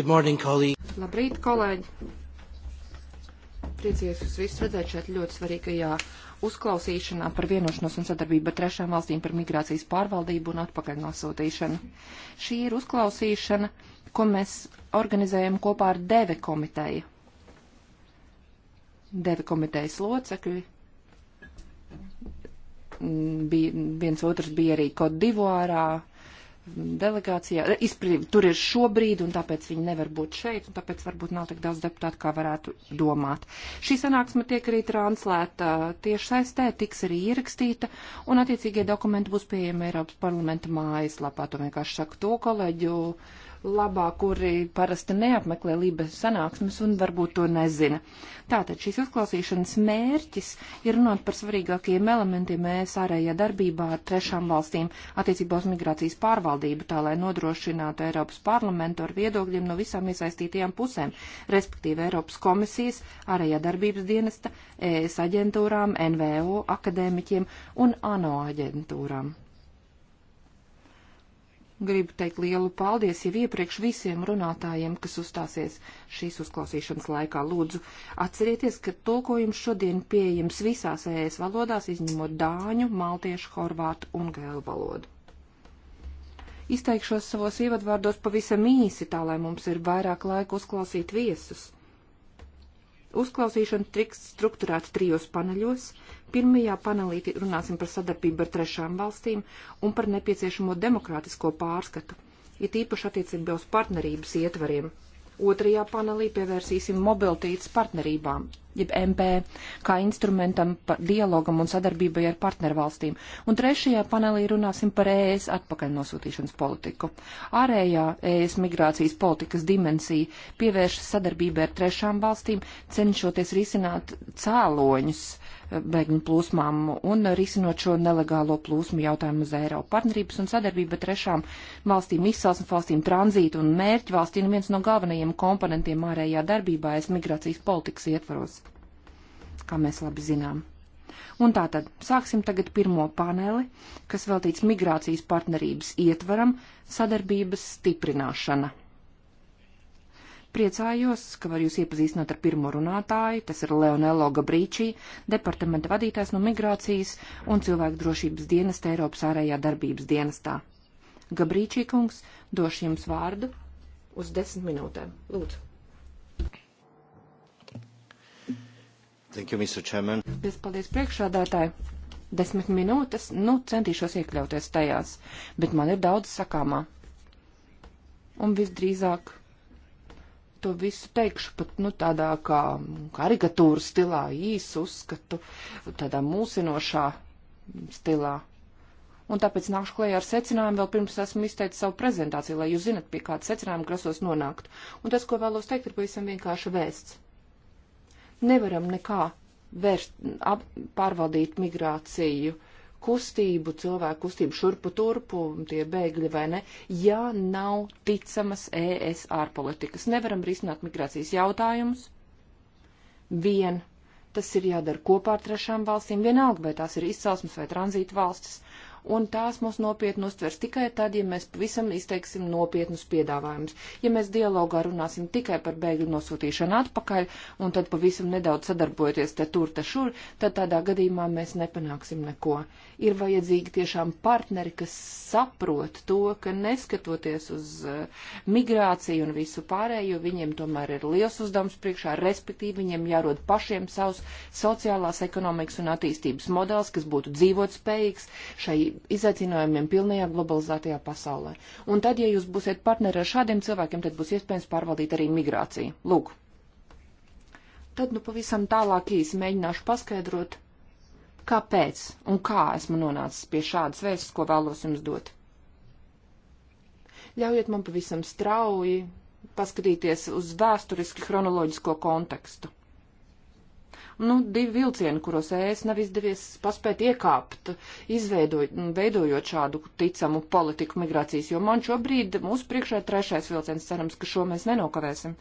Good morning, colleague. Labrīt, kolēģi. Priecājos jūs visus redzēt šeit ļoti svarīgajā uzklausīšanā par vienošanos un sadarbību ar trešām valstīm par migrācijas pārvaldību un atpakaļ nosūtīšanu. Šī ir uzklausīšana, ko mēs organizējam kopā ar DEVE komiteju. DEVE komitejas locekļi mm, bija, viens otrs bija arī Kodivuārā, delegācijā, izpratīgi tur ir šobrīd, un tāpēc viņi nevar būt šeit, un tāpēc varbūt nav tik daudz deputātu, kā varētu domāt. Šī sanāksme tiek arī translēta tieši saistē, tiks arī ierakstīta, un attiecīgie dokumenti būs pieejami Eiropas parlamenta mājaslapā. To vienkārši saku to kolēģu labā, kuri parasti neapmeklē lībes sanāksmes un varbūt to nezina. Tātad šīs uzklausīšanas mērķis ir runāt par svarīgākajiem elementiem ES ārējā darbībā ar trešām valstīm attiecībā uz migrācijas pārvaldību, tā lai nodrošinātu Eiropas parlamentu ar viedokļiem no visām iesaistītajām pusēm, respektīvi Eiropas komisijas, ārējā darbības dienesta, ES aģentūrām, NVO, akadēmiķiem un ANO aģentūrām. Gribu teikt lielu paldies jau iepriekš visiem runātājiem, kas uzstāsies šīs uzklausīšanas laikā. Lūdzu, atcerieties, ka tulkojums šodien pieejams visās ES valodās, izņemot dāņu, maltiešu, horvātu un gēlu valodu. Izteikšos savos ievadvārdos pavisam īsi, tā lai mums ir vairāk laika uzklausīt viesus. Uzklausīšana tiks strukturēta trijos paneļos. Pirmajā panelī runāsim par sadarbību ar trešām valstīm un par nepieciešamo demokrātisko pārskatu, it īpaši attiecībā uz partnerības ietvariem. Otrajā panelī pievērsīsim mobilitītes partnerībām, jeb MP, kā instrumentam dialogam un sadarbībai ar partnervalstīm. Un trešajā panelī runāsim par ES atpakaļnosūtīšanas politiku. Ārējā ES migrācijas politikas dimensija pievēršas sadarbībai ar trešām valstīm, cenšoties risināt cēloņus uh, bēgļu plūsmām un risinot šo nelegālo plūsmu jautājumu uz Eiropu. Partnerības un sadarbība trešām valstīm, izcelsmes valstīm, tranzītu un mērķu valstīm ir viens no galvenajiem komponentiem ārējā darbībā es migrācijas politikas ietvaros, kā mēs labi zinām. Un tātad sāksim tagad pirmo paneli, kas veltīts migrācijas partnerības ietvaram sadarbības stiprināšana. Priecājos, ka var jūs iepazīstināt ar pirmo runātāju, tas ir Leonello Gabrīčī, departamenta vadītājs no migrācijas un cilvēku drošības dienesta Eiropas ārējā darbības dienestā. Gabrīčī kungs, došu jums vārdu uz desmit minūtēm. Lūdzu. Thank you, Mr. Chairman. Paldies, paldies priekšādātāji. Desmit minūtes, nu, centīšos iekļauties tajās, bet man ir daudz sakāmā. Un visdrīzāk to visu teikšu pat, nu, tādā kā karikatūra stilā, īsu uzskatu, tādā mūsinošā stilā. Un tāpēc nākšu klajā ar secinājumu vēl pirms esmu izteicis savu prezentāciju, lai jūs zinat, pie kāda secinājuma grasos nonākt. Un tas, ko vēlos teikt, ir pavisam vienkārši vēsts. Nevaram nekā vērst, ap, pārvaldīt migrāciju uh, kustību, cilvēku kustību šurpu turpu, tie bēgļi vai ne, ja nav ticamas ES ārpolitikas. Nevaram risināt migrācijas jautājumus. Vien tas ir jādara kopā ar trešām valstīm, vienalga, vai tās ir izcelsmes vai tranzīta valstis un tās mūs nopietni uztvers tikai tad, ja mēs pavisam izteiksim nopietnus piedāvājumus. Ja mēs dialogā runāsim tikai par bēgļu nosūtīšanu atpakaļ, un tad pavisam nedaudz sadarbojoties te tur, te šur, tad tādā gadījumā mēs nepanāksim neko. Ir vajadzīgi tiešām partneri, kas saprot to, ka neskatoties uz eh, migrāciju un visu pārējo, viņiem tomēr ir liels uzdevums priekšā, respektīvi viņiem jārod pašiem savs sociālās ekonomikas un attīstības modelis, kas būtu dzīvotspējīgs šai izaicinājumiem pilnajā globalizētajā pasaulē. Un tad, ja jūs būsiet partneri ar šādiem cilvēkiem, tad būs iespējams pārvaldīt arī migrāciju. Lūk. Tad, nu, pavisam tālāk īsi mēģināšu paskaidrot, kāpēc un kā esmu nonācis pie šādas vēstas, ko vēlos jums dot. Ļaujiet man pavisam strauji paskatīties uz vēsturiski chronoloģisko kontekstu nu, divi vilcieni, kuros ES nav izdevies paspēt iekāpt, izveidojot, veidojot šādu ticamu politiku migrācijas, jo man šobrīd mūsu priekšā ir trešais vilciens, cerams, ka šo mēs nenokavēsim.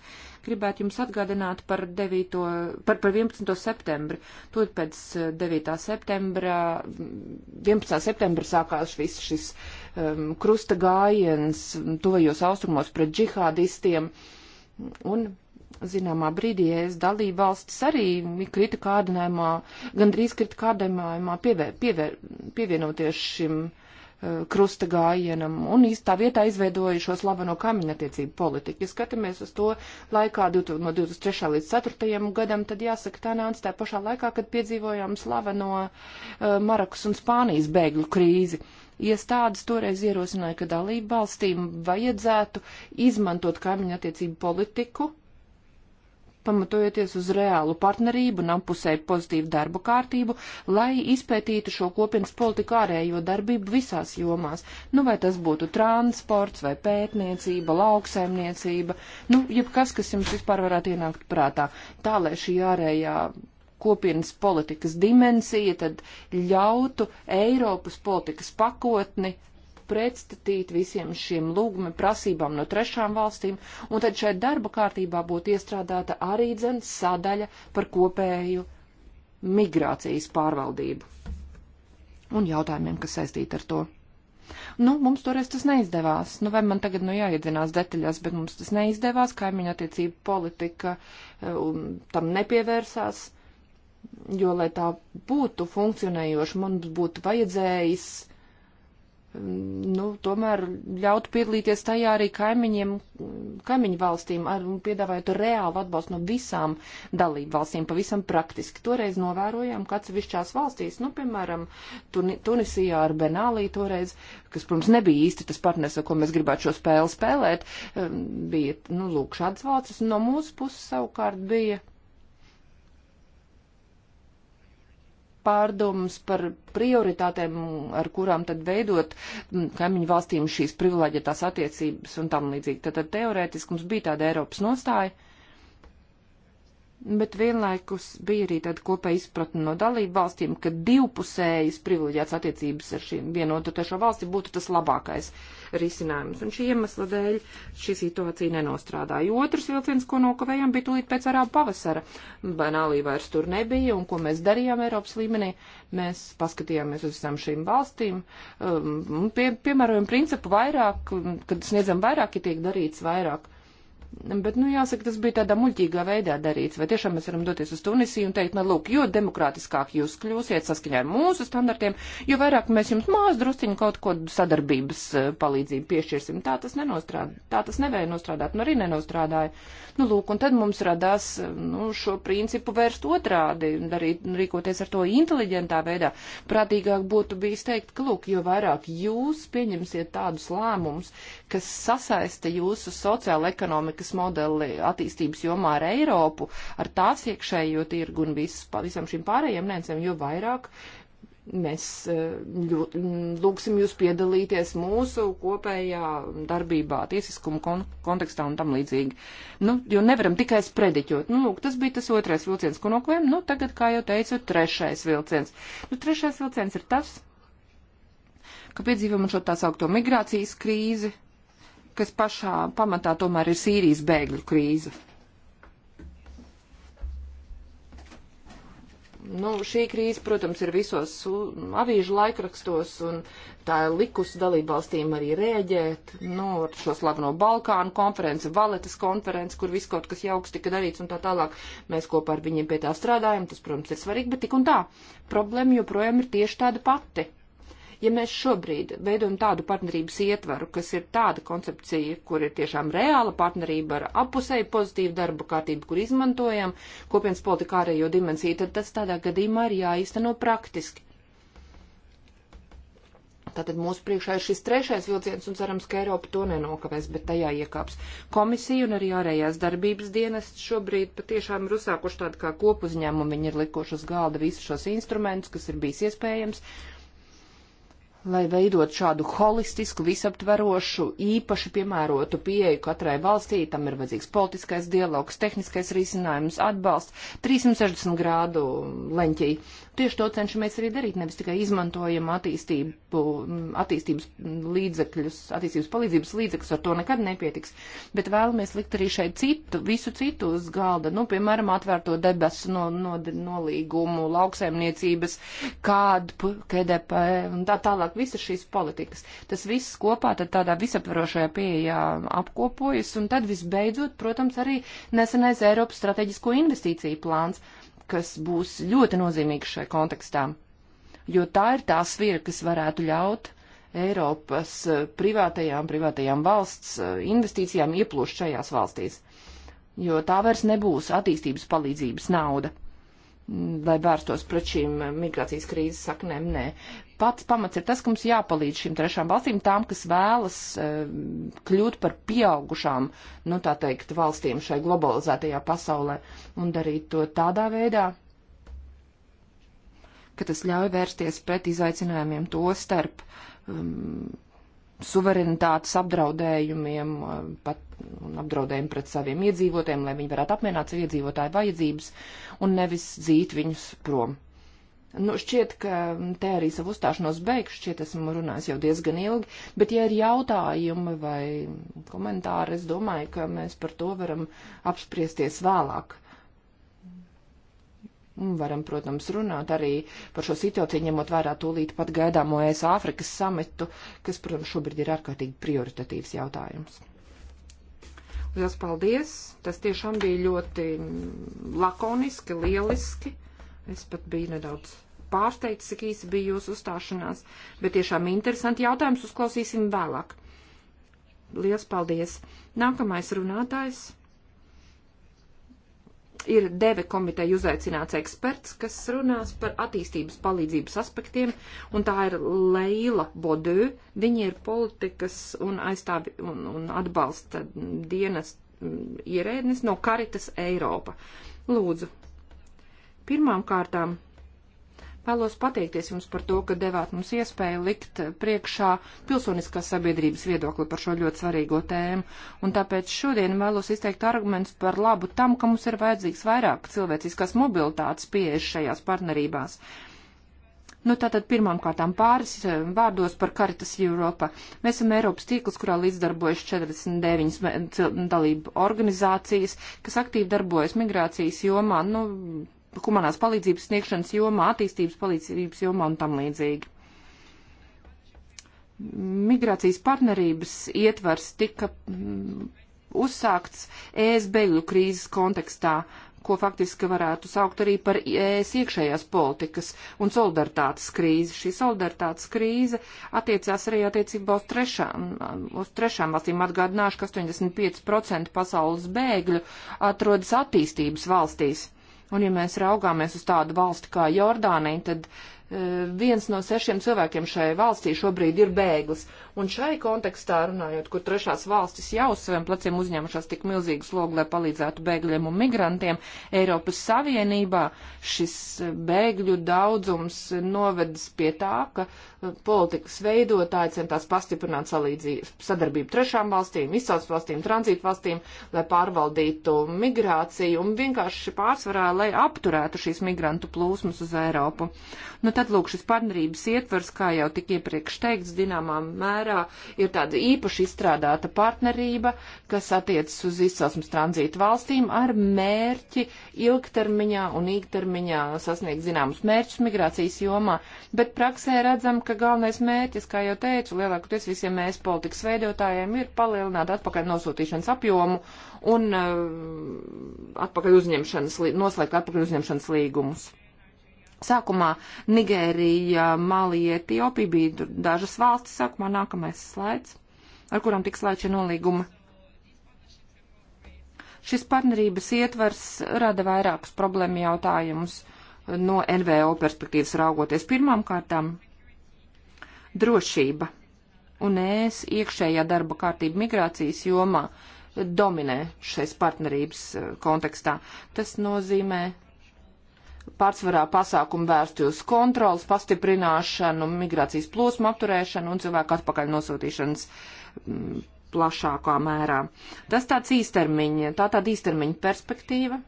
Gribētu jums atgādināt par, 9, par, par 11. septembri. Tūlīt pēc 9. Eh, septembra, 11. septembra sākās viss šis um, krusta gājiens tuvajos austrumos pret džihādistiem. Un zināmā brīdī es dalību valstis arī krita kārdinājumā, gandrīz krita kārdinājumā pievē, pievē, pievienoties šim uh, krusta gājienam un tā vietā izveidojušos labano kaimiņattiecību politiku. Ja skatāmies uz to laikā no 2003. līdz 2004. gadam, tad jāsaka, tā nāca tā pašā laikā, kad piedzīvojām slaveno uh, Marakas un Spānijas bēgļu krīzi iestādes toreiz ierosināja, ka dalību valstīm vajadzētu izmantot kaimiņu attiecību politiku pamatojoties uz reālu partnerību un apusēju pozitīvu darbu kārtību, lai izpētītu šo kopienas politiku ārējo darbību visās jomās. Nu, vai tas būtu transports, vai pētniecība, lauksaimniecība, nu, jebkas, kas jums vispār varētu ienākt prātā. Tā, lai šī ārējā kopienas politikas dimensija, tad ļautu Eiropas politikas pakotni pretstatīt visiem šiem lūguma prasībām no trešām valstīm, un tad šai darba kārtībā būtu iestrādāta arī dzen sadaļa par kopēju migrācijas pārvaldību un jautājumiem, kas saistīti ar to. Nu, mums toreiz tas neizdevās. Nu, vai man tagad, nu, jāiedzinās detaļās, bet mums tas neizdevās, kaimiņa attiecība politika um, tam nepievērsās, jo, lai tā būtu funkcionējoša, mums būtu vajadzējis uh, nu, tomēr ļautu piedalīties tajā arī kaimiņiem, kaimiņu valstīm ar, un piedāvājot reālu atbalstu no visām dalību valstīm, pavisam praktiski. Toreiz novērojām, ka atsevišķās valstīs, nu, piemēram, Tuni Tunisijā ar Benālī toreiz, kas, protams, nebija īsti tas partners, ar ko mēs gribētu šo spēli spēlēt, um, bija, nu, lūk, šādas valstis, un no mūsu puses savukārt bija pārdomas par prioritātēm, ar kurām tad veidot mm, kaimiņu valstīm šīs privileģētās attiecības un tam līdzīgi. Tad, tad teorētiski mums bija tāda Eiropas nostāja, bet vienlaikus bija arī tāda kopēja izpratne no dalību valstīm, ka divpusējas privileģētas attiecības ar šīm vienotu trešo valsti būtu tas labākais. Uh, risinājumus. Un šī iemesla dēļ šī situācija nenostrādāja. Otrs vilciens, ko nokavējām, bija tūlīt pēc arābu pavasara. Banālī vairs tur nebija, un ko mēs darījām Eiropas līmenī, mēs paskatījāmies uz visām šīm valstīm, um, pie, piemērojam principu vairāk, kad sniedzam vairāk, ja tiek darīts vairāk. Bet, nu, jāsaka, tas bija tādā muļķīgā veidā darīts. Vai tiešām mēs varam doties uz Tunisiju un teikt, nu, lūk, jo demokrātiskāk jūs kļūsiet saskaņā ar mūsu standartiem, jo vairāk mēs jums maz drusciņu kaut ko sadarbības eh, palīdzību piešķirsim. Tā tas nenostrādā. Tā tas nevēja nostrādāt, nu arī nenostrādāja. Nu, lūk, un tad mums radās, nu, šo principu vērst otrādi, darīt, rīkoties ar to inteliģentā veidā. Prātīgāk būtu bijis teikt, ka, lūk, jo vairāk jūs pieņemsiet tādus lēmumus, kas sasaista jūsu sociāla-ekonomikas modeli attīstības jomā ar Eiropu, ar tās iekšējo tirgu un vis, visam šim pārējiem nēcam, jo vairāk mēs eh, ļu, lūgsim jūs piedalīties mūsu kopējā darbībā, tiesiskuma kon kontekstā un tam līdzīgi. Nu, jo nevaram tikai sprediķot. Nu, lūk, tas bija tas otrais vilciens, ko noklējam. Nu, tagad, kā jau teicu, trešais vilciens. Nu, trešais vilciens ir tas, ka piedzīvam šo tā saukto migrācijas krīzi, kas pašā pamatā tomēr ir Sīrijas bēgļu krīze. Nu, šī krīze, protams, ir visos avīžu laikrakstos, un tā ir likusi dalībvalstīm arī rēģēt. Nu, ar šo slaveno Balkānu konferenci, Valetas konferenci, kur viss kaut kas jauks tika darīts un tā tālāk. Mēs kopā ar viņiem pie tā strādājam, tas, protams, ir svarīgi, bet tik un tā. Problēma joprojām ir tieši tāda pati Ja mēs šobrīd veidojam tādu partnerības ietvaru, kas ir tāda koncepcija, kur ir tiešām reāla partnerība ar apusēju pozitīvu darba kārtību, kur izmantojam kopienas politikā ārējo dimensiju, tad tas tādā gadījumā ir jāīsteno praktiski. Tātad mūsu priekšā ir šis trešais vilciens, un cerams, ka Eiropa to nenokavēs, bet tajā iekāps. Komisija un arī ārējās darbības dienas šobrīd patiešām ir uzsākuši tādu kā kopuzņēmumu, viņi ir likuši uz galda visus šos instrumentus, kas ir bijis iespējams, lai veidot šādu holistisku, visaptverošu, īpaši piemērotu pieeju katrai valstī. Tam ir vajadzīgs politiskais dialogs, tehniskais risinājums, atbalsts 360 grādu leņķī. Tieši to cenšamies arī darīt, nevis tikai izmantojam attīstību, attīstības līdzekļus, attīstības palīdzības līdzekļus, ar to nekad nepietiks, bet vēlamies likt arī šeit citu, visu citu uz galda, nu, piemēram, atvērto debesu no, no, nolīgumu, lauksaimniecības, kādu, KDP un tā tālāk, visas šīs politikas. Tas viss kopā tad tādā visaptverošajā pieejā apkopojas, un tad visbeidzot, protams, arī nesenais Eiropas strateģisko investīciju plāns kas būs ļoti nozīmīga šai kontekstā, jo tā ir tā sfera, kas varētu ļaut Eiropas eh, privātajām, privātajām valsts eh, investīcijām ieplūst šajās valstīs, jo tā vairs nebūs attīstības palīdzības nauda lai vērstos pret šīm migrācijas krīzes saknēm. Nē. Pats pamats ir tas, ka mums jāpalīdz šīm trešām valstīm, tām, kas vēlas e, kļūt par pieaugušām, nu tā teikt, valstīm šai globalizētajā pasaulē un darīt to tādā veidā, ka tas ļauj vērsties pret izaicinājumiem to starp um, suverenitātes apdraudējumiem, eh, pat apdraudējumu pret saviem iedzīvotājiem, lai viņi varētu apmierināt savu iedzīvotāju vajadzības un nevis dzīt viņus prom. Nu, šķiet, ka te arī savu uzstāšanos beigšu, šķiet, esmu runājis jau diezgan ilgi, bet ja ir jautājumi vai komentāri, es domāju, ka mēs par to varam apspriesties vēlāk. Un varam, protams, runāt arī par šo situāciju, ņemot vērā tūlīt pat gaidāmo ES Āfrikas samitu, kas, protams, šobrīd ir ārkārtīgi prioritatīvs jautājums. Lielas paldies! Tas tiešām bija ļoti lakoniski, lieliski. Es pat biju nedaudz pārsteigts, cik īsi bija jūsu uzstāšanās, bet tiešām interesanti jautājums uzklausīsim vēlāk. Lielas paldies! Nākamais runātājs ir deve komiteja uzaicināts eksperts, kas runās par attīstības palīdzības aspektiem, un tā ir Leila Bodū. Viņa ir politikas un aizstāvi un, un atbalsta dienas mm, ierēdnis no Karitas Eiropa. Lūdzu. Pirmām kārtām Vēlos pateikties jums par to, ka devāt mums iespēju likt priekšā pilsoniskās sabiedrības viedokli par šo ļoti svarīgo tēmu, un tāpēc šodien vēlos izteikt arguments par labu tam, ka mums ir vajadzīgs vairāk cilvēciskās mobilitātes pieejas šajās partnerībās. Nu, tātad pirmām kārtām pāris eh, vārdos par Karitas Europa. Mēs esam Eiropas tīkls, kurā līdzdarbojas 49 dalību organizācijas, kas aktīvi darbojas migrācijas jomā, nu, humanās palīdzības sniegšanas jomā, attīstības palīdzības jomā un tam līdzīgi. Migrācijas partnerības ietvars tika mm, uzsākts ES bēgļu krīzes kontekstā, ko faktiski varētu saukt arī par ES iekšējās politikas un solidaritātes krīzi. Šī solidaritātes krīze attiecās arī attiecībā uz trešām, uz trešām valstīm. Atgādināšu, ka 85% pasaules bēgļu atrodas attīstības valstīs. Un ja mēs raugāmies uz tādu valsti kā Jordānija, tad uh, viens no sešiem cilvēkiem šajā valstī šobrīd ir bēglis. Un šai kontekstā runājot, kur trešās valstis jau uz saviem pleciem uzņemšās tik milzīgu slogu, lai palīdzētu bēgļiem un migrantiem, Eiropas Savienībā šis bēgļu daudzums novedis pie tā, ka uh, politikas veidotāji centās pastiprināt sadarbību trešām valstīm, izcelsmes valstīm, tranzītu valstīm, lai pārvaldītu migrāciju un vienkārši pārsvarā, lai apturētu šīs migrantu plūsmas uz Eiropu. Nu, Tad, lūk, šis partnerības ietvers, kā jau tik iepriekš teikts, zināmā mērā ir tāda īpaši izstrādāta partnerība, kas attiecas uz izcelsmes tranzītu valstīm ar mērķi ilgtermiņā un īgtermiņā sasniegt zināmus mērķus migrācijas jomā. Bet praksē redzam, ka galvenais mērķis, kā jau teicu, lielākoties visiem mēs politikas veidotājiem ir palielināt atpakaļ nosūtīšanas apjomu un uh, atpakaļ uzņemšanas, noslēgt atpakaļ uzņemšanas līgumus. Sākumā Nigērija, Malija, Etiopija bija dažas valstis, sākumā nākamais slaids, ar kurām tiks slēgti nolīgumi. Šis partnerības ietvers rada vairākus problēmu jautājumus no NVO perspektīvas raugoties. Pirmām kārtām drošība un ēs iekšējā darba kārtība migrācijas jomā dominē šais partnerības eh, kontekstā. Tas nozīmē, pārsvarā pasākumu vērsti uz kontrolas pastiprināšanu, migrācijas plūsmu apturēšanu un cilvēku atpakaļ nosūtīšanas mm, plašākā mērā. Tas tāds īstermiņa, tā tāda īstermiņa perspektīva.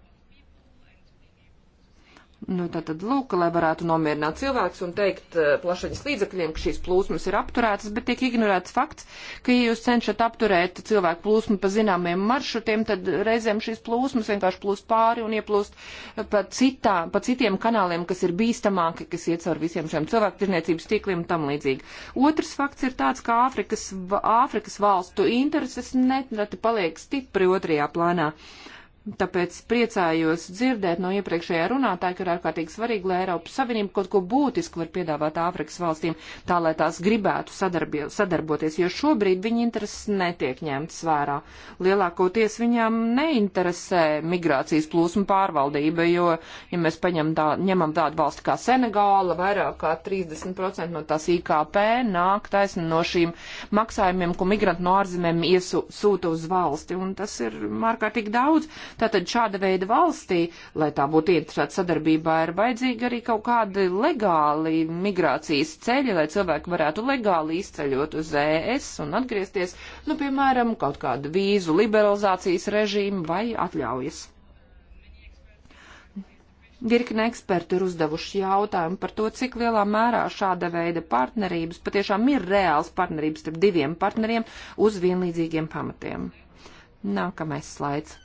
Nu, tātad, lūk, lai varētu nomierināt cilvēks un teikt eh, plašaņas līdzakļiem, ka šīs plūsmas ir apturētas, bet tiek ignorēts fakts, ka, ja jūs cenšat apturēt cilvēku plūsmu pa zināmiem maršrutiem, tad reizēm šīs plūsmas vienkārši plūst pāri un ieplūst eh, pa, citā, pa citiem kanāliem, kas ir bīstamāki, kas iet cauri visiem šiem cilvēku tirniecības tīkliem un tam līdzīgi. Otrs fakts ir tāds, ka Āfrikas, Āfrikas valstu intereses nereti paliek stipri otrajā plānā. Uh, Tāpēc priecājos dzirdēt no iepriekšējā runātāja, ka ir ārkārtīgi svarīgi, lai Eiropas Savienība kaut ko būtisku var piedāvāt Āfrikas valstīm, tā lai tās gribētu sadarbie, sadarboties, jo šobrīd viņa intereses netiek ņemtas vērā. Lielākoties viņām neinteresē migrācijas plūsmu pārvaldība, jo, ja mēs tā, ņemam tādu valsti kā Senegāla, vairāk kā 30% no tās IKP nāk taisni no šīm maksājumiem, ko migranti no ārzemēm iesūta uz valsti, un tas ir ārkārtīgi daudz Tātad šāda veida valstī, lai tā būtu ietrāt sadarbībā, ir vajadzīgi arī kaut kādi legāli migrācijas ceļi, lai cilvēki varētu legāli izceļot uz ES un atgriezties, nu, piemēram, kaut kādu vīzu liberalizācijas režīmu vai atļaujas. Virkne eksperti ir uzdevuši jautājumu par to, cik lielā mērā šāda veida partnerības patiešām ir reāls partnerības starp diviem partneriem uz vienlīdzīgiem pamatiem. Nākamais slaids.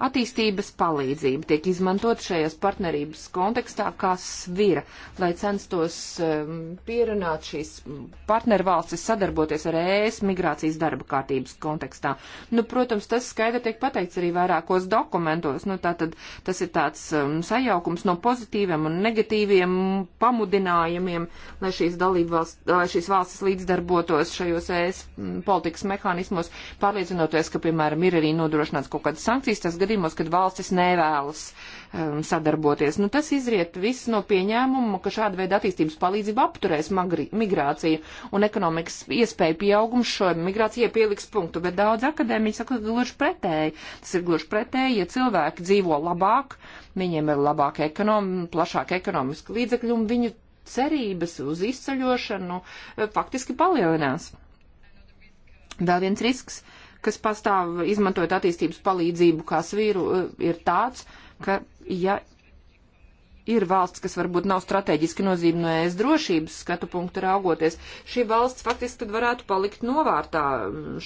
Attīstības palīdzība tiek izmantot šajās partnerības kontekstā kā svira, lai censtos um, pierunāt šīs partnervalstis sadarboties ar ES migrācijas darba kārtības kontekstā. Nu, protams, tas skaidri tiek pateikts arī vairākos dokumentos. Nu, tātad tas ir tāds um, sajaukums no pozitīviem un negatīviem pamudinājumiem, lai šīs, valsts, lai šīs valstis līdzdarbotos šajos ES mm, politikas mehānismos, pārliecinoties, ka, piemēram, ir arī nodrošināts kaut kādas sankcijas. Tas, gadījumos, kad valstis nevēlas um, sadarboties. Nu, tas izriet viss no pieņēmuma, ka šāda veida attīstības palīdzība apturēs magri, migrāciju un ekonomikas iespēju pieaugums šo migrācijai pieliks punktu, bet daudz akadēmiķi saka, ka gluži pretēji. Tas ir gluži pretēji, ja cilvēki dzīvo labāk, viņiem ir labāka ekonomika, plašāka ekonomiska līdzekļu un viņu cerības uz izceļošanu eh, faktiski palielinās. Vēl viens risks. Uh, kas pastāv izmantojot attīstības palīdzību kā svīru, eh, ir tāds, ka ja ir valsts, kas varbūt nav strateģiski nozīme no ēst drošības skatu punktu raugoties. Šī valsts faktiski tad varētu palikt novārtā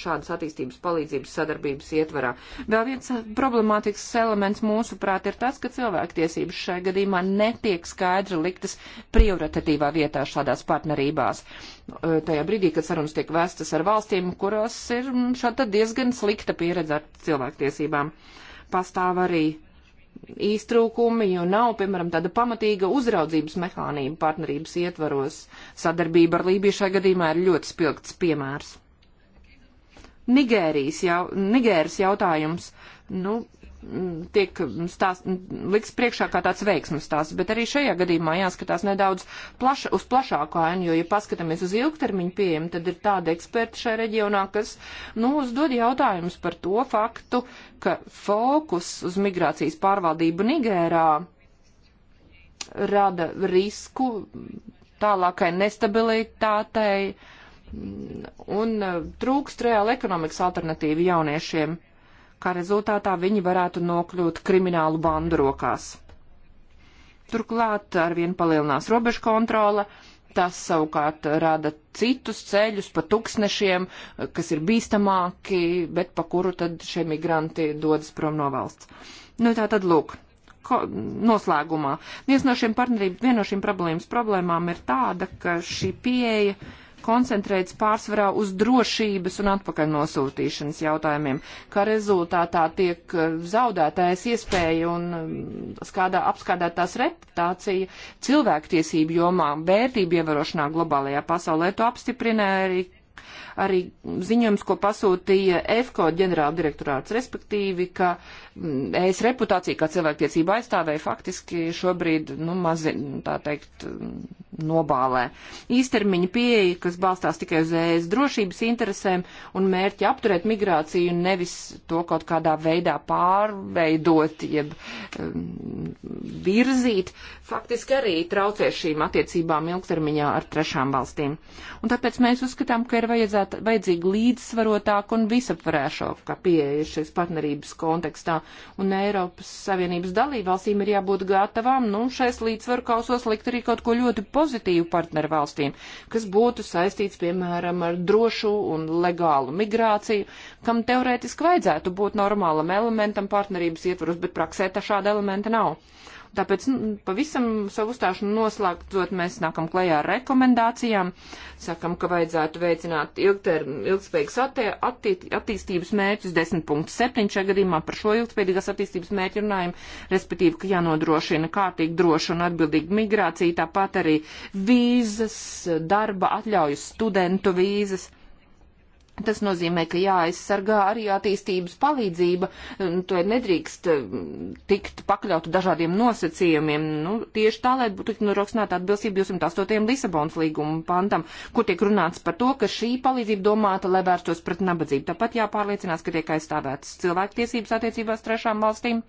šādas attīstības palīdzības sadarbības ietvarā. Vēl viens eh, problemātisks elements mūsuprāt ir tas, ka cilvēktiesības šajā gadījumā netiek skaidri liktas prioritatīvā vietā šādās partnerībās. Eh, tajā brīdī, kad sarunas tiek vestas ar valstīm, kurās ir šāda diezgan slikta pieredze ar cilvēktiesībām. Pastāv arī īstrūkumi, jo nav, piemēram, tāda pamatīga uzraudzības mehānība partnerības ietvaros. Sadarbība ar Lībiju šajā gadījumā ir ļoti spilgts piemērs. Nigērijas jau, Nigēras jautājums. Nu, tiek stāst, liks priekšā kā tāds veiksmes stāsts, bet arī šajā gadījumā jāskatās nedaudz plaša, uz plašāku ainu, jo, ja paskatāmies uz ilgtermiņu pieejamu, tad ir tādi eksperti šajā reģionā, kas, nu, uzdod jautājumus par to faktu, ka fokus uz migrācijas pārvaldību Nigērā rada risku tālākai nestabilitātei un uh, trūkst reāla ekonomikas alternatīva jauniešiem kā rezultātā viņi varētu nokļūt kriminālu bandu rokās. Turklāt arvien palielinās robežu kontrole, tas savukārt rada citus ceļus pa tūkstnešiem, kas ir bīstamāki, bet pa kuru tad šie migranti dodas prom no valsts. Nu tā tad lūk, ko, noslēgumā. Viens no šiem partnerības, viena no šīm problēmas problēmām ir tāda, ka šī pieeja koncentrēts pārsvarā uz drošības un atpakaļ nosūtīšanas jautājumiem, kā rezultātā tiek eh, zaudētājas iespēja un um, skādā, apskādētās reputācija cilvēktiesību jomā, vērtību ievarošanā globālajā pasaulē. To apstiprināja arī Arī ziņojums, ko pasūtīja EFKO ģenerāldirektorāts, respektīvi, ka es mm, reputāciju kā cilvēktiesība aizstāvēja faktiski šobrīd, nu, mazi, tā teikt, mm, nobālē. Īstermiņa pieeja, kas balstās tikai uz ES drošības interesēm un mērķi apturēt migrāciju, nevis to kaut kādā veidā pārveidot, jeb um, virzīt, faktiski arī traucē šīm attiecībām ilgtermiņā ar trešām valstīm. Un tāpēc mēs uzskatām, ka ir ir vajadzīga līdzsvarotāka un visapvarēšāka pieeja šīs partnerības kontekstā, un Eiropas Savienības dalībvalstīm ir jābūt gatavām, nu, šais līdzsvaru kausos likt arī kaut ko ļoti pozitīvu partneru valstīm, kas būtu saistīts, piemēram, ar drošu un legālu migrāciju, kam teorētiski vajadzētu būt normālam elementam partnerības ietvaros, bet praksē tā šāda elementa nav. Tāpēc nu, pavisam savu uzstāšanu noslēgtot, mēs nākam klajā ar rekomendācijām, sakam, ka vajadzētu veicināt ilgspējīgas attī, attī, attīstības mērķus, 10.7. šajā gadījumā par šo ilgspējīgās attīstības mērķu runājam, respektīvi, ka jānodrošina kārtīgi droša un atbildīga migrācija, tāpat arī vīzas, darba atļaujas, studentu vīzas. Tas nozīmē, ka jāaizsargā arī attīstības palīdzība, to nedrīkst mm, tikt pakļautu dažādiem nosacījumiem, nu, tieši tā, lai būtu noroksināta atbilstība 208. Lisabonas līguma pantam, kur tiek runāts par to, ka šī palīdzība domāta, lai vērstos pret nabadzību. Tāpat jāpārliecinās, ka tiek aizstāvētas cilvēktiesības attiecībās trešām valstīm.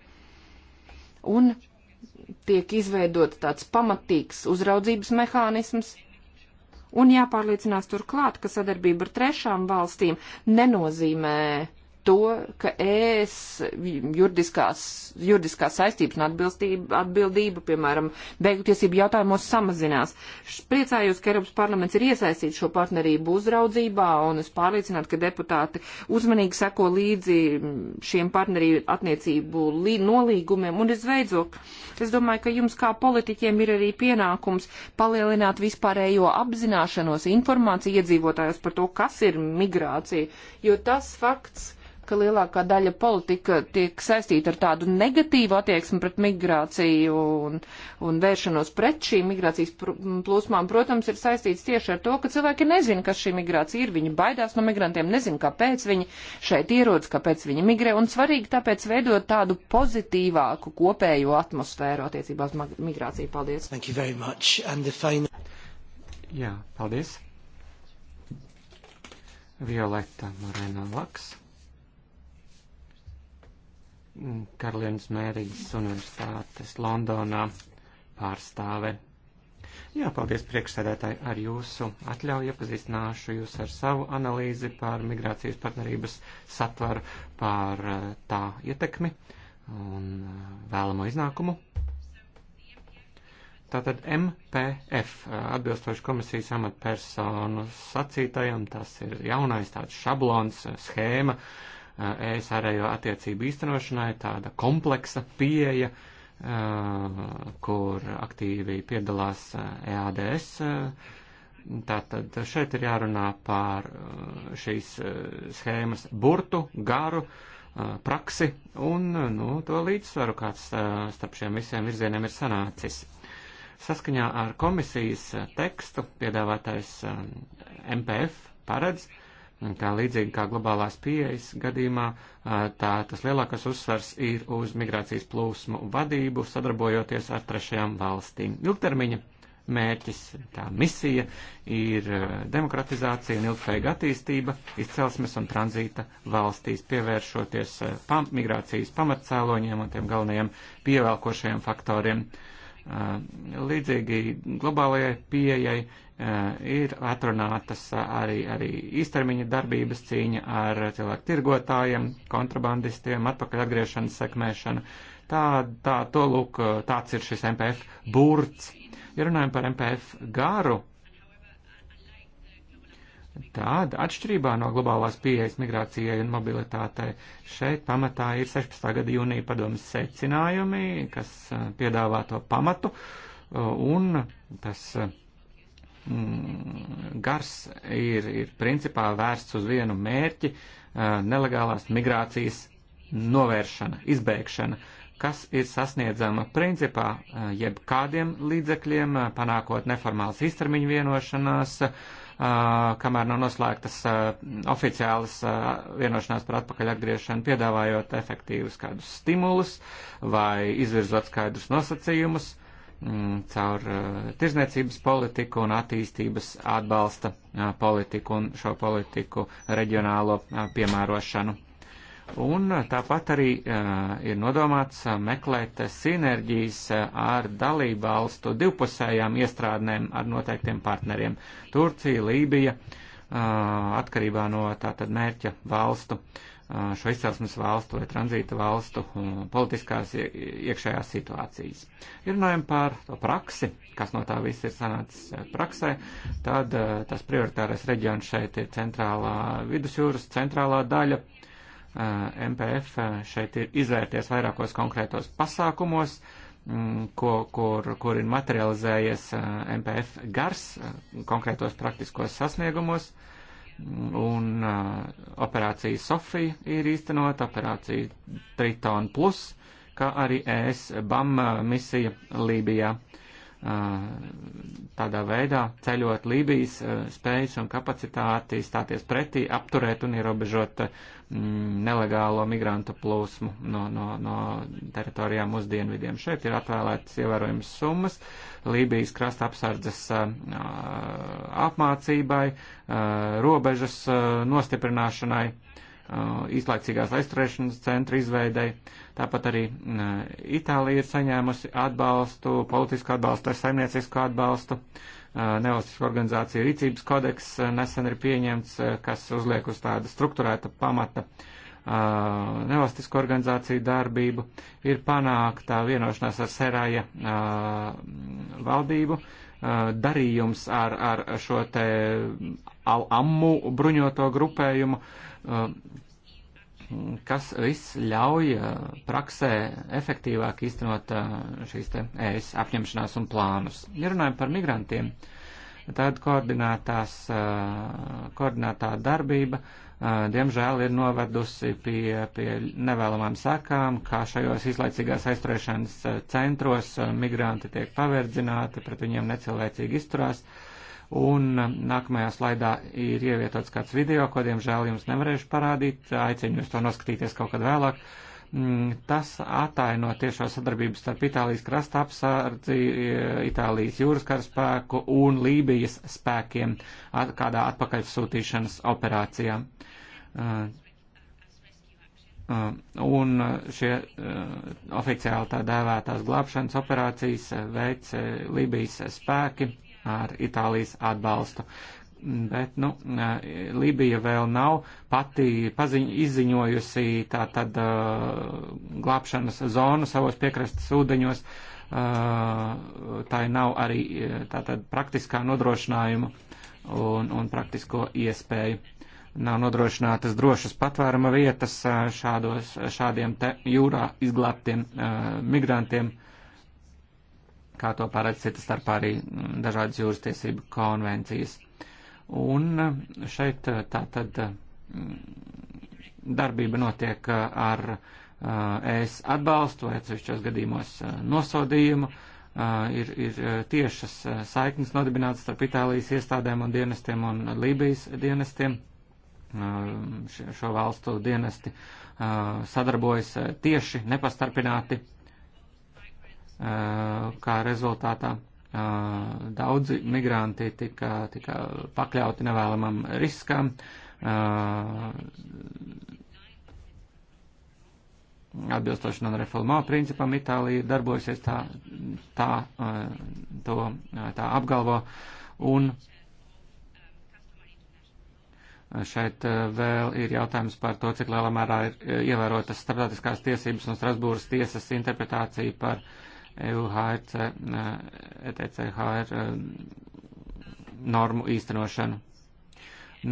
Un tiek izveidot tāds pamatīgs uzraudzības mehānisms, Un jāpārliecinās turklāt, ka sadarbība ar trešām valstīm nenozīmē to, ka ES juridiskās, juridiskās saistības un atbildība, piemēram, beigu tiesību jautājumos samazinās. Priecājos, ka Eiropas parlaments ir iesaistīts šo partnerību uzraudzībā, un es pārliecinātu, ka deputāti uzmanīgi seko līdzi šiem partnerību attiecību nolīgumiem. Un es beidzot, es domāju, ka jums kā politiķiem ir arī pienākums palielināt vispārējo apzināšanos, informāciju iedzīvotājos par to, kas ir migrācija, jo tas fakts, ka lielākā daļa politika tiek saistīta ar tādu negatīvu attieksmi pret migrāciju un, un vēršanos pret šīm migrācijas plūsmām, protams, ir saistīts tieši ar to, ka cilvēki nezina, kas šī migrācija ir. Viņi baidās no migrantiem, nezina, kāpēc viņi šeit ierodas, kāpēc viņi migrē. Un svarīgi tāpēc veidot tādu pozitīvāku kopējo atmosfēru attiecībā uz migrāciju. Paldies! Final... Jā, paldies! Violeta Moreno Laks. Mm, Karalienes Mērijas Universitātes Londonā pārstāve. Jā, paldies priekšsēdētāji ar jūsu atļauju iepazīstināšu jūs ar savu analīzi par migrācijas partnerības satvaru, par eh, tā ietekmi un eh, vēlamo iznākumu. Tātad MPF eh, atbilstoši komisijas amatpersonu sacītajam, tas ir jaunais tāds šablons, schēma, uh, Eh, ES ārējo attiecību īstenošanai, tāda kompleksa pieeja, eh, kur aktīvi piedalās EADS. Eh, e tātad šeit ir jārunā par šīs schēmas burtu, garu, praksi un nu, to līdzsvaru, kāds starp šiem visiem virzieniem ir sanācis. Saskaņā ar komisijas tekstu piedāvātais MPF paredz, uh, kā līdzīgi kā globālās pieejas gadījumā, tā tas lielākais uzsvars ir uz migrācijas plūsmu vadību, sadarbojoties ar trešajām valstīm. Ilgtermiņa mērķis, tā misija ir demokratizācija un ilgspējīga attīstība izcelsmes un tranzīta valstīs, pievēršoties pam migrācijas pamatcēloņiem un tiem galvenajiem pievēlkošajiem faktoriem. Līdzīgi globālajai pieejai Eh, ir atrunātas eh, arī, arī īstermiņa darbības cīņa ar cilvēku tirgotājiem, kontrabandistiem, atpakaļ atgriešanas sekmēšana. Tā, tā, to lūk, eh, tāds ir šis MPF burts. Ja runājam par MPF garu, tāda atšķirībā no globālās pieejas migrācijai un mobilitātei šeit pamatā ir 16. gada jūnija padomas secinājumi, kas piedāvā to pamatu, un tas Mm, gars ir, ir principā vērsts uz vienu mērķi uh, - nelegālās migrācijas novēršana, izbēgšana, kas ir sasniedzama principā uh, jeb kādiem līdzekļiem, uh, panākot neformālas iztermiņu vienošanās, kamēr nav noslēgtas oficiālas vienošanās par atpakaļ atgriešanu, piedāvājot efektīvus kādus stimulus vai izvirzot skaidrus nosacījumus. Uh, Mm, caur eh, tirzniecības politiku un attīstības atbalsta eh, politiku un šo politiku reģionālo eh, piemērošanu. Un tāpat arī ir nodomāts meklēt sinerģijas ar dalību valstu divpusējām iestrādnēm ar noteiktiem partneriem - Turcija, Lībija, atkarībā no tātad mērķa valstu. Uh, šo izcelsmes valstu vai tranzīta valstu hm, politiskās iekšējās situācijas. Ja runājam par to praksi, kas no tā viss ir sanācis praksē, tad tas prioritārais reģions šeit ir centrālā vidusjūras centrālā daļa. MPF šeit ir izvērties vairākos konkrētos pasākumos, hm, ko, kur, kur ir materializējies MPF gars konkrētos praktiskos sasniegumos. Uh, un uh, operācija Sofija ir īstenot, operācija Triton Plus, kā arī ES BAM uh, misija Lībijā. Uh, tādā veidā ceļot Lībijas spējas un kapacitāti, stāties pretī, apturēt un ierobežot uh, Mm, nelegālo migrantu plūsmu no, no, no teritorijām uz dienvidiem. Šeit ir atvēlētas ievērojams summas Lībijas krasta apsardzes apmācībai, robežas nostiprināšanai, īslaicīgās aizturēšanas centra izveidai. Tāpat arī Itālija ir saņēmusi atbalstu, politisku atbalstu, saimniecisku atbalstu. Uh, Uh, nevalstisku organizāciju rīcības kodeks uh, nesen ir pieņemts, uh, kas uzliek uz tāda strukturēta pamata nevalstisku organizāciju darbību, ir panākta vienošanās ar Serāja valdību, darījums ar, ar šo te Al-Ammu bruņoto grupējumu kas viss ļauj eh, praksē efektīvāk iztenot eh, šīs te ES apņemšanās un plānus. Ja runājam par migrantiem, tad koordinētās, eh, koordinētā darbība diemžēl ir novedusi pie, pie nevēlamām sakām, kā šajos izlaicīgās aizturēšanas centros migranti tiek paverdzināti, pret viņiem necilvēcīgi izturās. Uh, Un nākamajā slaidā ir ievietots kāds video, ko diemžēl jums nevarēšu parādīt. Aicinu jūs to noskatīties kaut kad vēlāk. Mm, tas ataino tiešo sadarbību starp Itālijas krasta apsardzi, Itālijas jūras karaspēku un Lībijas spēkiem at, kādā atpakaļsūtīšanas operācijā. Uh, uh, un šie uh, oficiāli tā dēvētās glābšanas operācijas veic Lībijas spēki ar Itālijas atbalstu. Bet, nu, Libija vēl nav pati paziņ, izziņojusi tā tad uh, glābšanas zonu savos piekrastes ūdeņos. Uh, tā nav arī tā tad praktiskā nodrošinājuma un, un praktisko iespēju. Nav nodrošinātas drošas patvēruma vietas šādos, šādiem te jūrā izglābtiem uh, migrantiem. Uh, kā to paredz cita starpā arī mm, dažādas jūras tiesību konvencijas. Un mm, šeit eh, tā tad eh, mm, darbība notiek eh, ar ES atbalstu vai atsevišķos gadījumos nosodījumu. Ir, ir tiešas saiknes nodibinātas starp Itālijas iestādēm un dienestiem un Lībijas dienestiem. Šo valstu dienesti sadarbojas tieši nepastarpināti Eh, kā rezultātā eh, daudzi migranti tika, tika pakļauti nevēlamam riskam. Eh, atbilstoši non-reformā principam Itālija darbojusies tā, tā, to, tā apgalvo un Šeit vēl ir jautājums par to, cik lielā mērā ir ievērotas starptautiskās tiesības un Strasbūras tiesas interpretācija par uh, EUHR, e, e ETCHR normu īstenošanu.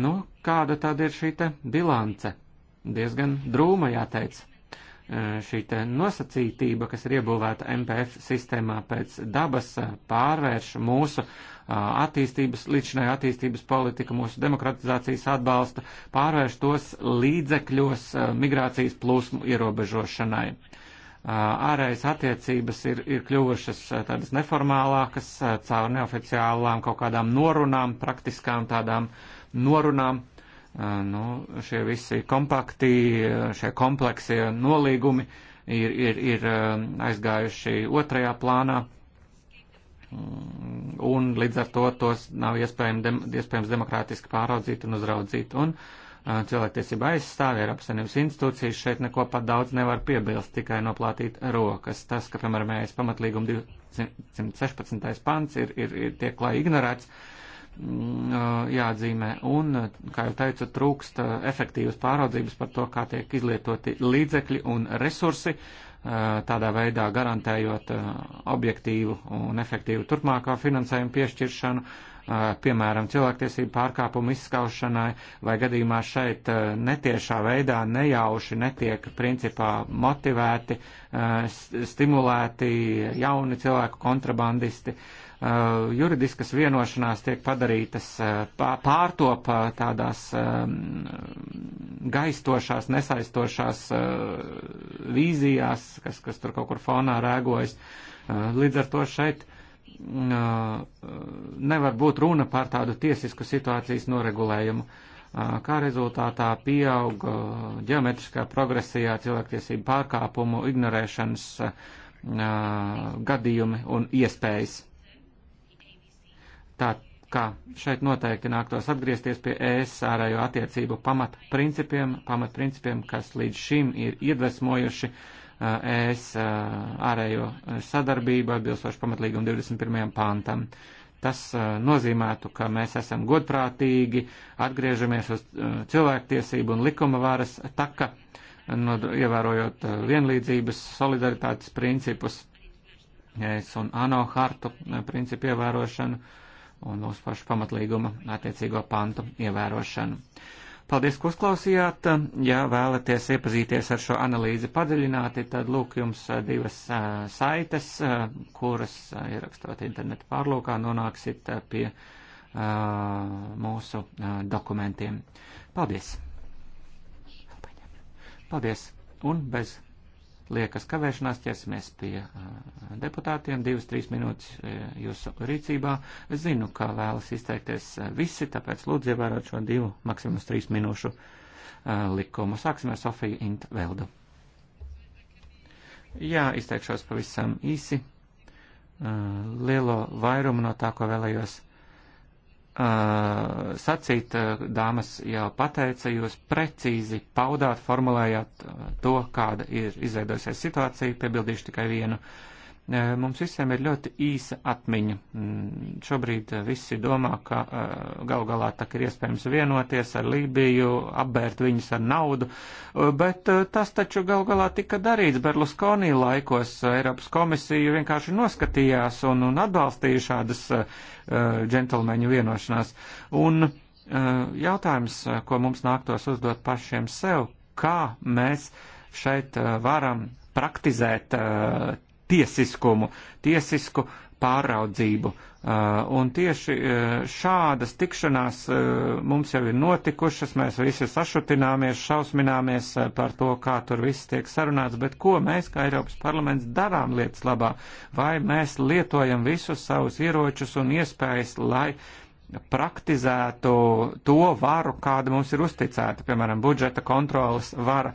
Nu, kāda tad ir šī te bilance? Diezgan drūma, jāteic. E, šī te nosacītība, kas ir iebūvēta MPF sistēmā pēc dabas, pārvērš mūsu attīstības, līdzinājā attīstības politika, mūsu demokratizācijas atbalsta, pārvērš tos līdzekļos migrācijas plūsmu ierobežošanai. Uh, ārējas attiecības ir, ir kļuvušas tādas neformālākas, caur neoficiālām kaut kādām norunām, praktiskām tādām norunām. Nu, šie visi kompakti, šie kompleksi nolīgumi ir, ir, ir aizgājuši otrajā plānā. Un līdz ar to tos nav iespējams, dem, iespējams demokrātiski pāraudzīt un uzraudzīt. Un, uh, cilvēktiesība aizstāvi, Eiropas Savienības institūcijas šeit neko pat daudz nevar piebilst, tikai noplātīt rokas. Tas, ka, piemēram, mēs e pamatlīguma 216. pants ir, ir, ir tiek lai ignorēts, mm, jāatzīmē, un, kā jau teicu, trūkst efektīvas pāraudzības par to, kā tiek izlietoti līdzekļi un resursi, tādā veidā garantējot objektīvu un efektīvu turpmākā finansējuma piešķiršanu piemēram, cilvēktiesību pārkāpumu izskaušanai, lai gadījumā šeit netiešā veidā nejauši netiek principā motivēti, stimulēti jauni cilvēku kontrabandisti. Juridiskas vienošanās tiek padarītas pārtopā tādās gaistošās, nesaistošās vīzijās, kas, kas tur kaut kur fonā rēgojas. Līdz ar to šeit uh, nevar būt runa par tādu tiesisku situācijas noregulējumu. Kā rezultātā pieaug ģeometriskā progresijā cilvēktiesību pārkāpumu, ignorēšanas gadījumi un iespējas. Tā kā šeit noteikti nāktos atgriezties pie ES ārējo attiecību pamatprincipiem, pamatprincipiem, kas līdz šim ir iedvesmojuši uh, ES ārējo sadarbību atbilstoši pamatlīguma 21. pantam. Tas nozīmētu, ka mēs esam godprātīgi, atgriežamies uz cilvēktiesību un likuma varas taka, ievērojot vienlīdzības, solidaritātes principus, ES un ANO hartu principu ievērošanu un mūsu pašu pamatlīguma attiecīgo pantu ievērošanu. Uh, Paldies, ka uzklausījāt. Ja vēlaties iepazīties ar šo analīzi padziļināti, tad lūk jums divas saites, kuras ierakstot internetu pārlūkā nonāksit pie mūsu dokumentiem. Paldies! Paldies! Un bez liekas kavēšanās, ķersimies pie deputātiem. Divas, trīs minūtes jūsu rīcībā. Es zinu, ka vēlas izteikties visi, tāpēc lūdzu ievērot šo divu, maksimums trīs minūšu likumu. Sāksim ar Sofiju Intveldu. Jā, izteikšos pavisam īsi. Lielo vairumu no tā, ko vēlējos uh, sacīt, dāmas jau pateica, jūs precīzi paudāt, formulējāt to, kāda ir izveidojusies situācija, piebildīšu tikai vienu. Uh, Eh, mums visiem ir ļoti īsa atmiņa. Mm, šobrīd eh, visi domā, ka eh, gal galā tā ir iespējams vienoties ar Lībiju, apbērt viņus ar naudu, bet tas taču gal galā tika darīts. Berluskonī laikos Eiropas komisija vienkārši noskatījās un, un atbalstīja šādas džentlmeņu vienošanās. Un jautājums, ko mums nāktos uzdot pašiem sev, kā mēs šeit varam praktizēt tiesiskumu, tiesisku pāraudzību. Eh, un tieši eh, šādas tikšanās eh, mums jau ir notikušas, mēs visi sašutināmies, šausmināmies par to, kā tur viss tiek sarunāts, bet ko mēs, kā Eiropas parlaments, darām lietas labā? Vai mēs lietojam visus savus ieročus un iespējas, lai praktizētu to varu, kāda mums ir uzticēta, piemēram, budžeta kontrolas vara,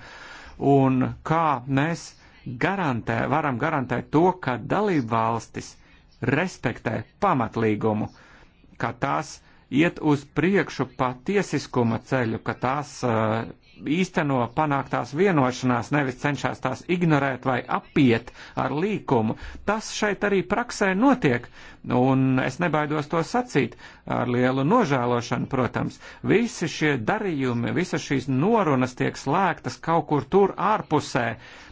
un kā mēs garantē, varam garantēt to, ka dalību valstis respektē pamatlīgumu, ka tās iet uz priekšu pa tiesiskuma ceļu, ka tās uh, īsteno panāktās vienošanās, nevis cenšas tās ignorēt vai apiet ar līkumu. Tas šeit arī praksē notiek, un es nebaidos to sacīt ar lielu nožēlošanu, protams. Visi šie darījumi, visas šīs norunas tiek slēgtas kaut kur tur ārpusē. Uh,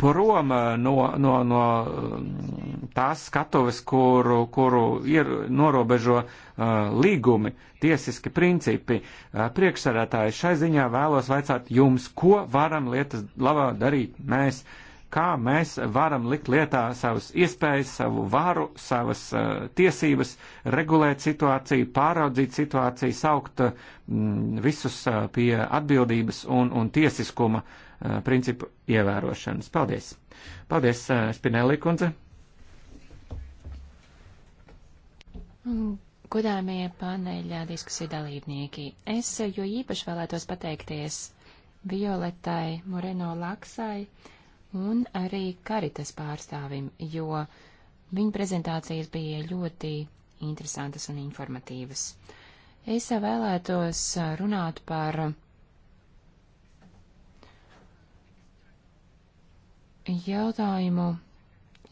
prom no, no, no tās skatuves, kuru, kuru ir norobežo līgumi, tiesiski principi. Priekšsarētāji šai ziņā vēlos vaicāt jums, ko varam lietas labā darīt mēs, kā mēs varam likt lietā savas iespējas, savu varu, savas uh, tiesības, regulēt situāciju, pāraudzīt situāciju, saukt mm, visus uh, pie atbildības un, un tiesiskuma uh, Eh, principu ievērošanas. Paldies! Paldies, eh, Spinelli kundze! Godāmie paneļa diskusija dalībnieki, es jo īpaši vēlētos pateikties Violetai Moreno Laksai un arī Karitas pārstāvim, jo viņa prezentācijas bija ļoti interesantas un informatīvas. Es vēlētos runāt par jautājumu,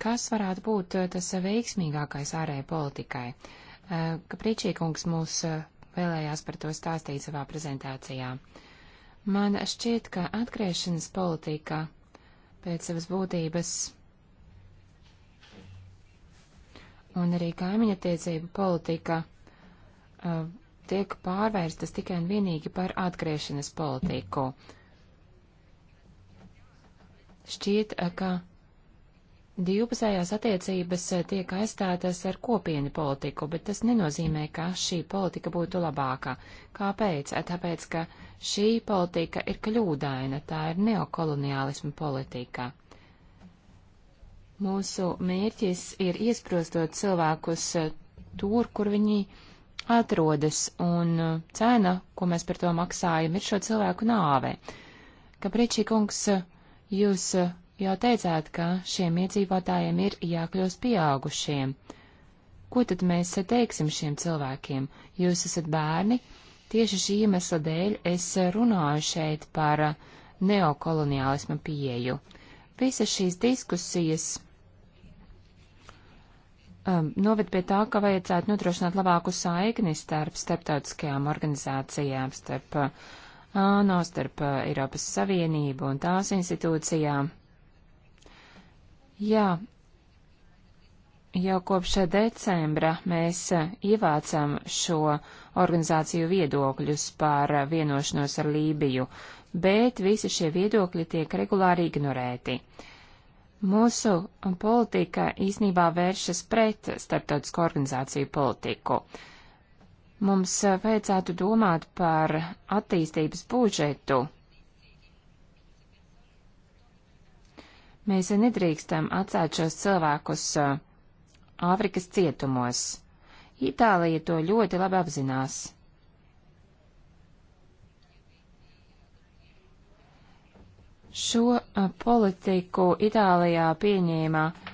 kas varētu būt eh, tas eh, veiksmīgākais ārējai politikai. Eh, Kapričīkungs mūs vēlējās par to stāstīt savā prezentācijā. Man šķiet, ka atgriešanas politika pēc savas būtības un arī kaimiņattiecību politika tiek pārvērstas tikai un vienīgi par atgriešanas politiku. Uh, Šķiet, eh, ka divpusējās attiecības eh, tiek aizstātas ar kopienu politiku, bet tas nenozīmē, ka šī politika būtu labākā. Kāpēc? Eh, tāpēc, ka šī politika ir kļūdaina, tā ir neokoloniālisma politika. Mūsu mērķis ir iesprostot cilvēkus tur, kur viņi atrodas, un cena, ko mēs par to maksājam, ir šo cilvēku nāve. Kapričī kungs uh, Jūs eh, jau teicāt, ka šiem iedzīvotājiem ir jākļūst pieaugušiem. Ko tad mēs eh, teiksim šiem cilvēkiem? Jūs esat bērni, tieši šī iemesla dēļ es eh, runāju šeit par neokoloniālismu pieeju. Visas šīs diskusijas um, noved pie tā, ka vajadzētu nodrošināt labāku saikni starp starptautiskajām organizācijām, starp uh, ANO starp Eiropas Savienību un tās institūcijām. Jā, jau kopš decembra mēs ievācam šo organizāciju viedokļus par vienošanos ar Lībiju, bet visi šie viedokļi tiek regulāri ignorēti. Mūsu politika īsnībā vēršas pret starptautisko organizāciju politiku. Uh, Mums eh, vajadzētu domāt par attīstības budžetu. Mēs nedrīkstam atstāt šos cilvēkus eh, Āfrikas cietumos. Itālija to ļoti labi apzinās. Šo eh, politiku Itālijā pieņēma uh,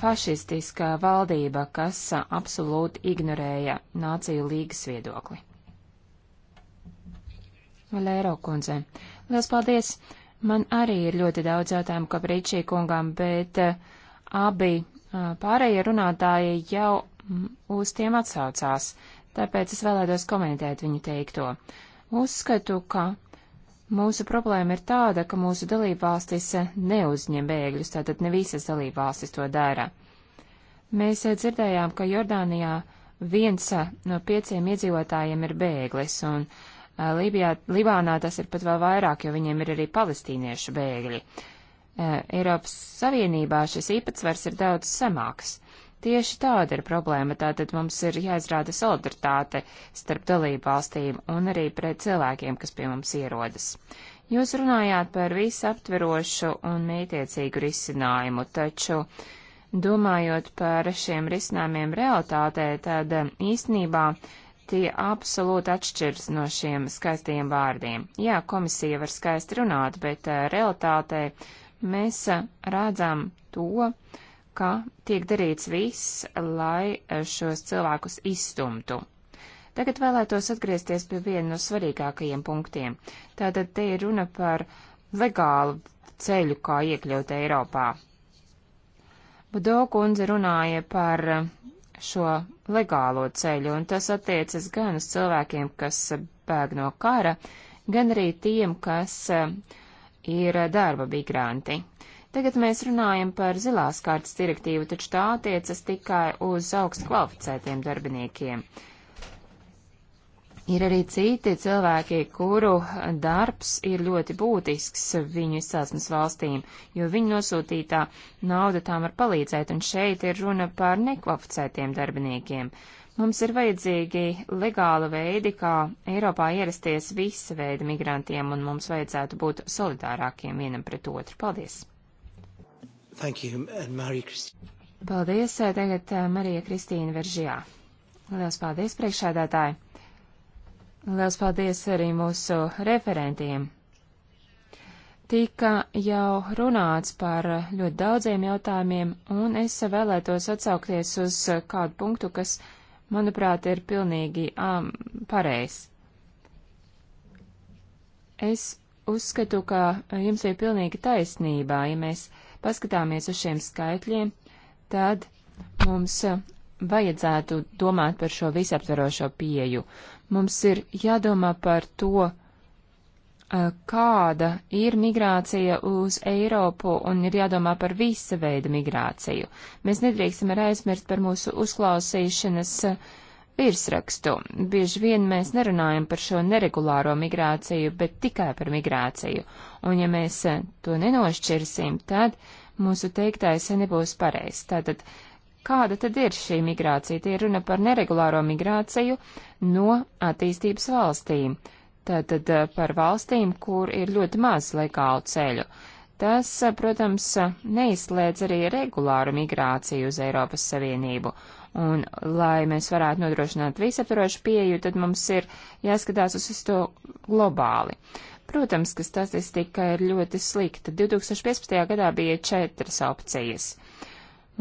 fašistiska valdība, kas absolūti ignorēja Nāciju līgas viedokli. Valēro kundze, liels paldies! Man arī ir ļoti daudz jautājumu Kaprīčī kungam, bet eh, abi eh, pārējie runātāji jau mm, uz tiem atsaucās, tāpēc es vēlētos komentēt viņu teikto. Uzskatu, ka Mūsu problēma ir tāda, ka mūsu dalībvalstis neuzņem bēgļus, tātad ne visas dalībvalstis to dara. Mēs dzirdējām, ka Jordānijā viens no pieciem iedzīvotājiem ir bēglis, un Lībijā, Libānā tas ir pat vēl vairāk, jo viņiem ir arī palestīniešu bēgļi. Eiropas Savienībā šis īpatsvars ir daudz samāks. Tieši tāda ir problēma, tātad mums ir jāizrāda solidaritāte starp dalību valstīm un arī pret cilvēkiem, kas pie mums ierodas. Jūs runājāt par visaptverošu un mītiecīgu risinājumu, taču, domājot par šiem risinājumiem realitātē, tad um, īstenībā tie absolūti atšķirs no šiem skaistiem vārdiem. Jā, komisija var skaisti runāt, bet uh, realitātē mēs uh, redzam to, ka tiek darīts viss, lai eh, šos cilvēkus izstumtu. Tagad vēlētos atgriezties pie viena no svarīgākajiem punktiem. Tātad te ir runa par legālu ceļu, kā iekļūt Eiropā. Budo kundze runāja par eh, šo legālo ceļu, un tas attiecas gan uz cilvēkiem, kas eh, bēg no kara, gan arī tiem, kas ir darba migranti. Tagad mēs runājam par zilās kārtas direktīvu, taču tā attiecas tikai uz augstu kvalificētiem darbiniekiem. Ir arī citi cilvēki, kuru darbs ir ļoti būtisks viņu izcelsmes valstīm, jo viņu nosūtītā nauda tām var palīdzēt, un šeit ir runa par nekvalificētiem darbiniekiem. Mums ir vajadzīgi legāli veidi, kā Eiropā ierasties visa veida migrantiem, un mums vajadzētu būt solidārākiem vienam pret otru. Paldies! Thank you, uh, Marija Kristīna. Paldies, uh, tagad uh, Marija Kristīna Veržijā. Liels paldies, priekšādātāji. Liels paldies arī mūsu referentiem. Tika jau runāts par ļoti daudziem jautājumiem, un es vēlētos atsaukties uz kādu punktu, kas, manuprāt, ir pilnīgi um, pareizs. Es uzskatu, ka jums ir pilnīgi taisnībā, ja mēs paskatāmies uz šiem skaitļiem, tad mums eh, vajadzētu domāt par šo visaptverošo pieju. Mums ir jādomā par to, eh, kāda ir migrācija uz Eiropu un ir jādomā par visa veida migrāciju. Mēs nedrīkstam arī aizmirst par mūsu uzklausīšanas uh, virsrakstu. Bieži vien mēs nerunājam par šo neregulāro migrāciju, bet tikai par migrāciju, un ja mēs to nenošķirsim, tad mūsu teiktais nebūs pareizs. Tātad, kāda tad ir šī migrācija? Tie runa par neregulāro migrāciju no attīstības valstīm. Tātad eh, par valstīm, kur ir ļoti maz legālu ceļu. Tas, eh, protams, neizslēdz arī regulāru migrāciju uz Eiropas Savienību, Un, lai mēs varētu nodrošināt visaptvarošu pieju, tad mums ir jāskatās uz visu to globāli. Protams, ka statistika ir ļoti slikta. 2015. gadā bija četras opcijas.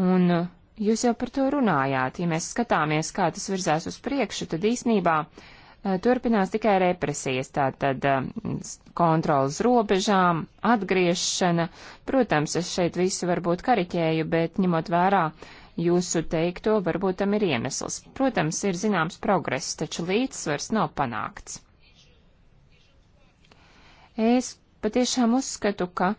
Un uh, jūs jau par to runājāt. Ja mēs skatāmies, kā tas virzās uz priekšu, tad īsnībā uh, turpinās tikai represijas, tātad uh, kontrols robežām, atgriešana. Protams, es šeit visu varbūt kariķēju, bet ņemot vērā jūsu teikto, varbūt tam ir iemesls. Protams, ir zināms progress, taču līdzsvars nav panākts. Es patiešām uzskatu, ka,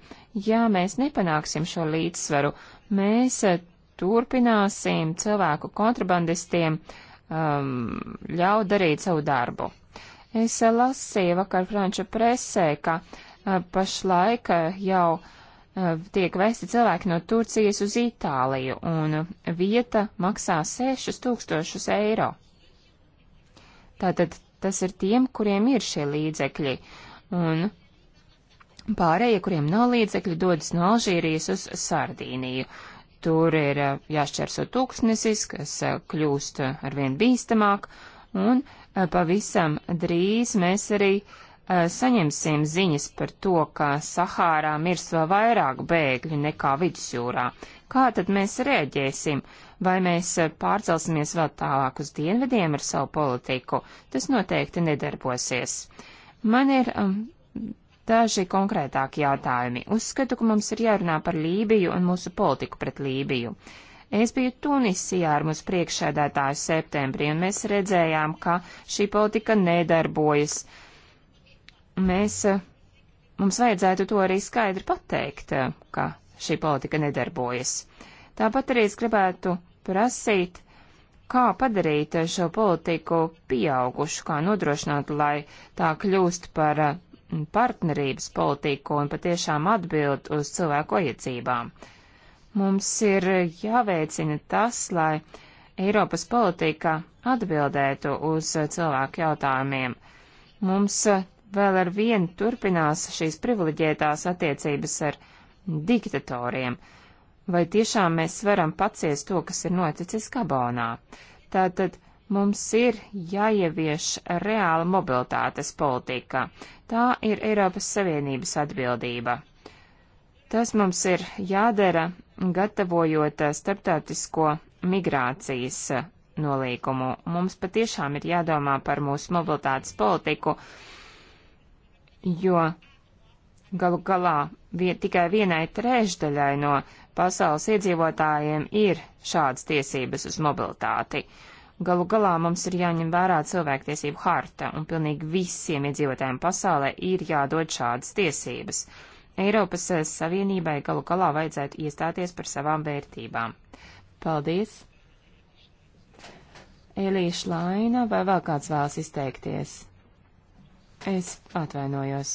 ja mēs nepanāksim šo līdzsvaru, mēs eh, turpināsim cilvēku kontrabandistiem um, ļaut darīt savu darbu. Es eh, lasīju vakar franču presē, ka uh, pašlaik jau uh, Eh, tiek vesti cilvēki no Turcijas uz Itāliju, un vieta maksā 6000 eiro. Tātad tas ir tiem, kuriem ir šie līdzekļi, un pārējie, kuriem nav līdzekļi, dodas no Alžīrijas uz Sardīniju. Tur ir eh, jāšķērso tūkstnesis, kas eh, kļūst arvien bīstamāk, un pavisam drīz mēs arī uh, Eh, saņemsim ziņas par to, ka Sahārā mirs vēl vairāk bēgļu nekā vidusjūrā. Kā tad mēs rēģēsim? Vai mēs eh, pārcelsimies vēl tālāk uz dienvidiem ar savu politiku? Tas noteikti nedarbosies. Man ir um, daži konkrētāki jautājumi. Uzskatu, ka mums ir jārunā par Lībiju un mūsu politiku pret Lībiju. Es biju Tunisijā ar mūsu priekšsēdētāju septembrī, un mēs redzējām, ka šī politika nedarbojas. Uh, mēs, eh, mums vajadzētu to arī skaidri pateikt, eh, ka šī politika nedarbojas. Tāpat arī es gribētu prasīt, kā padarīt eh, šo politiku pieaugušu, kā nodrošināt, lai tā kļūst par partnerības politiku un patiešām atbild uz cilvēku vajadzībām. Mums ir jāveicina tas, lai Eiropas politika atbildētu uz cilvēku jautājumiem. Mums vēl ar vienu turpinās šīs privileģētās attiecības ar diktatoriem. Vai tiešām mēs varam paciest to, kas ir noticis Gabonā? Tātad mums ir jāievieš reāla mobilitātes politika. Tā ir Eiropas Savienības atbildība. Tas mums ir jādara, gatavojot starptautisko migrācijas nolīgumu. Mums patiešām ir jādomā par mūsu mobilitātes politiku jo galu galā vien, tikai vienai trešdaļai no pasaules iedzīvotājiem ir šādas tiesības uz mobilitāti. Galu galā mums ir jāņem vērā cilvēktiesību harta, un pilnīgi visiem iedzīvotājiem pasaulē ir jādod šādas tiesības. Eiropas eh, Savienībai galu galā vajadzētu iestāties par savām vērtībām. Paldies! Elīša Laina, vai vēl kāds vēlas izteikties? Es atvainojos.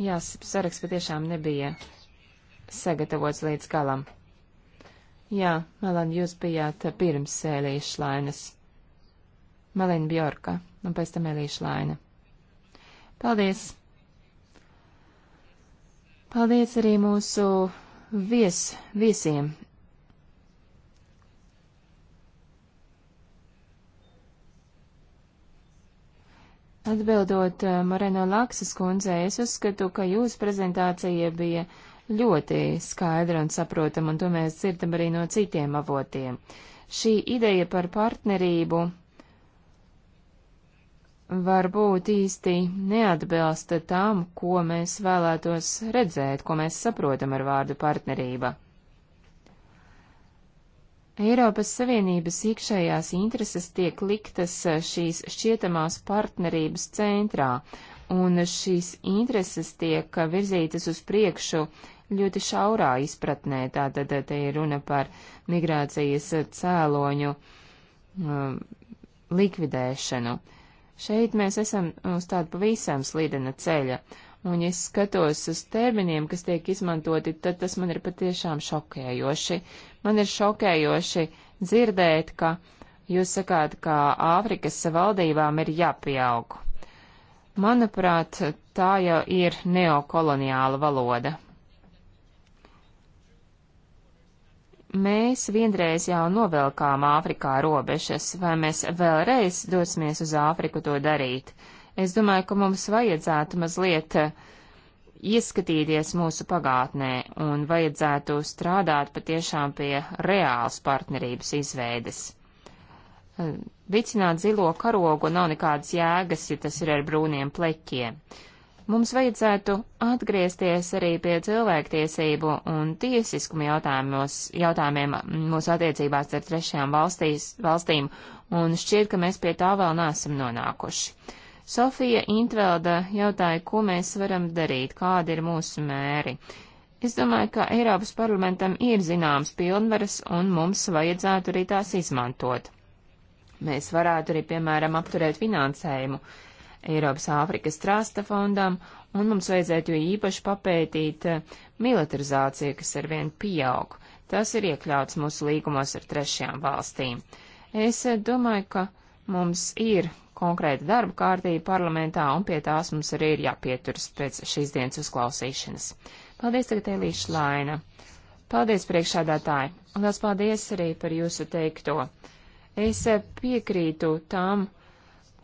Jā, saraksts patiešām nebija sagatavots līdz galam. Jā, Melan, jūs bijāt pirms Elīša Lainas. Melina Bjorka, un pēc tam Elīša Laina. Paldies! Paldies arī mūsu vies, viesiem, Atbildot eh, Moreno Laksas kundzei, es uzskatu, ka jūsu prezentācija bija ļoti skaidra un saprotama, un to mēs dzirdam arī no citiem avotiem. Šī ideja par partnerību varbūt īsti neatbilsta tam, ko mēs vēlētos redzēt, ko mēs saprotam ar vārdu partnerība. Eiropas Savienības iekšējās intereses tiek liktas eh, šīs šķietamās partnerības centrā, un šīs intereses tiek eh, virzītas uz priekšu ļoti šaurā izpratnē. Tātad eh, te ir runa par migrācijas cēloņu um, likvidēšanu. Šeit mēs esam uz tādu pavisam slidena ceļa, un ja skatos uz terminiem, kas tiek izmantoti, tad tas man ir patiešām šokējoši. Man ir šokējoši dzirdēt, ka jūs sakāt, ka Āfrikas valdībām ir jāpieaug. Manuprāt, tā jau ir neokoloniāla valoda. Mēs vienreiz jau novelkām Āfrikā robežas, vai mēs vēlreiz dosimies uz Āfriku to darīt? Es domāju, ka mums vajadzētu mazliet eh, ieskatīties mūsu pagātnē un vajadzētu strādāt patiešām pie reāls partnerības izveides. Eh, vicināt zilo karogu nav nekādas jēgas, ja tas ir ar brūniem pleķiem. Mums vajadzētu atgriezties arī pie cilvēktiesību un tiesiskumu jautājumiem mūsu attiecībās ar trešajām valstīs, valstīm, un šķiet, ka mēs pie tā vēl neesam nonākuši. Sofija Intvelda jautāja, ko mēs varam darīt, kādi ir mūsu mēri. Es domāju, ka Eiropas parlamentam ir zināms pilnvaras un mums vajadzētu arī tās izmantot. Mēs varētu arī, piemēram, apturēt finansējumu Eiropas Āfrikas trasta fondam, un mums vajadzētu īpaši papētīt eh, militarizāciju, kas arvien pieaug. Tas ir iekļauts mūsu līgumos ar trešajām valstīm. Es eh, domāju, ka mums ir konkrēta darba kārtība parlamentā, un pie tās mums arī ir jāpieturas pēc šīs dienas uzklausīšanas. Paldies tagad Elīša Laina. Paldies priekšādātāji. Lielas paldies arī par jūsu teikto. Es eh, piekrītu tam,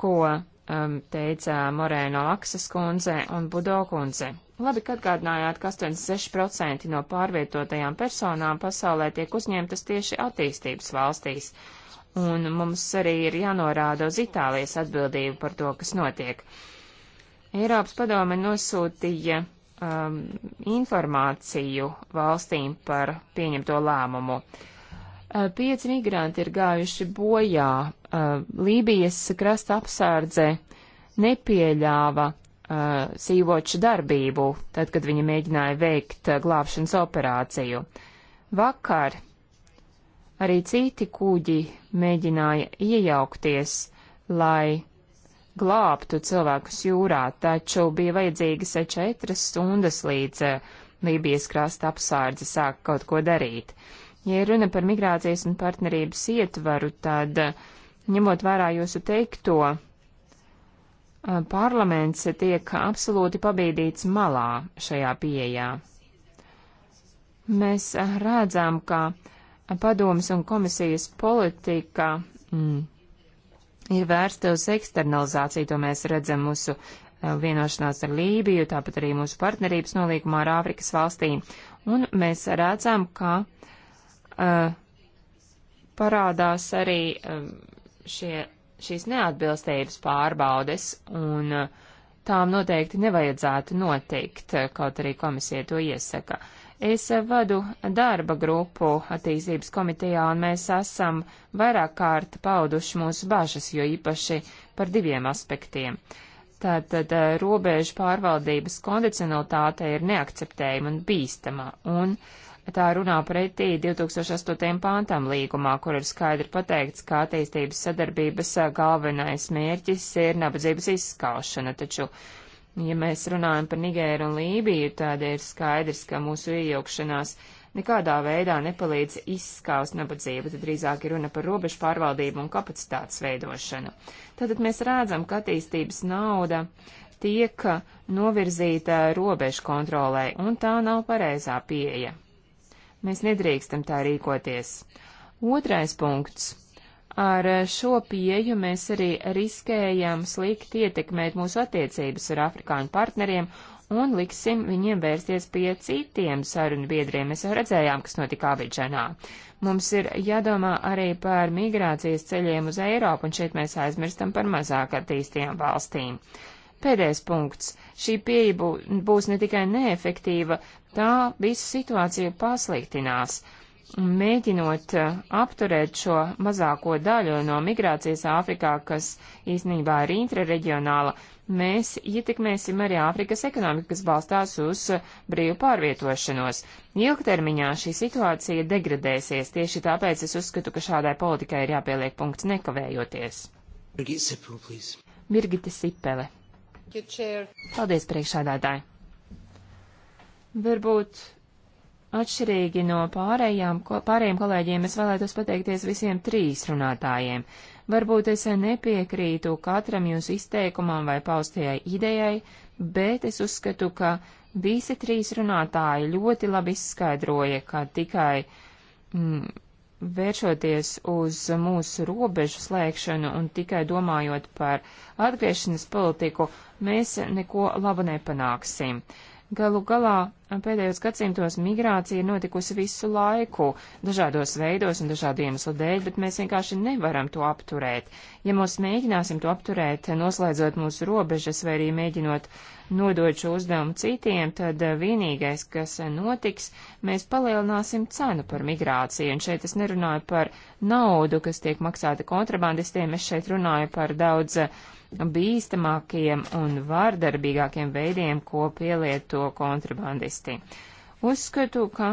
ko um, teica Morēno Laksas kundze un Budo kundze. Labi, ka atgādinājāt, ka 86% no pārvietotajām personām pasaulē tiek uzņemtas tieši attīstības valstīs, un mums arī ir jānorāda uz Itālijas atbildību par to, kas notiek. Eiropas padome nosūtīja um, informāciju valstīm par pieņemto lēmumu. Uh, pieci migranti ir gājuši bojā. Uh, Lībijas krasta apsārdze nepieļāva uh, sīvoču darbību, tad, kad viņa mēģināja veikt uh, glābšanas operāciju. Vakar arī citi kuģi mēģināja iejaukties, lai glābtu cilvēkus jūrā, taču bija vajadzīgas četras stundas līdz eh, Lībijas krasta apsārdze sāk kaut ko darīt. Ja runa par migrācijas un partnerības ietvaru, tad, eh, ņemot vērā jūsu teikto, eh, parlaments tiek absolūti pabīdīts malā šajā pieejā. Mēs redzam, ka padomas un komisijas politika mm, ir vērsta uz eksternalizāciju, to mēs redzam mūsu eh, vienošanās ar Lībiju, tāpat arī mūsu partnerības nolīgumā ar Āfrikas valstīm. Un mēs redzam, ka uh, parādās arī uh, šie, šīs neatbilstības pārbaudes, un uh, tām noteikti nevajadzētu notikt, kaut arī komisija to iesaka. Uh, Es vadu darba grupu attīstības komitejā, un mēs esam vairāk kārt pauduši mūsu bažas, jo īpaši par diviem aspektiem. Tātad eh, robežu pārvaldības kondicionalitāte ir neakceptējama un bīstama, un tā runā pretī 2008. pāntam līgumā, kur ir skaidri pateikts, ka attīstības sadarbības eh, galvenais mērķis ir nabadzības izskaušana, taču Ja mēs runājam par Nigēru un Lībiju, tad ir skaidrs, ka mūsu iejaukšanās nekādā veidā nepalīdz izskaust nabadzību, tad drīzāk ir runa par robežu pārvaldību un kapacitātes veidošanu. Tātad mēs redzam, ka attīstības nauda tiek novirzīta robežu kontrolē, un tā nav pareizā pieeja. Mēs nedrīkstam tā rīkoties. Otrais punkts Ar eh, šo pieju mēs arī riskējam slikti ietekmēt mūsu attiecības ar afrikāņu partneriem un liksim viņiem vērsties pie citiem sarunu biedriem. Mēs jau redzējām, kas notika Abidžanā. Mums ir jādomā arī par migrācijas ceļiem uz Eiropu, un šeit mēs aizmirstam par mazāk attīstījām valstīm. Pēdējais punkts. Šī pieeja būs ne tikai neefektīva, tā visa situācija pasliktinās mēģinot uh, apturēt šo mazāko daļu no migrācijas Āfrikā, kas īstenībā ir intrareģionāla, mēs ietekmēsim arī Āfrikas ekonomiku, kas balstās uz uh, brīvu pārvietošanos. Ilgtermiņā šī situācija degradēsies, tieši tāpēc es uzskatu, ka šādai politikai ir jāpieliek punkts nekavējoties. Birgita Sipele. Birgita Sipele. Paldies priekšādātāji. Varbūt Atšķirīgi no pārējām, ko, pārējiem kolēģiem es vēlētos pateikties visiem trīs runātājiem. Varbūt es nepiekrītu katram jūsu izteikumam vai paustajai idejai, bet es uzskatu, ka visi trīs runātāji ļoti labi izskaidroja, ka tikai mm, vēršoties uz mūsu robežu slēgšanu un tikai domājot par atgriešanas politiku, mēs neko labu nepanāksim. Uh, Galu galā pēdējos gadsimtos migrācija ir notikusi visu laiku, dažādos veidos un dažādu iemeslu dēļ, bet mēs vienkārši nevaram to apturēt. Ja mēs mēģināsim to apturēt, noslēdzot mūsu robežas vai arī mēģinot nodot šo uzdevumu citiem, tad eh, vienīgais, kas eh, notiks, mēs palielināsim cenu par migrāciju. Un šeit es nerunāju par naudu, kas tiek maksāta kontrabandistiem, es šeit runāju par daudz uh, bīstamākajiem un vārdarbīgākiem veidiem, ko pielieto kontrabandisti. Uzskatu, ka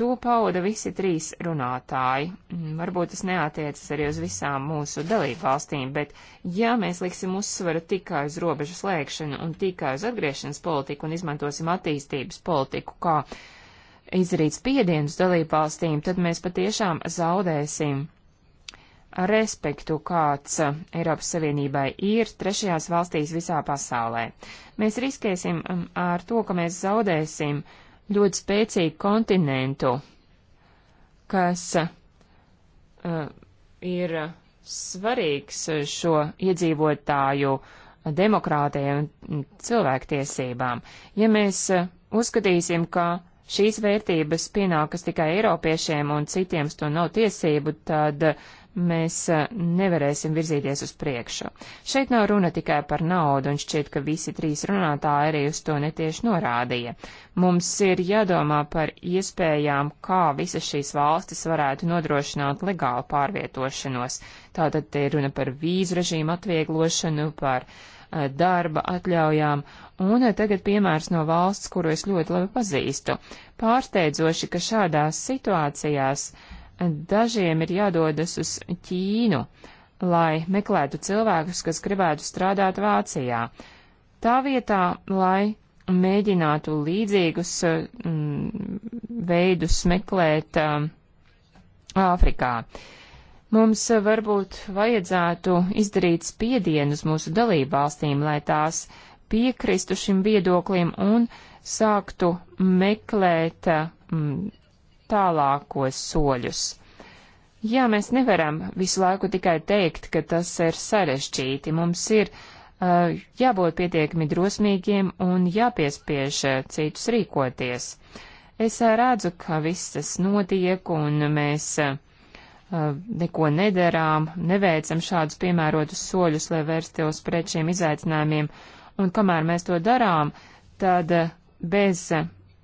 to pauda visi trīs runātāji. Varbūt tas neatiecas arī uz visām mūsu dalībvalstīm, bet ja mēs liksim uzsvaru tikai uz robežu slēgšanu un tikai uz atgriešanas politiku un izmantosim attīstības politiku kā izrīt spiedienus dalībvalstīm, tad mēs patiešām zaudēsim respektu, kāds eh, Eiropas Savienībai ir trešajās valstīs visā pasaulē. Mēs riskēsim mm, ar to, ka mēs zaudēsim ļoti spēcīgu kontinentu, kas uh, ir svarīgs šo iedzīvotāju demokrātiem un cilvēktiesībām. Ja mēs eh, uzskatīsim, ka šīs vērtības pienākas tikai eiropiešiem un citiem to nav tiesību, tad uh, mēs eh, nevarēsim virzīties uz priekšu. Šeit nav runa tikai par naudu, un šķiet, ka visi trīs runātāji arī uz to netieši norādīja. Mums ir jādomā par iespējām, kā visas šīs valstis varētu nodrošināt legālu pārvietošanos. Tātad te ir runa par vīzu režīmu atvieglošanu, par eh, darba atļaujām, un eh, tagad piemērs no valsts, kuru es ļoti labi pazīstu. Pārsteidzoši, ka šādās situācijās uh, dažiem ir jādodas uz Ķīnu, lai meklētu cilvēkus, kas gribētu strādāt Vācijā. Tā vietā, lai mēģinātu līdzīgus mm, veidus meklēt mm, Āfrikā. Mums varbūt vajadzētu izdarīt spiedienus mūsu dalību valstīm, lai tās piekristu šim viedoklim un sāktu meklēt mm, tālākos soļus. Jā, mēs nevaram visu laiku tikai teikt, ka tas ir sarežģīti. Mums ir uh, jābūt pietiekami drosmīgiem un jāpiespiež eh, citus rīkoties. Es uh, redzu, ka viss tas notiek un mēs uh, neko nedarām, neveicam šādus piemērotus soļus, lai vērstos pret šiem izaicinājumiem, un kamēr mēs to darām, tad bez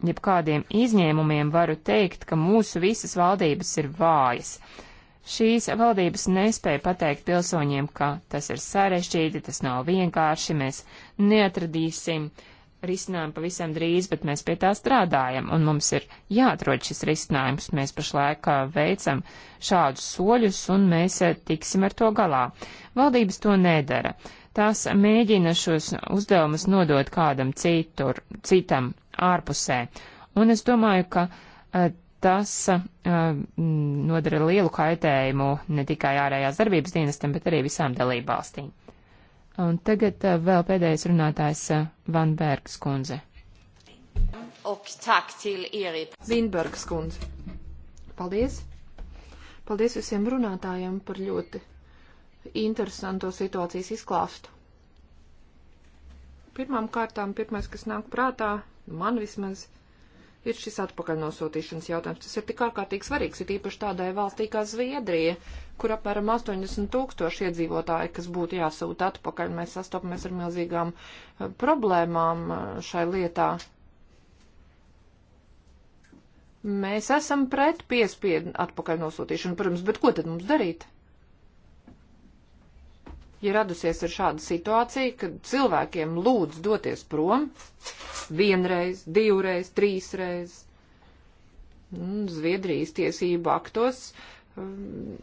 jebkādiem izņēmumiem varu teikt, ka mūsu visas valdības ir vājas. Šīs valdības nespēja pateikt pilsoņiem, ka tas ir sarežģīti, tas nav vienkārši, mēs neatradīsim risinājumu pavisam drīz, bet mēs pie tā strādājam, un mums ir jāatrod šis risinājums. Mēs pašlaik veicam šādus soļus, un mēs tiksim ar to galā. Valdības to nedara. Tās mēģina šos uzdevumus nodot kādam citur, citam ārpusē. Un es domāju, ka uh, tas uh, nodara lielu kaitējumu ne tikai ārējās darbības dienestam, bet arī visām dalībvalstīm. Un tagad uh, vēl pēdējais runātājs uh, Van Bergs kundze. Vinbergs kundze. Paldies! Paldies visiem runātājiem par ļoti interesanto situācijas izklāstu. Pirmām kārtām, pirmais, kas nāk prātā, man vismaz, ir šis atpakaļ nosūtīšanas jautājums. Tas ir tik ārkārtīgi svarīgs, ir īpaši tādai valstī kā Zviedrija, kur apmēram 80 tūkstoši iedzīvotāji, kas būtu jāsūta atpakaļ. Mēs sastopamies ar milzīgām eh, problēmām eh, šai lietā. Mēs esam pret piespiedu atpakaļ nosūtīšanu, protams, bet ko tad mums darīt? ja radusies ir šāda situācija, kad cilvēkiem lūdz doties prom vienreiz, divreiz, trīsreiz. Mm, Zviedrijas tiesību aktos um,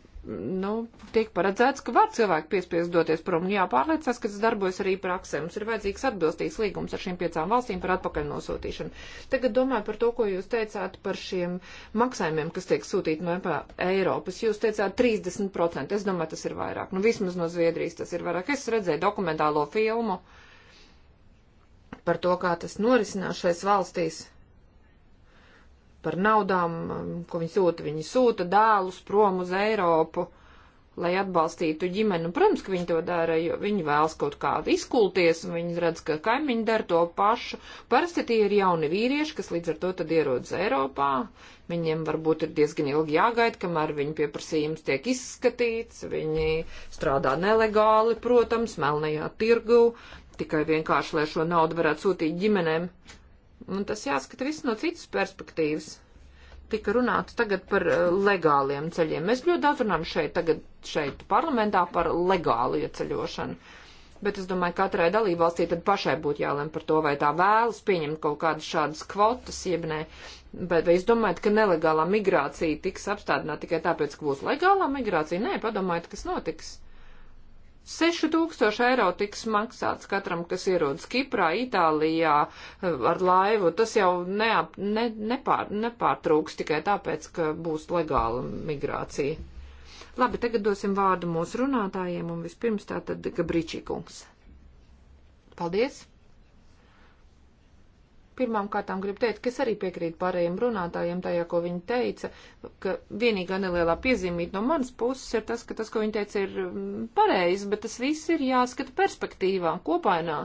nu, tiek paredzēts, ka var cilvēki piespiest doties prom. Nu, Jā, pārliecās, ka tas darbojas arī praksē. Mums ir vajadzīgs atbilstīgs līgums ar šīm piecām valstīm par atpakaļ nosūtīšanu. Tagad domāju par to, ko jūs teicāt par šiem maksājumiem, kas tiek sūtīti no Eiropas. Jūs teicāt 30%. Es domāju, tas ir vairāk. Nu, vismaz no Zviedrijas tas ir vairāk. Es redzēju dokumentālo filmu par to, kā tas norisinās šais valstīs par naudām, um, ko viņi sūta. Viņi sūta dēlus prom uz Eiropu, lai atbalstītu ģimeni. Un, nu, protams, ka viņi to dara, jo viņi vēlas kaut kādu izkulties, un viņi redz, ka kaimiņi dara to pašu. Parasti tie ir jauni vīrieši, kas līdz ar to tad ierodas Eiropā. Viņiem varbūt ir diezgan ilgi jāgaida, kamēr viņu pieprasījums tiek izskatīts. Viņi strādā nelegāli, protams, melnajā tirgu, tikai vienkārši, lai šo naudu varētu sūtīt ģimenēm. Un tas jāskata viss no citas perspektīvas. Tika runāts tagad par eh, legāliem ceļiem. Mēs ļoti daudz runājam šeit, tagad šeit parlamentā par legālu ieceļošanu. Bet es domāju, katrai dalībvalstī tad pašai būtu jālem par to, vai tā vēlas pieņemt kaut kādas šādas kvotas, jeb nē. Bet vai jūs domājat, ka nelegālā migrācija tiks apstādināta tikai tāpēc, ka būs legālā migrācija? Nē, padomājiet, kas notiks. 6000 eiro tiks maksāts katram, kas ierodas Kiprā, Itālijā eh, ar laivu. Tas jau neap, ne, nepār, nepārtrūks tikai tāpēc, ka būs legāla migrācija. Labi, tagad dosim vārdu mūsu runātājiem un vispirms tātad Gabričīkungs. Paldies! Pirmām kārtām gribu teikt, ka es arī piekrītu pārējiem runātājiem tajā, ko viņi teica, ka vienīgā nelielā piezīmīta no manas puses ir tas, ka tas, ko viņi teica, ir mm, pareizi, bet tas viss ir jāskata perspektīvā, kopainā,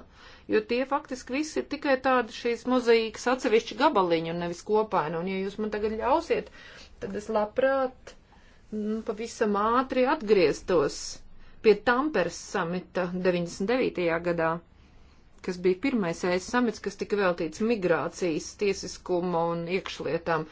jo tie faktiski visi ir tikai tādi šīs mozaīkas atsevišķi gabaliņi un nevis kopaina, un ja jūs man tagad ļausiet, tad es labprāt nu, pavisam ātri atgrieztos pie Tampers samita 99. gadā kas bija pirmais ES samits, kas tika veltīts migrācijas, tiesiskumu un iekšlietām.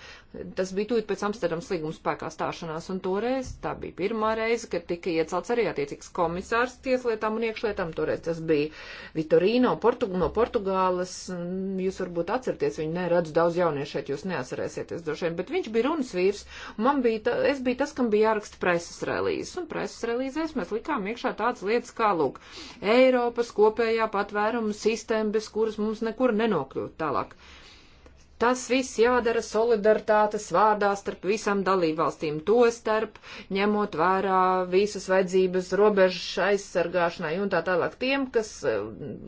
Tas bija tūlīt pēc Amsterdams līguma spēkā stāšanās, un toreiz tā bija pirmā reize, kad tika iecelts arī attiecīgs komisārs tieslietām un iekšlietām. Toreiz tas bija Vitorino Portu no Portugāles. Jūs varbūt atcerieties, viņu neredz daudz jauniešu šeit, jūs neatcerēsieties droši vien, bet viņš bija runas vīrs. Man bija, ta, es biju tas, kam bija jāraksta preses relīzes, un preses relīzēs mēs likām iekšā tādas lietas kā, lūk, Eiropas kopējā patvēruma sistēma, bez kuras mums nekur nenokļūt tālāk. Tas viss jādara solidaritātes vārdā starp visām dalībvalstīm, to starp ņemot vērā visas vajadzības robežas aizsargāšanai un tā tālāk tiem, kas eh,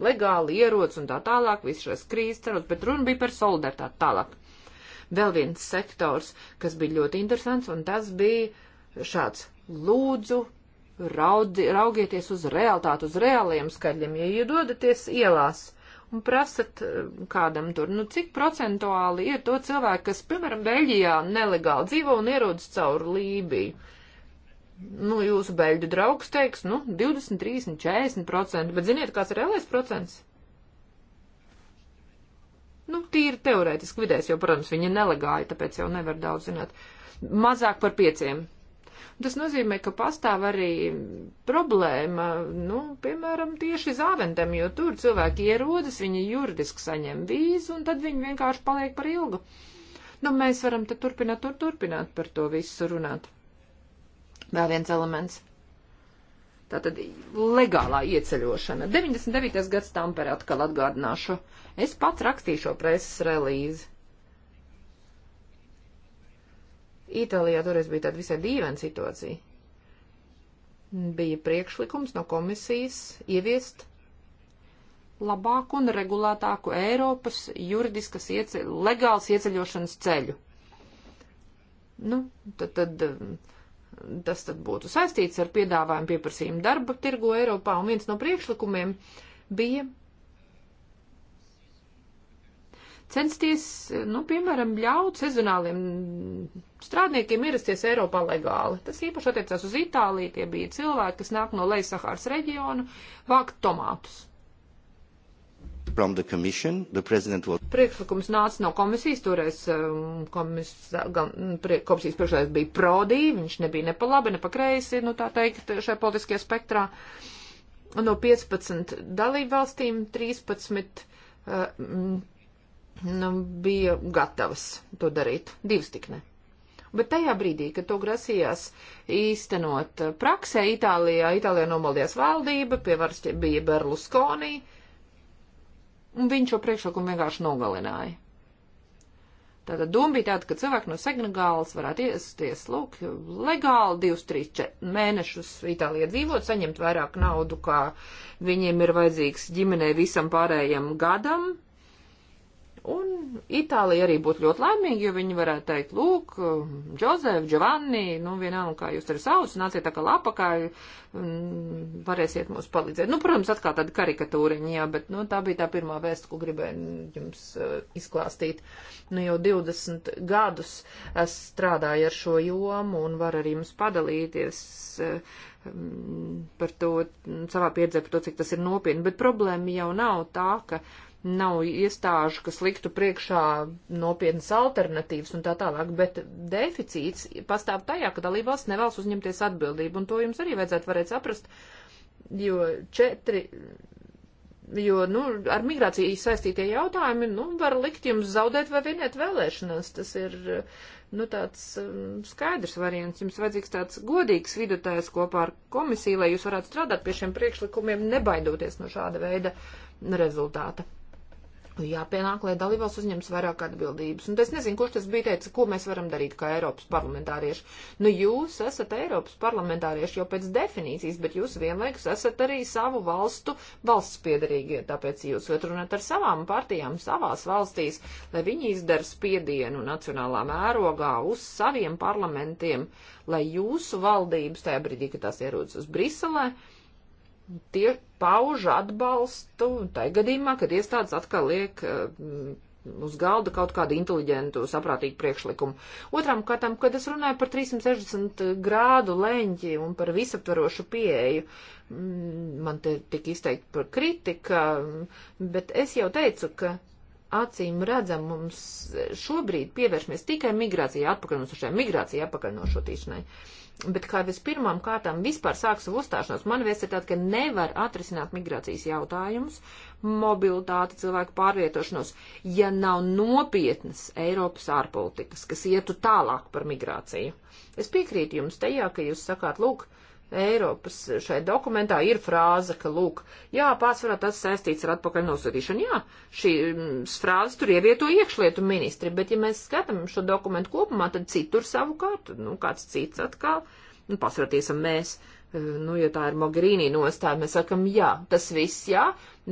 legāli ieroc un tā tālāk, visu šos krīzes cerot, bet runa bija par solidaritāti tālāk. Vēl viens sektors, kas bija ļoti interesants, un tas bija šāds lūdzu raudzi, raugieties uz realitāti, uz reāliem skaļiem, ja jūs dodaties ielās un prasat eh, kādam tur, nu cik procentuāli ir to cilvēku, kas, piemēram, Beļģijā nelegāli dzīvo un ierodas caur Lībiju. Nu, jūsu beļģu draugs teiks, nu, 20, 30, 40 procenti, bet ziniet, kāds ir reālais procents? Nu, tīri teorētiski vidēs, jo, protams, viņi nelegāli, tāpēc jau nevar daudz zināt. Mazāk par pieciem Tas nozīmē, ka pastāv arī problēma, nu, piemēram, tieši zāvendam, jo tur cilvēki ierodas, viņi juridiski saņem vīzu un tad viņi vienkārši paliek par ilgu. Nu, mēs varam tad turpināt, tur turpināt par to visu runāt. Vēl viens elements. Tātad legālā ieceļošana. 99. gads Tamperē atkal atgādināšu. Es pats rakstīšu preses relīzi. Itālijā toreiz bija tāda visai dīvaina situācija. Bija priekšlikums no komisijas ieviest labāku un regulētāku Eiropas juridiskas iece, legāls ieceļošanas ceļu. Nu, tad, tad tas tad būtu saistīts ar piedāvājumu pieprasījumu darba tirgu Eiropā, un viens no priekšlikumiem bija censties, nu, piemēram, ļaut sezonāliem strādniekiem ierasties Eiropā legāli. Tas īpaši attiecās uz Itāliju, tie bija cilvēki, kas nāk no Leisahāras reģionu, vākt tomātus. The the will... Priekšlikums nāca no komisijas, toreiz um, komis, gan, mm, prie, komisijas priekšlikums bija prodī, viņš nebija ne pa labi, ne pa kreisi, nu tā teikt, šajā politiskajā spektrā. No 15 dalībvalstīm 13 uh, mm, nu, bija gatavas to darīt. Divas tik ne. Bet tajā brīdī, kad to grasījās īstenot praksē Itālijā, Itālijā nomaldījās valdība, pie varas bija Berlusconi, un viņš šo priekšlikumu vienkārši nogalināja. Tātad doma bija tāda, ka cilvēki no Senegālas varētu iesties, lūk, legāli divus, trīs, četrus mēnešus Itālijā dzīvot, saņemt vairāk naudu, kā viņiem ir vajadzīgs ģimenei visam pārējiem gadam, Un Itālija arī būtu ļoti laimīga, jo viņi varētu teikt, lūk, Džozef, Giovanni, nu vienalga, kā jūs tur sauc, nāciet tā kā lapakā, varēsiet mums palīdzēt. Nu, protams, atkal tāda karikatūriņa, jā, bet, nu, tā bija tā pirmā vēsta, ko gribēju jums uh, izklāstīt. Nu, jau 20 gadus es strādāju ar šo jomu un var arī jums padalīties. Uh, par to savā pieredzē, par to, cik tas ir nopietni, bet problēma jau nav tā, ka uh, nav iestāžu, kas liktu priekšā nopietnas alternatīvas un tā tālāk, bet deficīts pastāv tajā, ka dalībvalsts nevēlas uzņemties atbildību, un to jums arī vajadzētu varēt saprast, jo četri, jo, nu, ar migrāciju saistītie jautājumi, nu, var likt jums zaudēt vai vienēt vēlēšanas, tas ir, nu, tāds um, skaidrs variants, jums vajadzīgs tāds godīgs vidutājs kopā ar komisiju, lai jūs varētu strādāt pie šiem priekšlikumiem, nebaidoties no šāda veida rezultāta. Nu, jāpienāk, lai dalībās uzņems vairāk atbildības. Un es nezinu, kurš tas bija teica, ko mēs varam darīt kā Eiropas parlamentārieši. Nu, jūs esat Eiropas parlamentārieši jau pēc definīcijas, bet jūs vienlaikus esat arī savu valstu valsts piedarīgie, tāpēc jūs varat runāt ar savām partijām savās valstīs, lai viņi izdara spiedienu nacionālā mērogā uz saviem parlamentiem, lai jūsu valdības tajā brīdī, kad tās ierodas uz Briselē, uh, tie pauž atbalstu tai gadījumā, kad iestādes atkal liek eh, uz galda kaut kādu inteliģentu, saprātīgu priekšlikumu. Otram kārtam, kad es runāju par 360 grādu leņķi un par visaptvarošu pieeju, mm, man te tik izteikti par kritika, mm, bet es jau teicu, ka acīm redzam mums šobrīd pievēršamies tikai migrācijai atpakaļ no šai migrācijai atpakaļ no šotīšanai. No Bet kā vispirmām kārtām vispār sāku savu uzstāšanos, man vēsts ir tāds, ka nevar atrisināt migrācijas jautājumus, mobilitāti, cilvēku pārvietošanos, ja nav nopietnas Eiropas ārpolitikas, kas ietu tālāk par migrāciju. Es piekrītu jums tajā, ka jūs sakāt, lūk, uh, Eiropas šai dokumentā ir frāze, ka, lūk, jā, pārsvarā tas saistīts ar atpakaļ nosūtīšanu. Jā, šīs mm, frāzes tur ievieto iekšlietu ministri, bet ja mēs skatām šo dokumentu kopumā, tad citur savukārt, nu, kāds cits atkal, nu, pasvarāties mēs, e, nu, ja tā ir Mogherīnī nostāja, mēs sakam, jā, tas viss jā,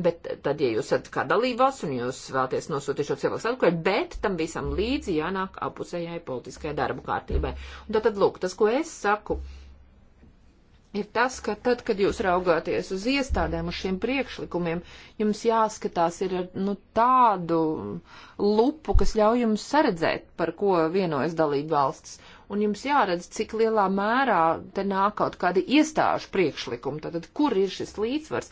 bet tad, ja jūs esat kā dalībās un jūs vēlaties nosūtīt šo cilvēku atpakaļ, bet tam visam līdzi jānāk apusējai politiskajai darba kārtībai. Un tad, tad, lūk, tas, ko es saku ir tas, ka tad, kad jūs raugāties uz iestādēm, uz šiem priekšlikumiem, jums jāskatās ir ar nu, tādu lupu, kas ļauj jums saredzēt, par ko vienojas dalība valsts. Un jums jāredz, cik lielā mērā te nāk kaut kādi iestāžu priekšlikumi, tātad kur ir šis līdzsvars.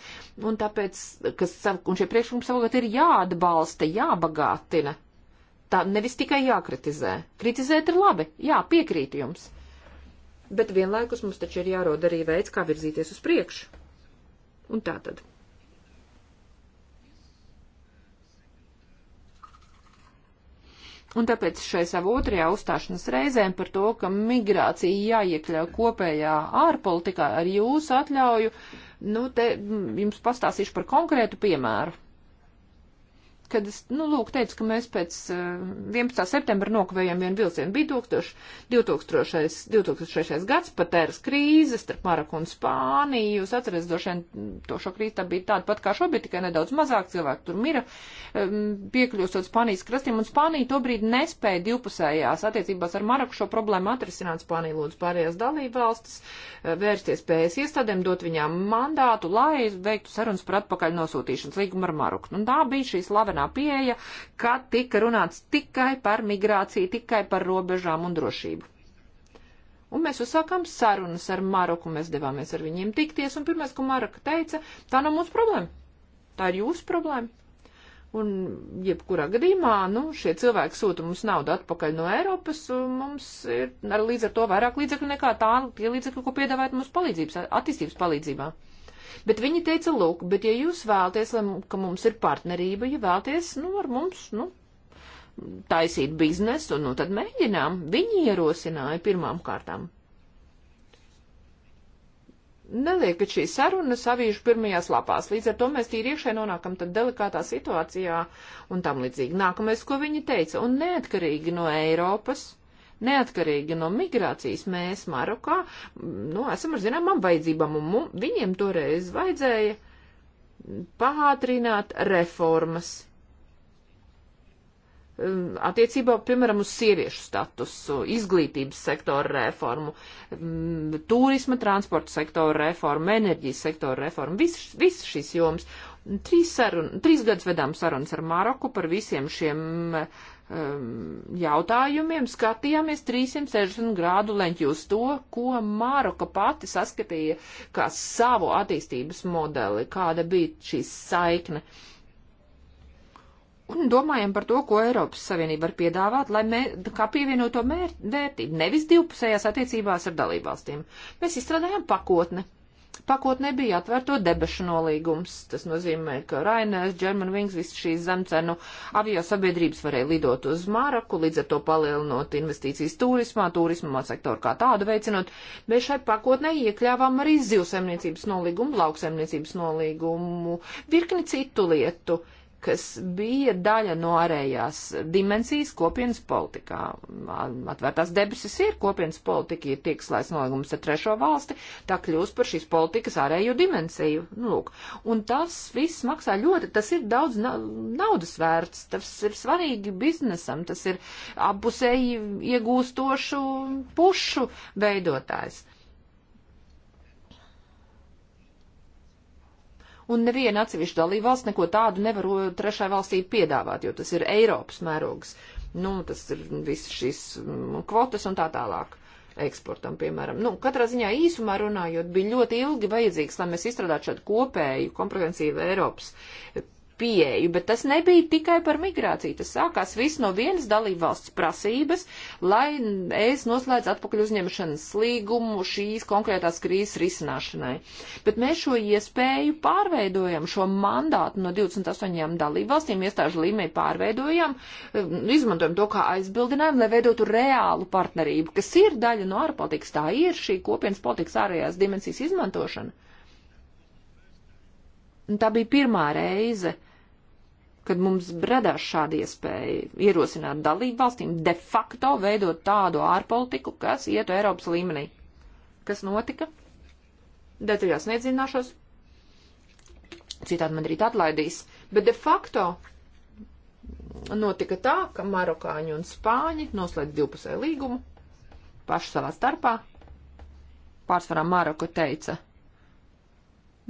Un tāpēc, kas, un šie priekšlikumi savukārt ir jāatbalsta, jābagātina. Tā nevis tikai jākritizē. Kritizēt ir labi, jā, piekrīt jums bet vienlaikus mums taču ir jārod arī veids, kā virzīties uz priekšu. Un tā tad. Un tāpēc šai savu otrajā uzstāšanas reizēm par to, ka migrācija jāiekļauj kopējā ārpolitikā ar jūsu atļauju, nu te jums pastāstīšu par konkrētu piemēru kad es, nu, lūk, teicu, ka mēs pēc 11. Eh, septembra nokavējam vienu vilcienu. Bija 2000, 2000, 2006. gads, patēras krīze starp Maroku un Spāniju. Jūs atceries, droši vien to šo krīzi tā bija tāda pat kā šobrīd, tikai nedaudz mazāk cilvēku tur mira, piekļūstot Spānijas krastiem, un Spānija tobrīd nespēja divpusējās attiecībās ar Maroku šo problēmu atrisināt. Spānija lūdz pārējās dalībvalstis eh, vērsties pēc iestādēm, dot viņām mandātu, lai veiktu sarunas par atpakaļ nosūtīšanas līgumu ar Maroku. Un tā bija šī slavena galvenā pieeja, ka tika runāts tikai par migrāciju, tikai par robežām un drošību. Un mēs uzsākām sarunas ar Maroku, mēs devāmies ar viņiem tikties, un pirmais, ko Maroka teica, tā nav mūsu problēma, tā ir jūsu problēma. Un jebkurā gadījumā, nu, šie cilvēki sūta mums naudu atpakaļ no Eiropas, un mums ir ar līdz ar to vairāk līdzekļu nekā tā, tie līdzekļi, ko piedāvājat mums palīdzības, attīstības palīdzībā. Bet viņi teica, lūk, bet ja jūs vēlaties, lai, ka mums ir partnerība, ja vēlaties, nu, ar mums, nu, taisīt biznesu, nu, tad mēģinām. Viņi ierosināja pirmām kārtām. Neliekat šī saruna savīšu pirmajās lapās, līdz ar to mēs tīri iekšē nonākam tad delikātā situācijā un tam līdzīgi. Nākamais, ko viņi teica, un neatkarīgi no Eiropas Neatkarīgi no migrācijas mēs Marokā, mm, nu, esam ar zināmām vajadzībām, un mum, viņiem toreiz vajadzēja pātrināt reformas. Mm, attiecībā, piemēram, uz sieviešu statusu, izglītības sektora reformu, mm, turisma, transporta sektora reformu, enerģijas sektora reformu, visas vis šīs jomas. Trīs, sarun, trīs gadus vedām sarunas ar Maroku par visiem šiem uh, um, jautājumiem skatījāmies 360 grādu leņķi uz to, ko Māroka pati saskatīja kā savu attīstības modeli, kāda bija šī saikne. Un domājam par to, ko Eiropas Savienība var piedāvāt, lai mē, kā pievienoto mērķi, vērtību, nevis divpusējās attiecībās ar dalībvalstīm. Mēs izstrādājam pakotni pakotnē bija atvērto debešu nolīgums. Tas nozīmē, ka Rainers, German Wings, visas šīs zemcenu avio sabiedrības varēja lidot uz Māraku, līdz ar to palielinot investīcijas turismā, turismā sektoru kā tādu veicinot. Bet šai pakotnē iekļāvām arī zivsaimniecības nolīgumu, lauksaimniecības nolīgumu, virkni citu lietu. Uh, kas bija daļa no ārējās dimensijas kopienas politikā. Atvērtās debesis ir kopienas politika, ir tiek slēgts nolīgums ar trešo valsti, tā kļūst par šīs politikas ārējo dimensiju. Nu, lūk. Un tas viss maksā ļoti, tas ir daudz na naudas vērts, tas ir svarīgi biznesam, tas ir abpusēji iegūstošu pušu veidotājs. un neviena atsevišķa dalībvalsts neko tādu nevar trešai valstī piedāvāt, jo tas ir Eiropas mērogs. Nu, tas ir visas šīs mm, kvotas un tā tālāk eksportam, piemēram. Nu, katrā ziņā īsumā runājot, bija ļoti ilgi vajadzīgs, lai mēs izstrādātu šādu kopēju, komprehensīvu Eiropas pieeju, bet tas nebija tikai par migrāciju. Tas sākās viss no vienas dalībvalsts prasības, lai es noslēdzu atpakaļ uzņemšanas līgumu šīs konkrētās krīzes risināšanai. Bet mēs šo iespēju pārveidojam, šo mandātu no 28 dalībvalstīm iestāžu līmenī pārveidojam, um, izmantojam to kā aizbildinājumu, lai veidotu reālu partnerību, kas ir daļa no ārpolitikas. Tā ir šī kopienas politikas ārējās dimensijas izmantošana. Un tā bija pirmā reize, kad mums radās šāda iespēja ierosināt dalību valstīm de facto veidot tādu ārpolitiku, kas ietu Eiropas līmenī. Kas notika? Detaļās nedzināšos. Citādi man rīt atlaidīs. Bet de facto notika tā, ka marokāņi un spāņi noslēdz divpusēju līgumu paši savā starpā. Pārsvarā Maroka teica,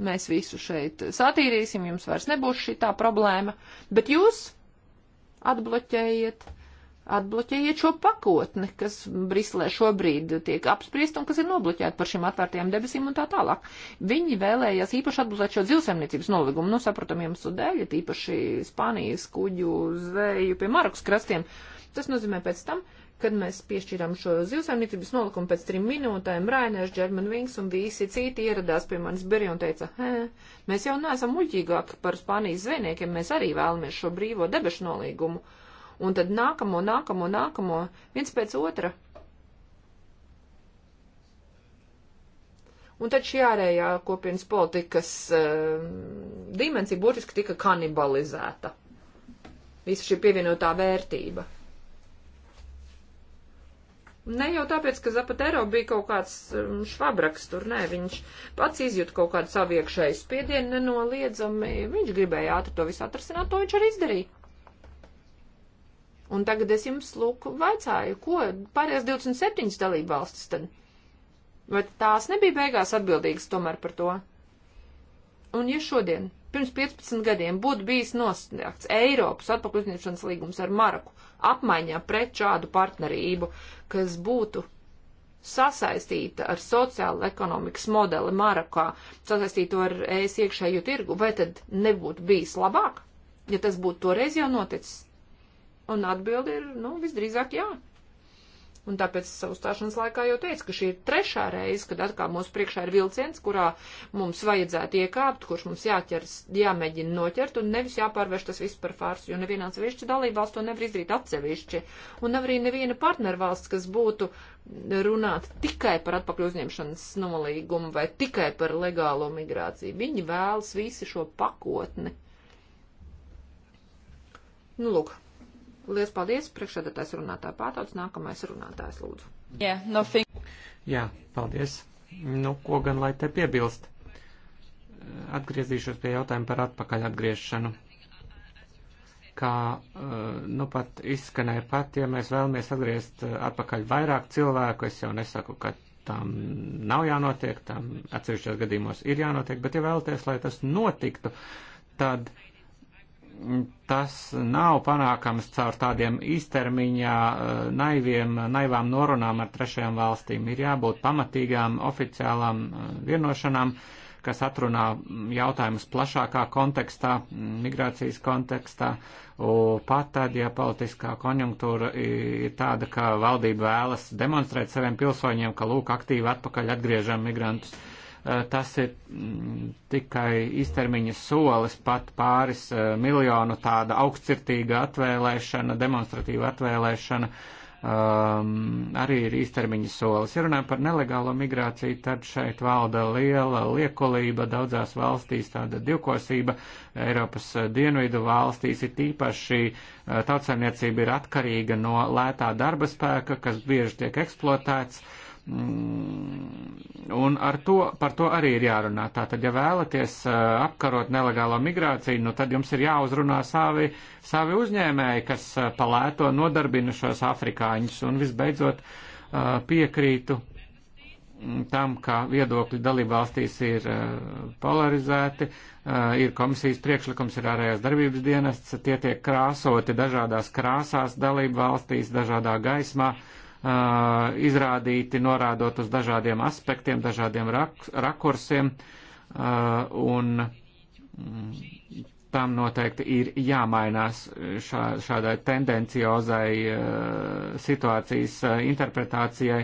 Mēs visu šeit satīrīsim, jums vairs nebūs šī tā problēma, bet jūs atbloķējiet, atbloķējiet šo pakotni, kas Briselē šobrīd tiek apspriest un kas ir nobloķēta par šīm atvērtajām debesīm un tā tālāk. Viņi vēlējās īpaši atbloķēt šo dzīvesemniecības nolīgumu, nu saprotam jums dēļ, īpaši Spānijas kuģu zveju pie Marokas krastiem. Tas nozīmē pēc tam, uh, kad mēs piešķirām šo zivsaimniecības nolikumu pēc trim minūtēm, Rainers, Džerman Vings un visi citi ieradās pie manis birju un teica, hē, mēs jau neesam muļķīgāki par Spānijas zvejniekiem, mēs arī vēlamies šo brīvo debešu nolīgumu. Un tad nākamo, nākamo, nākamo, viens pēc otra. Un tad šī ārējā kopienas politikas uh, dimensija būtiski tika kanibalizēta. Visa šī pievienotā vērtība. Ne jau tāpēc, ka Zapatero bija kaut kāds um, švabraks tur, nē, viņš pats izjūt kaut kādu savu iekšēju spiedienu nenoliedzami, viņš gribēja ātri to visu atrasināt, to viņš arī izdarīja. Un tagad es jums, lūk, vaicāju, ko pārējās 27 dalība valstis tad? Vai tās nebija beigās atbildīgas tomēr par to? Un ja šodien pirms 15 gadiem būtu bijis noslēgts Eiropas atpakaļuzņemšanas līgums ar Maroku apmaiņā pret šādu partnerību, kas būtu sasaistīta ar sociālu ekonomikas modeli Marokā, sasaistīto ar ES iekšējo tirgu, vai tad nebūtu bijis labāk, ja tas būtu toreiz jau noticis? Un atbildi ir, nu, visdrīzāk jā. Un tāpēc es savu stāšanas laikā jau teicu, ka šī ir trešā reize, kad atkal mūsu priekšā ir vilciens, kurā mums vajadzētu iekāpt, kurš mums jāķers, jāmēģina noķert un nevis jāpārvērš tas viss par farsu, jo nevienā atsevišķa dalībvalsts to nevar izdarīt atsevišķi. Un nav arī neviena partnervalsts, kas būtu runāt tikai par atpakaļ uzņemšanas nolīgumu vai tikai par legālo migrāciju. Viņi vēlas visi šo pakotni. Nu, lūk, Lielas paldies, priekšsēdētājs runātāja pārtauc, nākamais runātājs lūdzu. Yeah, nothing. Jā, paldies. Nu, ko gan lai te piebilst? Atgriezīšos pie jautājuma par atpakaļ atgriešanu kā eh, nu pat izskanēja pat, ja mēs vēlamies atgriezt eh, atpakaļ vairāk cilvēku, es jau nesaku, ka tam nav jānotiek, tam atsevišķos gadījumos ir jānotiek, bet ja vēlaties, lai tas notiktu, tad tas nav panākams caur tādiem īstermiņā eh, naiviem, naivām norunām ar trešajām valstīm. Ir jābūt pamatīgām oficiālām eh, vienošanām, kas atrunā jautājumus plašākā kontekstā, mm, migrācijas kontekstā, pat tad, ja politiskā konjunktūra ir tāda, ka valdība vēlas demonstrēt saviem pilsoņiem, ka lūk aktīvi atpakaļ atgriežam migrantus. Uh, Eh, tas ir mm, tikai īstermiņa solis, pat pāris eh, miljonu tāda augstsirdīga atvēlēšana, demonstratīva atvēlēšana um, arī ir īstermiņa solis. Ja runājam par nelegālo migrāciju, tad šeit valda liela liekolība daudzās valstīs, tāda divkosība Eiropas eh, dienvidu valstīs ir tīpaši tautsēmniecība ir atkarīga no lētā darba spēka, kas bieži tiek eksploatēts. Uh, Mm, un ar to, par to arī ir jārunā. Tātad, ja vēlaties apkarot nelegālo migrāciju, nu tad jums ir jāuzrunā savi, savi uzņēmēji, kas palēto nodarbina šos afrikāņus. Un visbeidzot piekrītu mm, tam, ka viedokļi dalībvalstīs ir polarizēti, ir komisijas priekšlikums, ir ārējās darbības dienests, tie tiek krāsoti dažādās krāsās dalībvalstīs, dažādā gaismā. Uh, izrādīti, norādot uz dažādiem aspektiem, dažādiem rak rakursiem, un mm, tam noteikti ir jāmainās šā, šādai tendenciozai situācijas interpretācijai.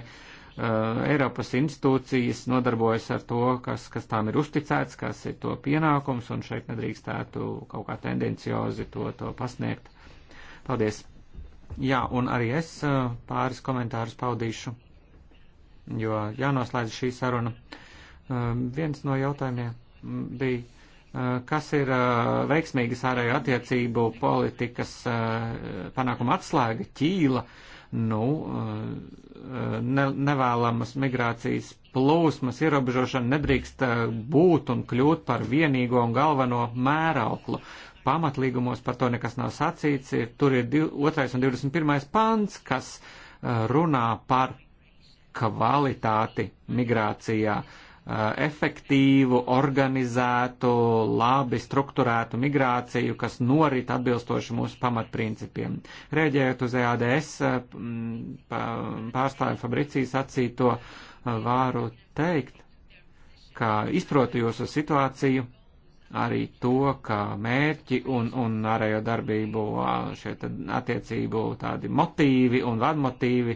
Eiropas institūcijas nodarbojas ar to, kas, kas tām ir uzticēts, kas ir to pienākums, un šeit nedrīkstētu kaut kā tendenciozi to, to pasniegt. Paldies! Jā, un arī es pāris komentārus paudīšu, jo jānoslēdz šī saruna. Viens no jautājumiem bija, kas ir veiksmīgas ārēju attiecību politikas panākuma atslēga, ķīla, nu, ne, nevēlamas migrācijas plūsmas ierobežošana nedrīkst būt un kļūt par vienīgo un galveno mērauklu pamatlīgumos par to nekas nav sacīts. Ir, tur ir 2. un 21. pants, kas uh, runā par kvalitāti migrācijā, uh, efektīvu, organizētu, labi strukturētu migrāciju, kas norit atbilstoši mūsu pamatprincipiem. Rēģējot uz EADS uh, pārstāvju Fabricijas acīto, varu teikt, ka izprotu jūsu situāciju arī to, ka mērķi un, un ārējo darbību šie attiecību tādi motīvi un vadmotīvi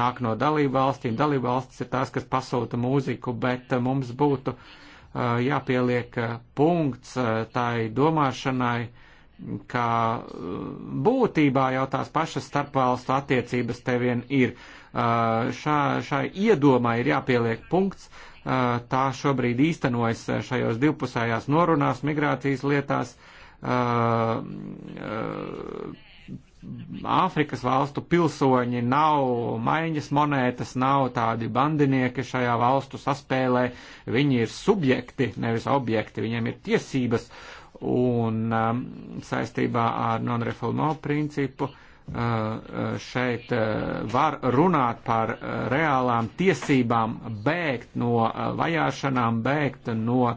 nāk no dalību valstīm. Dalību valstis ir tās, kas pasūta mūziku, bet mums būtu jāpieliek punkts tai domāšanai, ka būtībā jau tās pašas starpvalstu attiecības te vien ir. Šā, šai iedomai ir jāpieliek punkts, uh, tā šobrīd īstenojas šajos divpusējās norunās migrācijas lietās. Āfrikas valstu pilsoņi nav maiņas monētas, nav tādi bandinieki šajā valstu saspēlē. Viņi ir subjekti, nevis objekti, viņiem ir tiesības. Un um, saistībā ar non-refulmo principu uh, Eh, šeit eh, var runāt par eh, reālām tiesībām bēgt no vajāšanām, bēgt no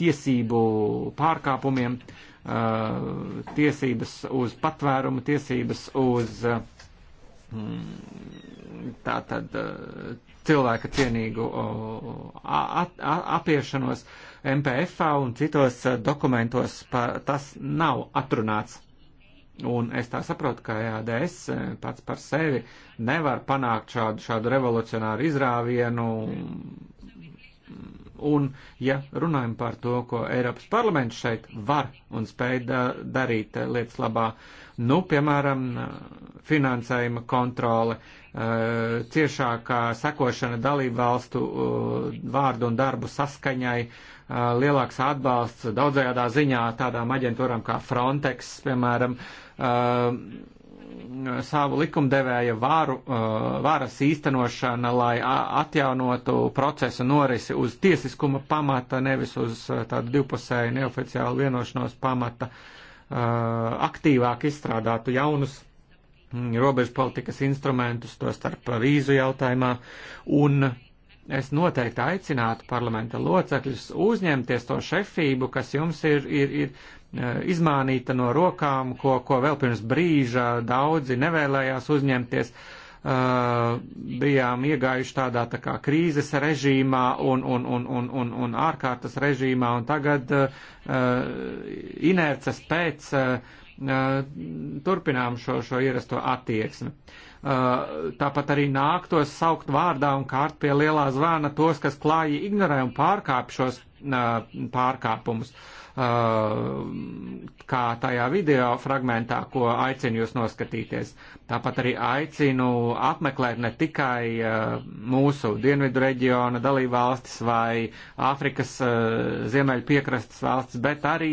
tiesību pārkāpumiem, tiesības uz patvērumu, tiesības uz mm, tātad cilvēka cienīgu apiešanos MPF un citos dokumentos tas nav atrunāts. Un es tā saprotu, ka EADS eh, pats par sevi nevar panākt šādu, šādu revolucionāru izrāvienu. Un, ja runājam par to, ko Eiropas parlaments šeit var un spēj da darīt eh, lietas labā, nu, piemēram, eh, finansējuma kontrole, ciešākā sekošana dalību valstu vārdu un darbu saskaņai, lielāks atbalsts daudzajādā ziņā tādām aģentūram kā Frontex, piemēram, uh, Uh, savu likumdevēja vāru, uh, varas īstenošana, lai atjaunotu procesu norisi uz tiesiskuma pamata, nevis uz uh, tādu divpusēju neoficiālu vienošanos pamata, aktīvāk izstrādātu jaunus mm, robežu politikas instrumentus, to starp vīzu jautājumā, un es noteikti aicinātu parlamenta locekļus uzņemties to šefību, kas jums ir, ir, ir e, izmānīta no rokām, ko, ko vēl pirms brīža daudzi nevēlējās uzņemties. Uh, bijām iegājuši tādā tā kā krīzes režīmā un, un, un, un, un, un ārkārtas režīmā, un tagad uh, inerces pēc uh, turpinām šo, šo ierasto attieksmi. Uh, Eh, tāpat arī nāktos saukt vārdā un kārt pie lielā zvāna tos, kas klāji ignorē un pārkāp šos eh, pārkāpumus, eh, kā tajā video fragmentā, ko aicinu jūs noskatīties. Tāpat arī aicinu apmeklēt ne tikai mūsu dienvidu reģiona dalībvalstis vai Āfrikas ziemeļu piekrastes valstis, bet arī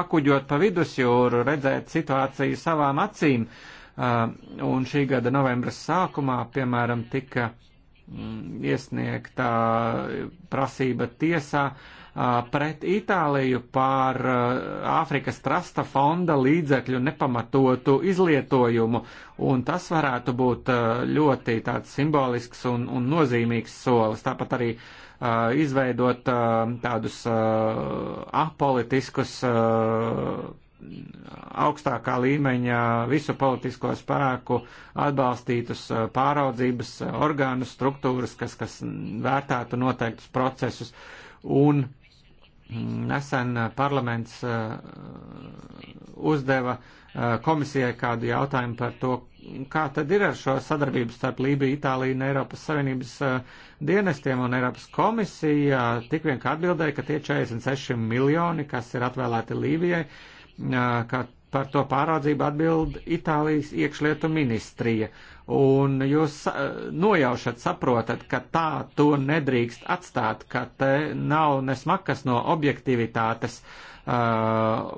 pakuģot pa vidusjūru, redzēt situāciju savām acīm. Uh, un šī gada novembra sākumā, piemēram, tika mm, iesniegtā prasība tiesā pret Itāliju pār Āfrikas trasta fonda līdzekļu nepamatotu izlietojumu, un tas varētu būt ļoti tāds simbolisks un, un nozīmīgs solis. Tāpat arī izveidot tādus apolitiskus augstākā līmeņa visu politisko spēku atbalstītus eh, pāraudzības eh, orgānus, struktūras, kas, kas vērtētu noteiktus procesus. Un mm, nesen eh, parlaments uzdeva komisijai kādu jautājumu par to, kā tad ir ar šo sadarbību starp Lībiju, Itāliju un Eiropas Savienības dienestiem un Eiropas komisija. Tik vien kā atbildēja, ka tie 46 miljoni, kas ir atvēlēti Lībijai, uh, ka par to pāraudzību atbild Itālijas iekšlietu ministrija. Un jūs nojaušat, saprotat, ka tā to nedrīkst atstāt, ka te nav nesmakas no objektivitātes uh,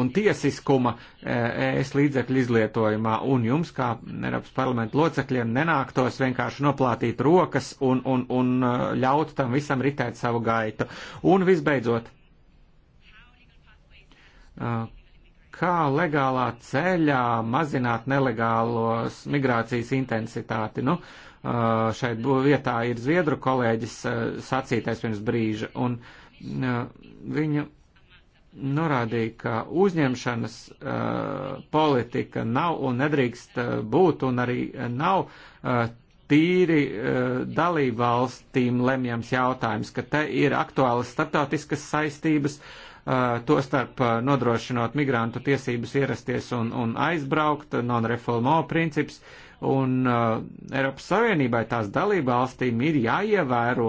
un tiesiskuma ES līdzekļu izlietojumā, un jums, kā Eiropas parlamenta locekļiem, nenāktos vienkārši noplātīt rokas un, un, un ļaut tam visam ritēt savu gaitu. Un visbeidzot, kā legālā ceļā mazināt nelegālos migrācijas intensitāti. Nu, šeit vietā ir Zviedru kolēģis sacītais pirms brīža, un viņa norādīja, ka uzņemšanas politika nav un nedrīkst būt un arī nav tīri dalībvalstīm lemjams jautājums, ka te ir aktuālas starptautiskas saistības, uh, Eh, tostarp eh, nodrošinot migrantu tiesības ierasties un, un aizbraukt, eh, non-reformo princips, un Eiropas Savienībai tās dalība valstīm ir jāievēro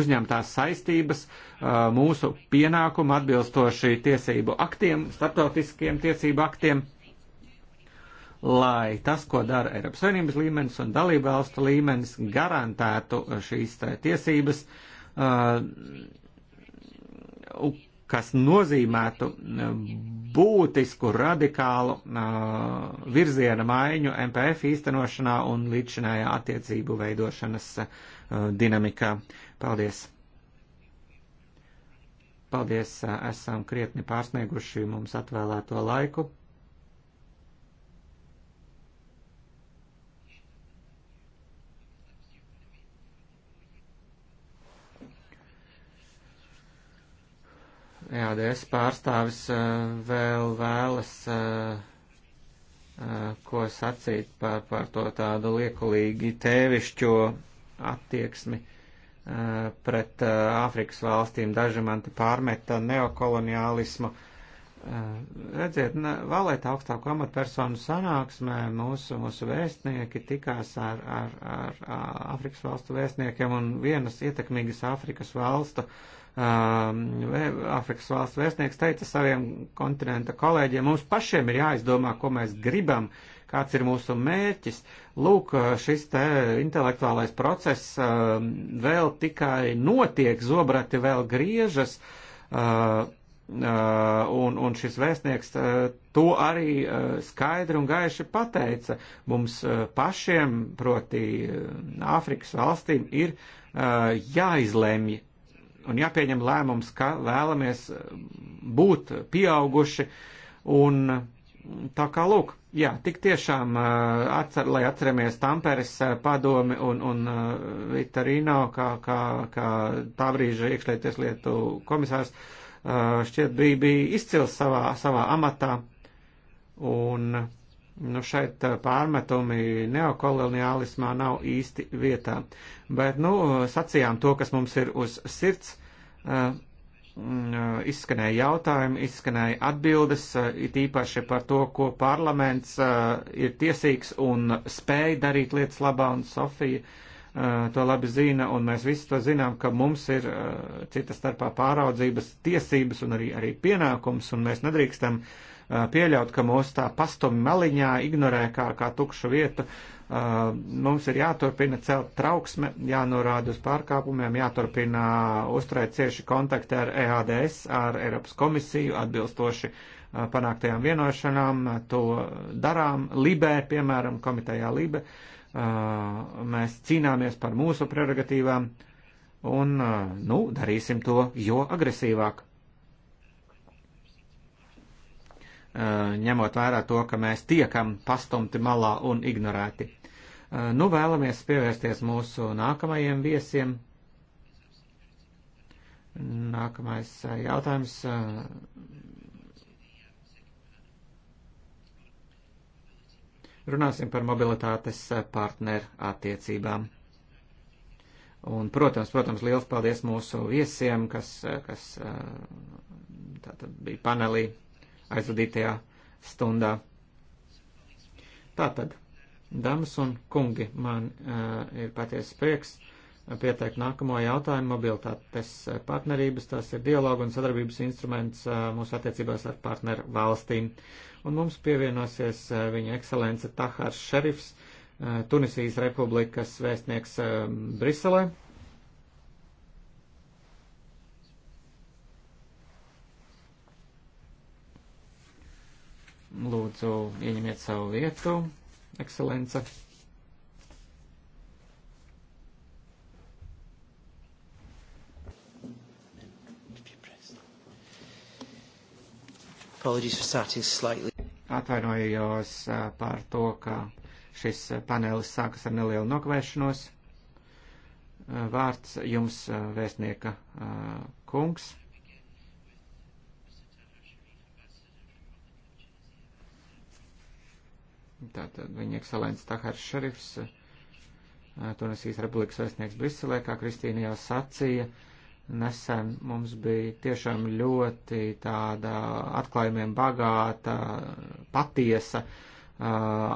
uzņemtās saistības, mūsu pienākumu atbilstoši tiesību aktiem, starptautiskiem tiesību aktiem, lai tas, ko dara Eiropas Savienības līmenis un dalību valstu līmenis, garantētu šīs tiesības kas nozīmētu eh, būtisku radikālu eh, virziena maiņu MPF īstenošanā un līdzinājā attiecību veidošanas eh, dinamikā. Paldies! Paldies, esam krietni pārsnieguši mums atvēlēto laiku. EADS pārstāvis e, vēl vēlas e, e, ko sacīt par, par to tādu liekulīgi tēvišķo attieksmi pret Āfrikas valstīm. Daži man te pārmeta neokoloniālismu. Redziet, vēlēt augstāko amatpersonu sanāksmē mūsu, mūsu vēstnieki tikās ar, ar, ar Āfrikas valstu vēstniekiem un vienas ietekmīgas Āfrikas valstu uh, Āfrikas um, valsts vēstnieks teica saviem kontinenta kolēģiem, mums pašiem ir jāizdomā, ko mēs gribam, kāds ir mūsu mērķis. Lūk, šis te intelektuālais process um, vēl tikai notiek, zobrati vēl griežas, uh, uh, un, un šis vēstnieks uh, to arī skaidri un gaiši pateica. Mums pašiem, proti Āfrikas valstīm, ir jāizlemj un jāpieņem lēmums, ka vēlamies eh, būt pieauguši un tā kā lūk. Jā, tik tiešām, eh, atcer, lai atceramies Tamperes eh, padomi un, un Vitarino, kā, kā, kā tā brīža iekšlieties lietu komisārs, šķiet bija, bija izcils savā, savā amatā. Un, uh, Nu, šeit eh, pārmetumi neokoloniālismā nav īsti vietā. Bet, nu, sacījām to, kas mums ir uz sirds. Eh, mm, eh, izskanēja jautājumi, izskanēja atbildes, it īpaši par to, ko parlaments ir tiesīgs un spēj darīt lietas labā, un Sofija to labi zina, un mēs visi to zinām, ka mums ir cita starpā pāraudzības tiesības un arī, arī pienākums, un mēs nedrīkstam uh, Uh, pieļaut, ka mūs tā pastumi maliņā ignorē kā, kā tukšu vietu. Uh, mums ir jāturpina celt trauksme, jānorāda uz pārkāpumiem, jāturpina uzturēt cieši kontakti ar EADS, ar Eiropas komisiju, atbilstoši uh, panāktajām vienošanām. To darām Libē, piemēram, komitejā Libē. Mēs cīnāmies par mūsu prerogatīvām un, nu, darīsim to jo agresīvāk. Uh, ņemot vērā to, ka mēs tiekam pastumti malā un ignorēti. Uh, nu, vēlamies pievērsties mūsu nākamajiem viesiem. Nākamais uh, jautājums. Runāsim par mobilitātes partneru attiecībām. Un, protams, protams, liels paldies mūsu viesiem, kas, kas tātad bija panelī aizvadītajā stundā. Tātad, dāmas un kungi, man uh, ir patiesa prieks eh, pieteikt nākamo jautājumu mobilitātes eh, partnerības. Tas ir dialogu un sadarbības instruments uh, mūsu attiecībās ar partneru valstīm. Un mums pievienosies uh, viņa ekscelence Tahars Šerifs, uh, Tunisijas republikas vēstnieks uh, Briselē. Lūdzu, ieņemiet savu vietu, ekscelence. Atvainojos par to, ka šis panelis sākas ar nelielu nokavēšanos. Vārds jums, vēstnieka kungs. Tātad viņa ekscelences Tahars Šerifs, eh, Tunisijas republikas vēstnieks Briselē, kā Kristīna jau sacīja, nesen mums bija tiešām ļoti tāda atklājumiem bagāta, patiesa, eh,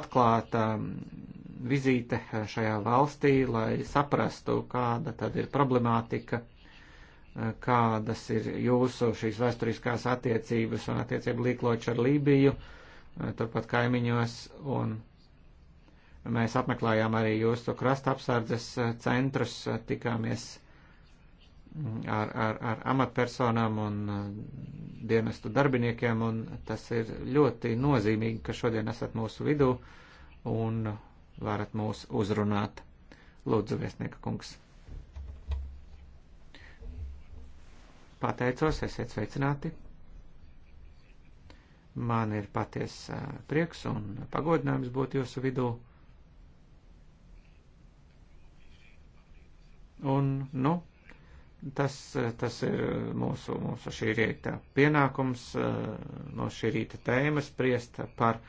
atklāta vizīte šajā valstī, lai saprastu, kāda tad ir problemātika eh, kādas ir jūsu šīs vēsturiskās attiecības un attiecību līkloči ar Lībiju. Uh, Eh, turpat kaimiņos, un mēs apmeklējām arī jūsu krasta apsardzes eh, centrus, eh, tikāmies mm, ar, ar, ar amatpersonām un dienestu darbiniekiem, un tas ir ļoti nozīmīgi, ka šodien esat mūsu vidū un varat mūs uzrunāt. Lūdzu, viesnieka kungs. Pateicos, esiet sveicināti! Man ir paties prieks un pagodinājums būt jūsu vidū. Un, nu, tas, tas ir mūsu, mūsu šī rīta pienākums, no šī rīta tēmas priest par uh,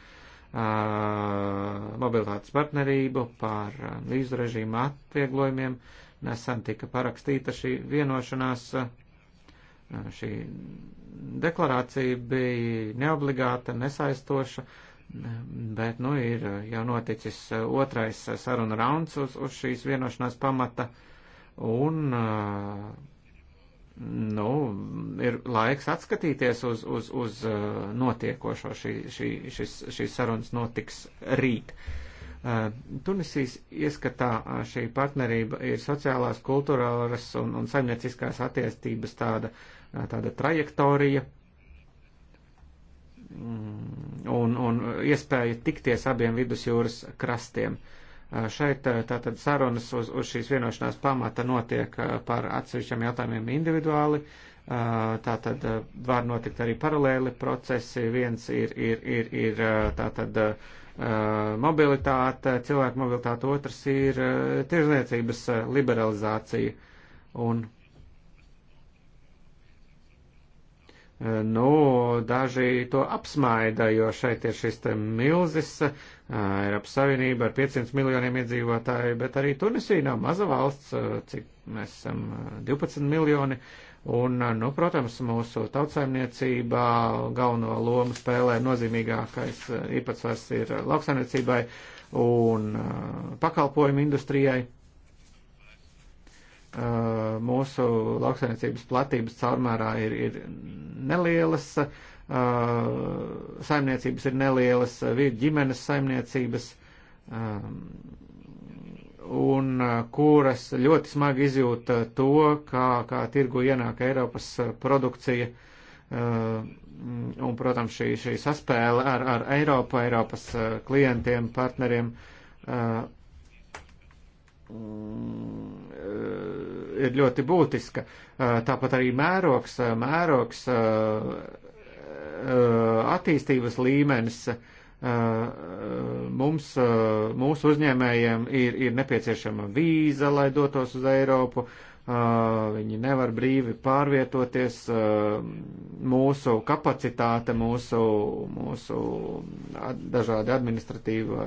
mobilitātes partnerību, par vīzu režīmu atvieglojumiem. Nesen tika parakstīta šī vienošanās. Uh, Šī deklarācija bija neobligāta, nesaistoša, bet nu, ir jau noticis otrais saruna rauns uz, uz šīs vienošanās pamata, un nu, ir laiks atskatīties uz, uz, uz notiekošo. Šī, šī, šis, šīs sarunas notiks rīt. Tunisijas ieskatā šī partnerība ir sociālās, kultūrālas un, un saimnieciskās attiestības tāda uh, tāda trajektorija mm, un, un iespēja tikties abiem vidusjūras krastiem. Šeit tātad sarunas uz, uz šīs vienošanās pamata notiek par atsevišķiem jautājumiem individuāli, tātad var notikt arī paralēli procesi. Viens ir, ir, ir, ir tātad mobilitāte, cilvēku mobilitāte, otrs ir tirzniecības liberalizācija. Un Nu, daži to apsmaida, jo šeit ir šis milzis Eiropas Savienība ar 500 miljoniem iedzīvotāju, bet arī Tunisija nav maza valsts, cik mēs esam 12 miljoni. Un, nu, protams, mūsu tautsaimniecībā galveno lomu spēlē nozīmīgākais īpatsvars ir lauksaimniecībai un pakalpojumu industrijai. Eh, mūsu lauksaimniecības platības caurmērā ir, ir nelielas, eh, saimniecības ir nelielas, ģimenes saimniecības, eh, un kuras ļoti smagi izjūta to, kā, kā tirgu ienāk Eiropas produkcija. Un, protams, šī, šī saspēle ar, ar Eiropu, Eiropas klientiem, partneriem ir ļoti būtiska. Tāpat arī mērogs, mērogs attīstības līmenis mums, mūsu uzņēmējiem ir, ir nepieciešama vīza, lai dotos uz Eiropu. Viņi nevar brīvi pārvietoties. Mūsu kapacitāte, mūsu, mūsu dažādi administratīva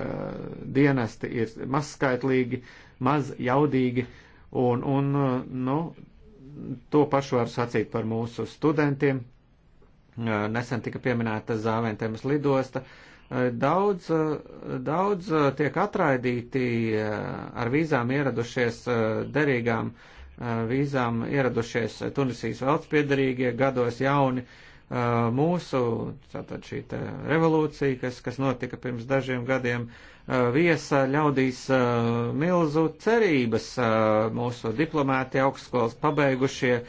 dienesti ir mazskaitlīgi, mazjaudīgi. jaudīgi Un, un nu, to pašu var sacīt par mūsu studentiem. Nesen tika pieminēta Zāventēmas lidosta. Daudz, daudz tiek atraidīti ar vīzām ieradušies derīgām vīzām ieradušies Tunisijas valsts piedarīgie, gados jauni, uh, mūsu tātad šī tā revolūcija, kas, kas notika pirms dažiem gadiem, viesa ļaudīs milzu cerības. Mūsu diplomāti augstskolas pabeigušie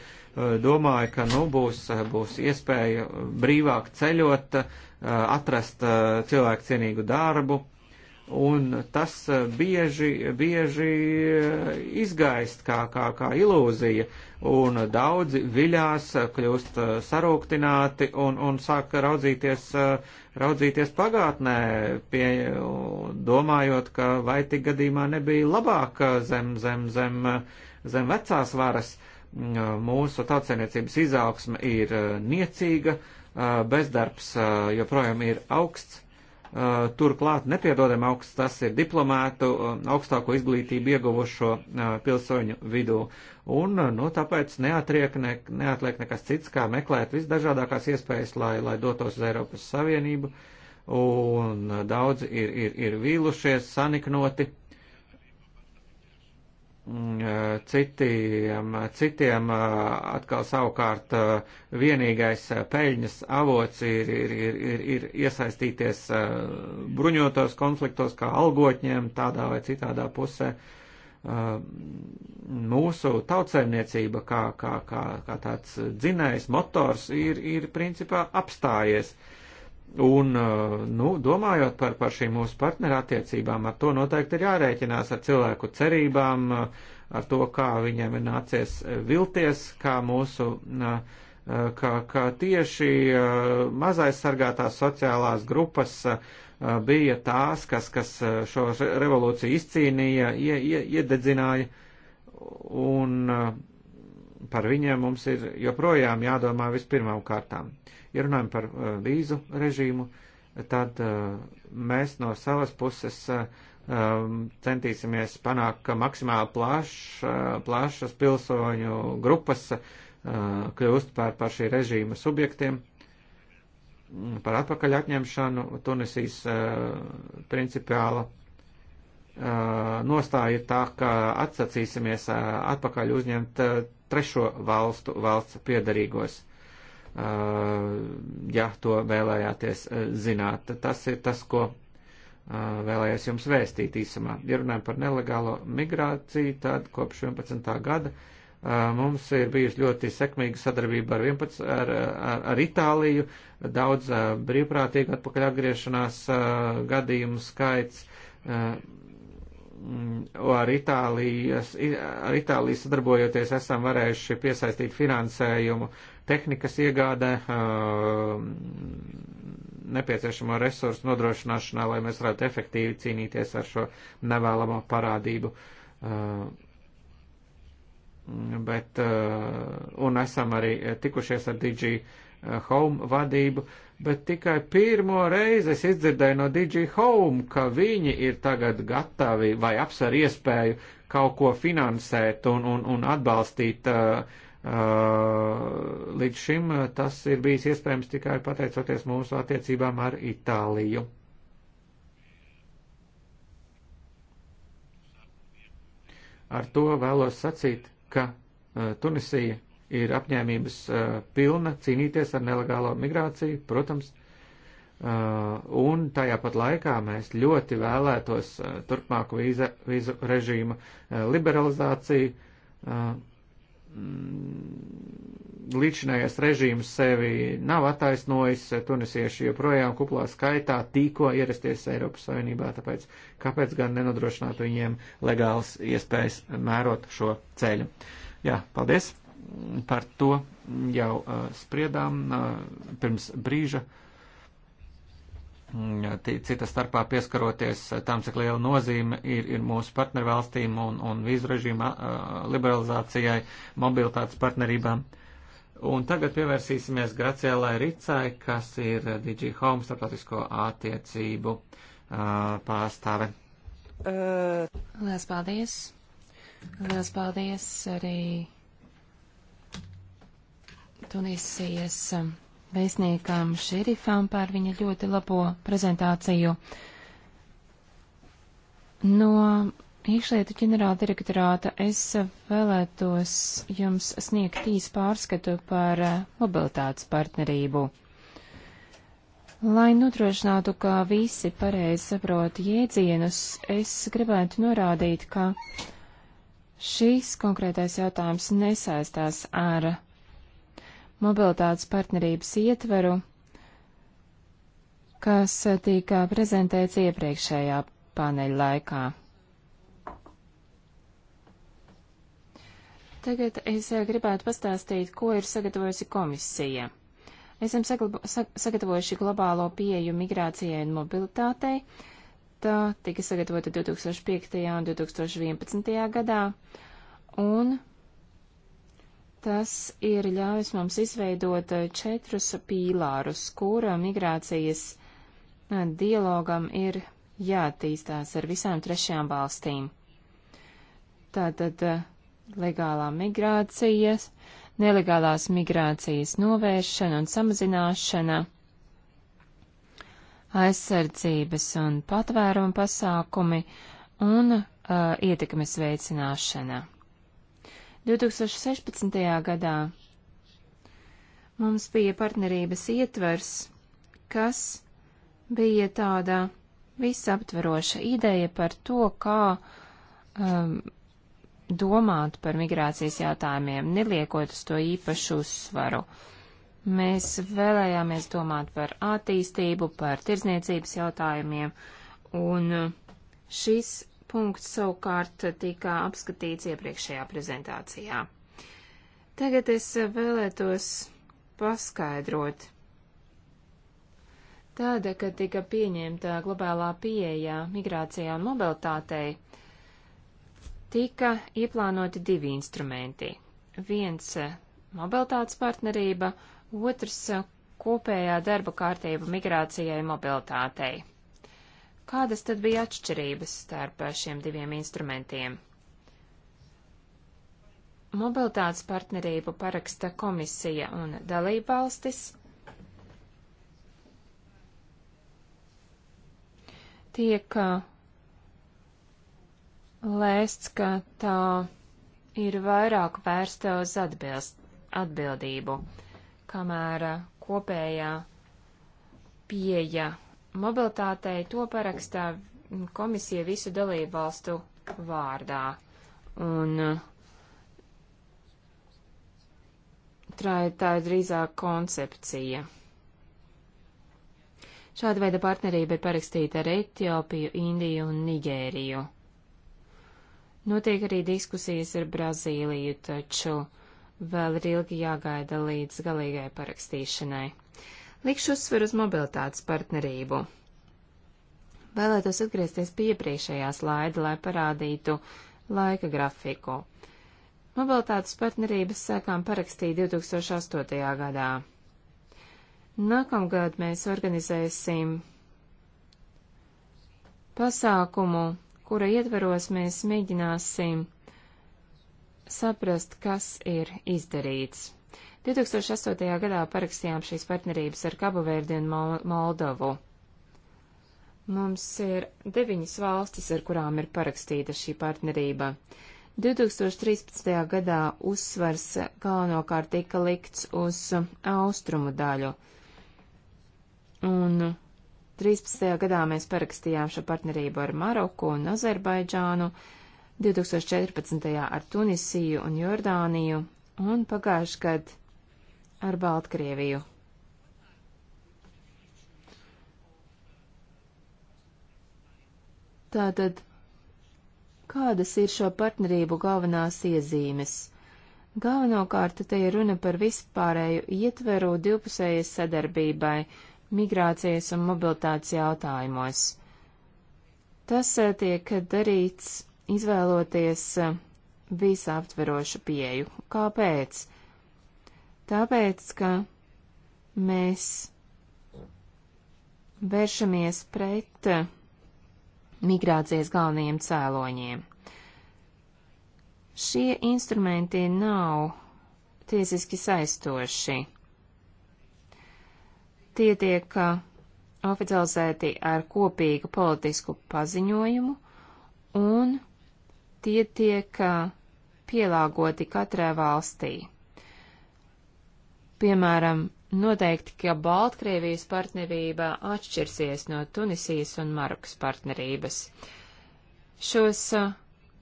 domāja, ka nu, būs, būs iespēja brīvāk ceļot, atrast cilvēku cienīgu darbu un tas eh, bieži, bieži eh, izgaist kā, kā, kā ilūzija, un daudzi viļās, eh, kļūst sarūktināti un, un sāk raudzīties, raudzīties pagātnē, pie, domājot, ka vai tik gadījumā nebija labāk zem, zem, zem, zem vecās varas. Mm, mūsu tautsēniecības izaugsme ir niecīga, bezdarbs joprojām ir augsts, Uh, turklāt nepiedodam augsts tas ir diplomātu, uh, augstāko izglītību ieguvušo uh, pilsoņu vidū. Un, nu, tāpēc neatriek, ne, neatliek nekas cits, kā meklēt visdažādākās iespējas, lai, lai dotos uz Eiropas Savienību. Un daudzi ir, ir, ir vīlušies, saniknoti, Mm, eh, citiem, eh, citiem eh, atkal savukārt vienīgais peļņas avots ir, ir, ir, ir, ir iesaistīties bruņotos konfliktos kā algotņiem tādā vai citādā pusē. Mūsu tautsēmniecība kā, kā, kā, kā tāds dzinējs motors ir, ir principā apstājies. Uh, Un, uh, nu, domājot par, par šīm mūsu partnerattiecībām, ar to noteikti ir jārēķinās ar cilvēku cerībām, uh, ar to, kā viņiem ir nācies vilties, kā mūsu, uh, kā, kā tieši mazais sargātās sociālās grupas bija tās, kas, kas šo revolūciju izcīnīja, ie, ie, iededzināja. Un par viņiem mums ir joprojām jādomā vispirmām kārtām. Uh, Ja runājam par eh, vīzu režīmu, tad eh, mēs no savas puses eh, centīsimies panākt, ka maksimāli plaš, plašas pilsoņu grupas kļūst par, par šī režīma subjektiem, mm, par atpakaļ atņemšanu. Tunisijas principiāla nostāja ir tā, ka atsacīsimies atpakaļ uzņemt trešo valstu valsts piedarīgos. Uh, ja to vēlējāties uh, zināt. Tas ir tas, ko uh, vēlējos jums vēstīt īsumā. Ja runājam par nelegālo migrāciju, tad kopš 11. gada mums ir bijusi ļoti sekmīga sadarbība ar, 11, ar, ar, ar Itāliju, daudz brīvprātīgu atpakaļ atgriešanās gadījumu skaits. Ar, Itālijas, ar Itāliju sadarbojoties esam varējuši piesaistīt finansējumu uh, tehnikas iegādē, nepieciešamo resursu nodrošināšanā, lai mēs varētu efektīvi cīnīties ar šo nevēlamo parādību. Bet, un esam arī tikušies ar DG Home vadību, bet tikai pirmo reizi es izdzirdēju no DG Home, ka viņi ir tagad gatavi vai apsver iespēju kaut ko finansēt un, un, un atbalstīt uh, Uh, līdz šim uh, tas ir bijis iespējams tikai pateicoties mūsu attiecībām ar Itāliju. Ar to vēlos sacīt, ka uh, Tunisija ir apņēmības pilna cīnīties ar nelegālo migrāciju, protams, un tajā pat laikā mēs ļoti vēlētos turpmāku vīza, vīzu režīmu liberalizāciju Mm, līdzinājais režīms sevi nav attaisnojis, tunisieši joprojām kuplā skaitā tīko ierasties Eiropas Savienībā, tāpēc kāpēc gan nenodrošināt viņiem legāls iespējas mērot šo ceļu. Jā, paldies! Par to jau uh, spriedām uh, pirms brīža. Uh, Mm, cita starpā pieskaroties tam, cik liela nozīme ir, ir mūsu partnervalstīm un, un vīzu režīma liberalizācijai, mobilitātes partnerībām. Un tagad pievērsīsimies Gracielai Ricai, kas ir DG Home starptautisko attiecību pārstāve. Uh. Lielas paldies! Lielas paldies arī Tunisijas um, vēstniekam šerifam par viņa ļoti labo prezentāciju. No iekšlietu ģenerāla direktorāta es vēlētos jums sniegt īs pārskatu par eh, mobilitātes partnerību. Lai nodrošinātu, ka visi pareizi saprot jēdzienus, es gribētu norādīt, ka šīs konkrētais jautājums nesaistās ar mobilitātes partnerības ietveru, kas tika prezentēts iepriekšējā paneļa laikā. Tagad es gribētu pastāstīt, ko ir sagatavojusi komisija. Esam saglab, sag, sagatavojuši globālo pieeju migrācijai un mobilitātei. Tā tika sagatavota 2005. un 2011. gadā, un Tas ir ļāvis mums izveidot eh, četrus pīlārus, kura migrācijas eh, dialogam ir jātīstās ar visām trešajām valstīm. Tātad eh, legālā migrācijas, nelegālās migrācijas novēršana un samazināšana, aizsardzības un patvēruma pasākumi un uh, ietekmes veicināšana. 2016. gadā mums bija partnerības ietvers, kas bija tāda visaptveroša ideja par to, kā um, domāt par migrācijas jautājumiem, neliekot uz to īpašu uzsvaru. Mēs vēlējāmies domāt par attīstību, par tirdzniecības jautājumiem, un šis punkts savukārt tika apskatīts iepriekšējā prezentācijā. Tagad es vēlētos paskaidrot. Tāda, ka tika pieņemta globālā pieeja migrācijā un mobilitātei, tika ieplānoti divi instrumenti. Viens mobilitātes partnerība, otrs kopējā darba kārtība migrācijai un mobilitātei. Kādas tad bija atšķirības starp šiem diviem instrumentiem? Mobiltātes partnerību paraksta komisija un dalībvalstis. Tiek uh, lēsts, ka tā ir vairāk vērsta uz atbilst, atbildību, kamēr uh, kopējā pieeja mobilitātei to parakstā komisija visu dalību valstu vārdā. Un uh, tā ir tā drīzāk koncepcija. Šāda veida partnerība ir parakstīta ar Etiopiju, Indiju un Nigēriju. Notiek arī diskusijas ar Brazīliju, taču vēl ir ilgi jāgaida līdz galīgai parakstīšanai. Likšu uzsver uz mobilitātes partnerību. Vēlētos atgriezties pie iepriekšējā slaida, lai parādītu laika grafiku. Mobilitātes partnerības sākām parakstīt 2008. gadā. Nākamgad mēs organizēsim pasākumu, kura ietveros mēs mēģināsim saprast, kas ir izdarīts. 2008. gadā parakstījām šīs partnerības ar Kabuverdi un Moldovu. Mums ir deviņas valstis, ar kurām ir parakstīta šī partnerība. 2013. gadā uzsvars galvenokārt tika likts uz austrumu daļu. Un 13. gadā mēs parakstījām šo partnerību ar Maroku un Azerbaidžānu, 2014. ar Tunisiju un Jordāniju, un pagājuši gadu ar Baltkrieviju. Tātad, kādas ir šo partnerību galvenās iezīmes? Galvenokārt te ir runa par vispārēju ietveru divpusējai sadarbībai, migrācijas un mobilitātes jautājumos. Tas eh, tiek darīts izvēloties eh, visaptverošu pieju. Kāpēc? Tāpēc, ka mēs vēršamies pret migrācijas galvenajiem cēloņiem. Šie instrumenti nav tiesiski saistoši. Tie tiek uh, oficializēti ar kopīgu politisku paziņojumu, un tie tiek uh, pielāgoti katrai valstī. Piemēram, noteikti, ka Baltkrievijas partnerība atšķirsies no Tunisijas un Marokas partnerības. Šos,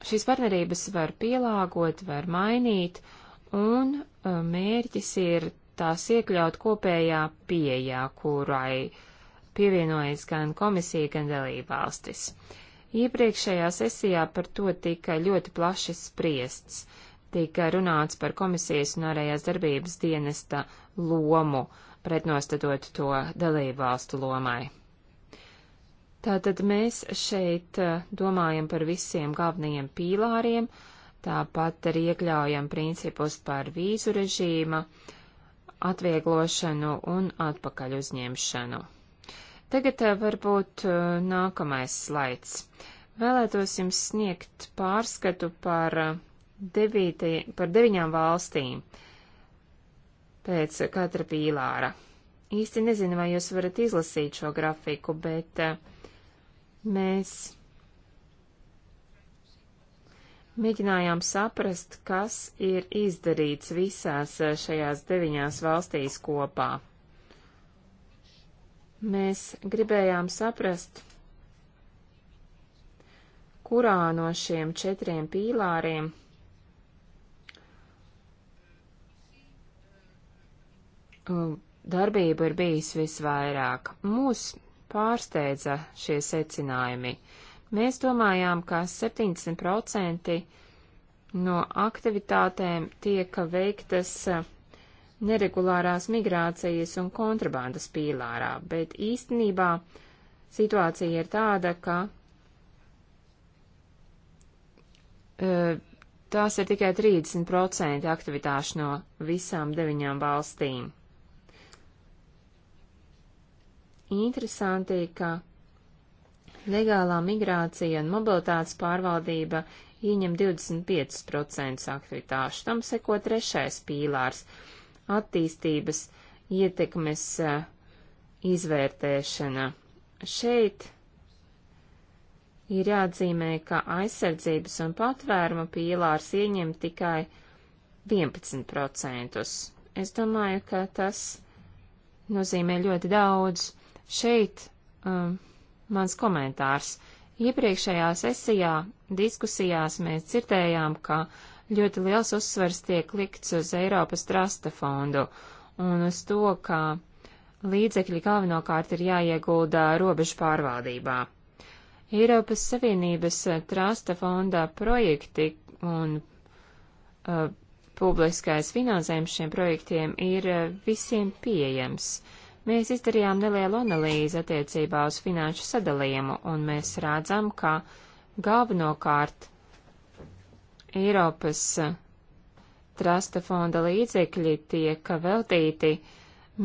šīs partnerības var pielāgot, var mainīt, un mērķis ir tās iekļaut kopējā pieejā, kurai pievienojas gan komisija, gan dalībvalstis. Iepriekšējā sesijā par to tika ļoti plaši spriests tika runāts par komisijas un ārējās darbības dienesta lomu, pretnostatot to dalību valstu lomai. Tātad mēs šeit eh, domājam par visiem galvenajiem pīlāriem, tāpat arī iekļaujam principus par vīzu režīma, atvieglošanu un atpakaļ uzņemšanu. Tagad eh, varbūt eh, nākamais slaids. Vēlētos jums sniegt pārskatu par devītī, par deviņām valstīm pēc katra pīlāra. Īsti nezinu, vai jūs varat izlasīt šo grafiku, bet eh, mēs mēģinājām saprast, kas ir izdarīts visās eh, šajās deviņās valstīs kopā. Mēs gribējām saprast, kurā no šiem četriem pīlāriem darbību ir bijis visvairāk. Mūs pārsteidza šie secinājumi. Mēs domājām, ka 70% no aktivitātēm tiek veiktas neregulārās migrācijas un kontrabandas pīlārā, bet īstenībā situācija ir tāda, ka e, tās ir tikai 30% aktivitāšu no visām deviņām valstīm. interesanti, ka legālā migrācija un mobilitātes pārvaldība ieņem 25% aktivitāšu. Tam seko trešais pīlārs - attīstības ietekmes eh, izvērtēšana. Šeit ir jāatzīmē, ka aizsardzības un patvēruma pīlārs ieņem tikai 11%. Es domāju, ka tas nozīmē ļoti daudz. Šeit um, mans komentārs. Iepriekšējā sesijā diskusijās mēs dzirdējām, ka ļoti liels uzsvers tiek likts uz Eiropas trasta fondu un uz to, ka līdzekļi galvenokārt ir jāiegulda robežu pārvaldībā. Eiropas Savienības trasta fonda projekti un uh, publiskais finansējums šiem projektiem ir uh, visiem pieejams. Uh, Mēs izdarījām nelielu analīzi attiecībā uz finanšu sadalījumu, un mēs rādzam, ka galvenokārt Eiropas eh, trasta fonda līdzekļi tiek veltīti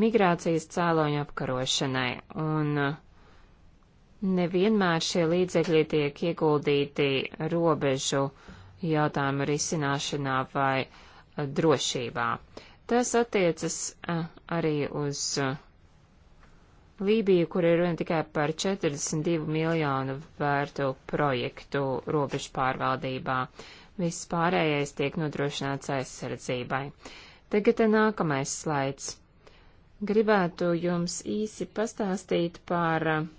migrācijas cēloņu apkarošanai, un eh, nevienmēr šie līdzekļi tiek ieguldīti robežu jautājumu risināšanā vai eh, drošībā. Tas attiecas arī uz Lībiju, kur ir runa tikai par 42 miljonu vērtu projektu robežu pārvaldībā. Viss pārējais tiek nodrošināts aizsardzībai. Tagad nākamais slaids. Gribētu jums īsi pastāstīt par uh,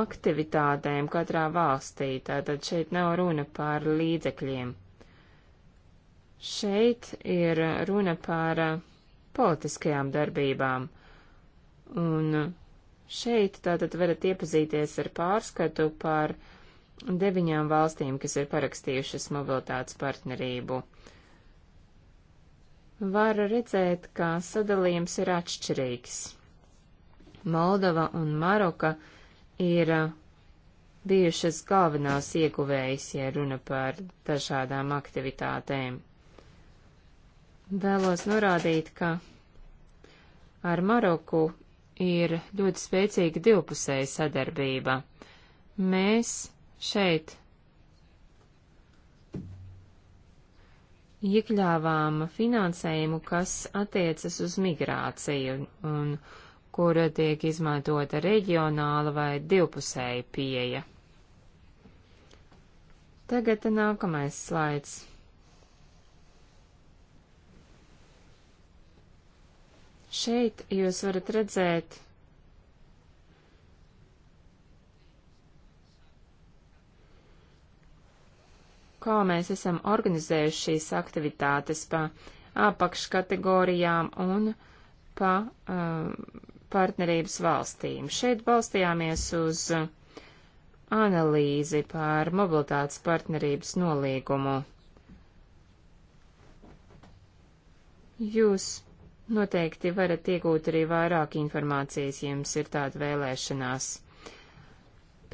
aktivitātēm katrā valstī, tātad šeit nav runa par līdzekļiem. Šeit ir runa par uh, politiskajām darbībām. Un šeit tātad varat iepazīties ar pārskatu par deviņām valstīm, kas ir parakstījušas mobilitātes partnerību. Var redzēt, ka sadalījums ir atšķirīgs. Moldova un Maroka ir bijušas galvenās ieguvējas, ja runa par dažādām aktivitātēm. Vēlos norādīt, ka ar Maroku ir ļoti spēcīga divpusēja sadarbība. Mēs šeit iekļāvām finansējumu, kas attiecas uz migrāciju un kura tiek izmantota reģionāla vai divpusēja pieeja. Tagad nākamais slaids. Šeit jūs varat redzēt kā mēs esam organizējuši šīs aktivitātes pa apakškategorijām un pa um, partnerības valstīm. Šeit balstījāmies uz analīzi par mobilitātes partnerības nolīgumu. Jūs Noteikti varat iegūt arī vairāk informācijas, ja jums ir tāda vēlēšanās.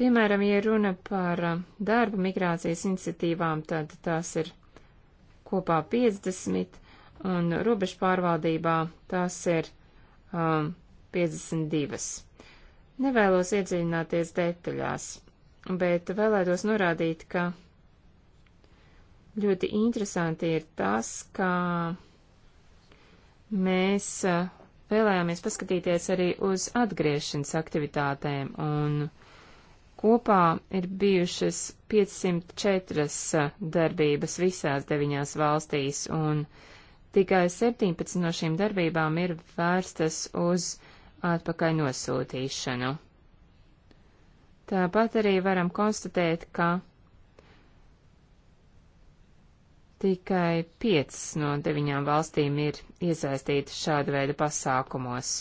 Piemēram, ja runa par uh, darba migrācijas iniciatīvām, tad tās ir kopā 50, un robežu pārvaldībā tās ir um, 52. Nevēlos iedziļināties detaļās, bet vēlētos norādīt, ka ļoti interesanti ir tas, ka Mēs vēlējāmies paskatīties arī uz atgriešanas aktivitātēm, un kopā ir bijušas 504 darbības visās deviņās valstīs, un tikai 17 no šīm darbībām ir vērstas uz atpakaļ nosūtīšanu. Tāpat arī varam konstatēt, ka Tikai 5 no 9 valstīm ir iesaistītas šāda veida pasākumos.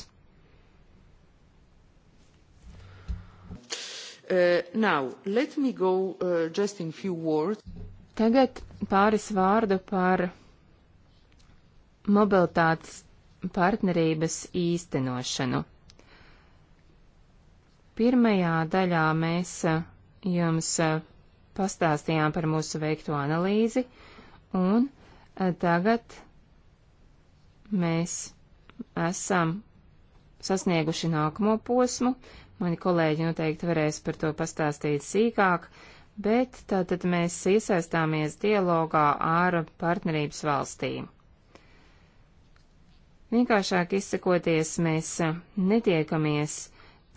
Uh, now, let me go uh, just in few words. Tagad pāris vārdu par mobilitātes partnerības īstenošanu. Pirmajā daļā mēs uh, jums uh, pastāstījām par mūsu veikto analīzi, Un e, tagad mēs esam sasnieguši nākamo posmu. Mani kolēģi noteikti varēs par to pastāstīt sīkāk, bet tātad mēs iesaistāmies dialogā ar partnerības valstīm. Vienkāršāk izsakoties, mēs netiekamies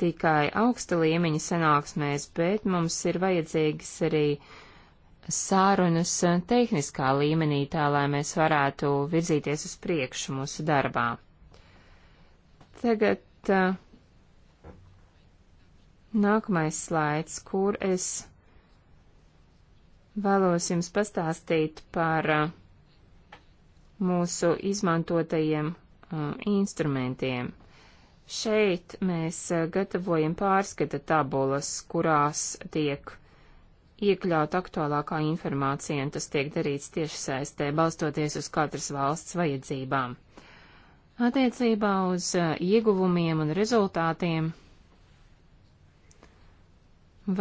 tikai augsta līmeņa sanāksmēs, bet mums ir vajadzīgas arī uh, sārunas eh, tehniskā līmenī, tā lai mēs varētu virzīties uz priekšu mūsu darbā. Tagad uh, nākamais slaids, kur es vēlos jums pastāstīt par uh, mūsu izmantotajiem uh, instrumentiem. Šeit mēs gatavojam pārskata tabulas, kurās tiek iekļaut aktuālākā informācija, un tas tiek darīts tieši saistē, balstoties uz katras valsts vajadzībām. Attiecībā uz ieguvumiem un rezultātiem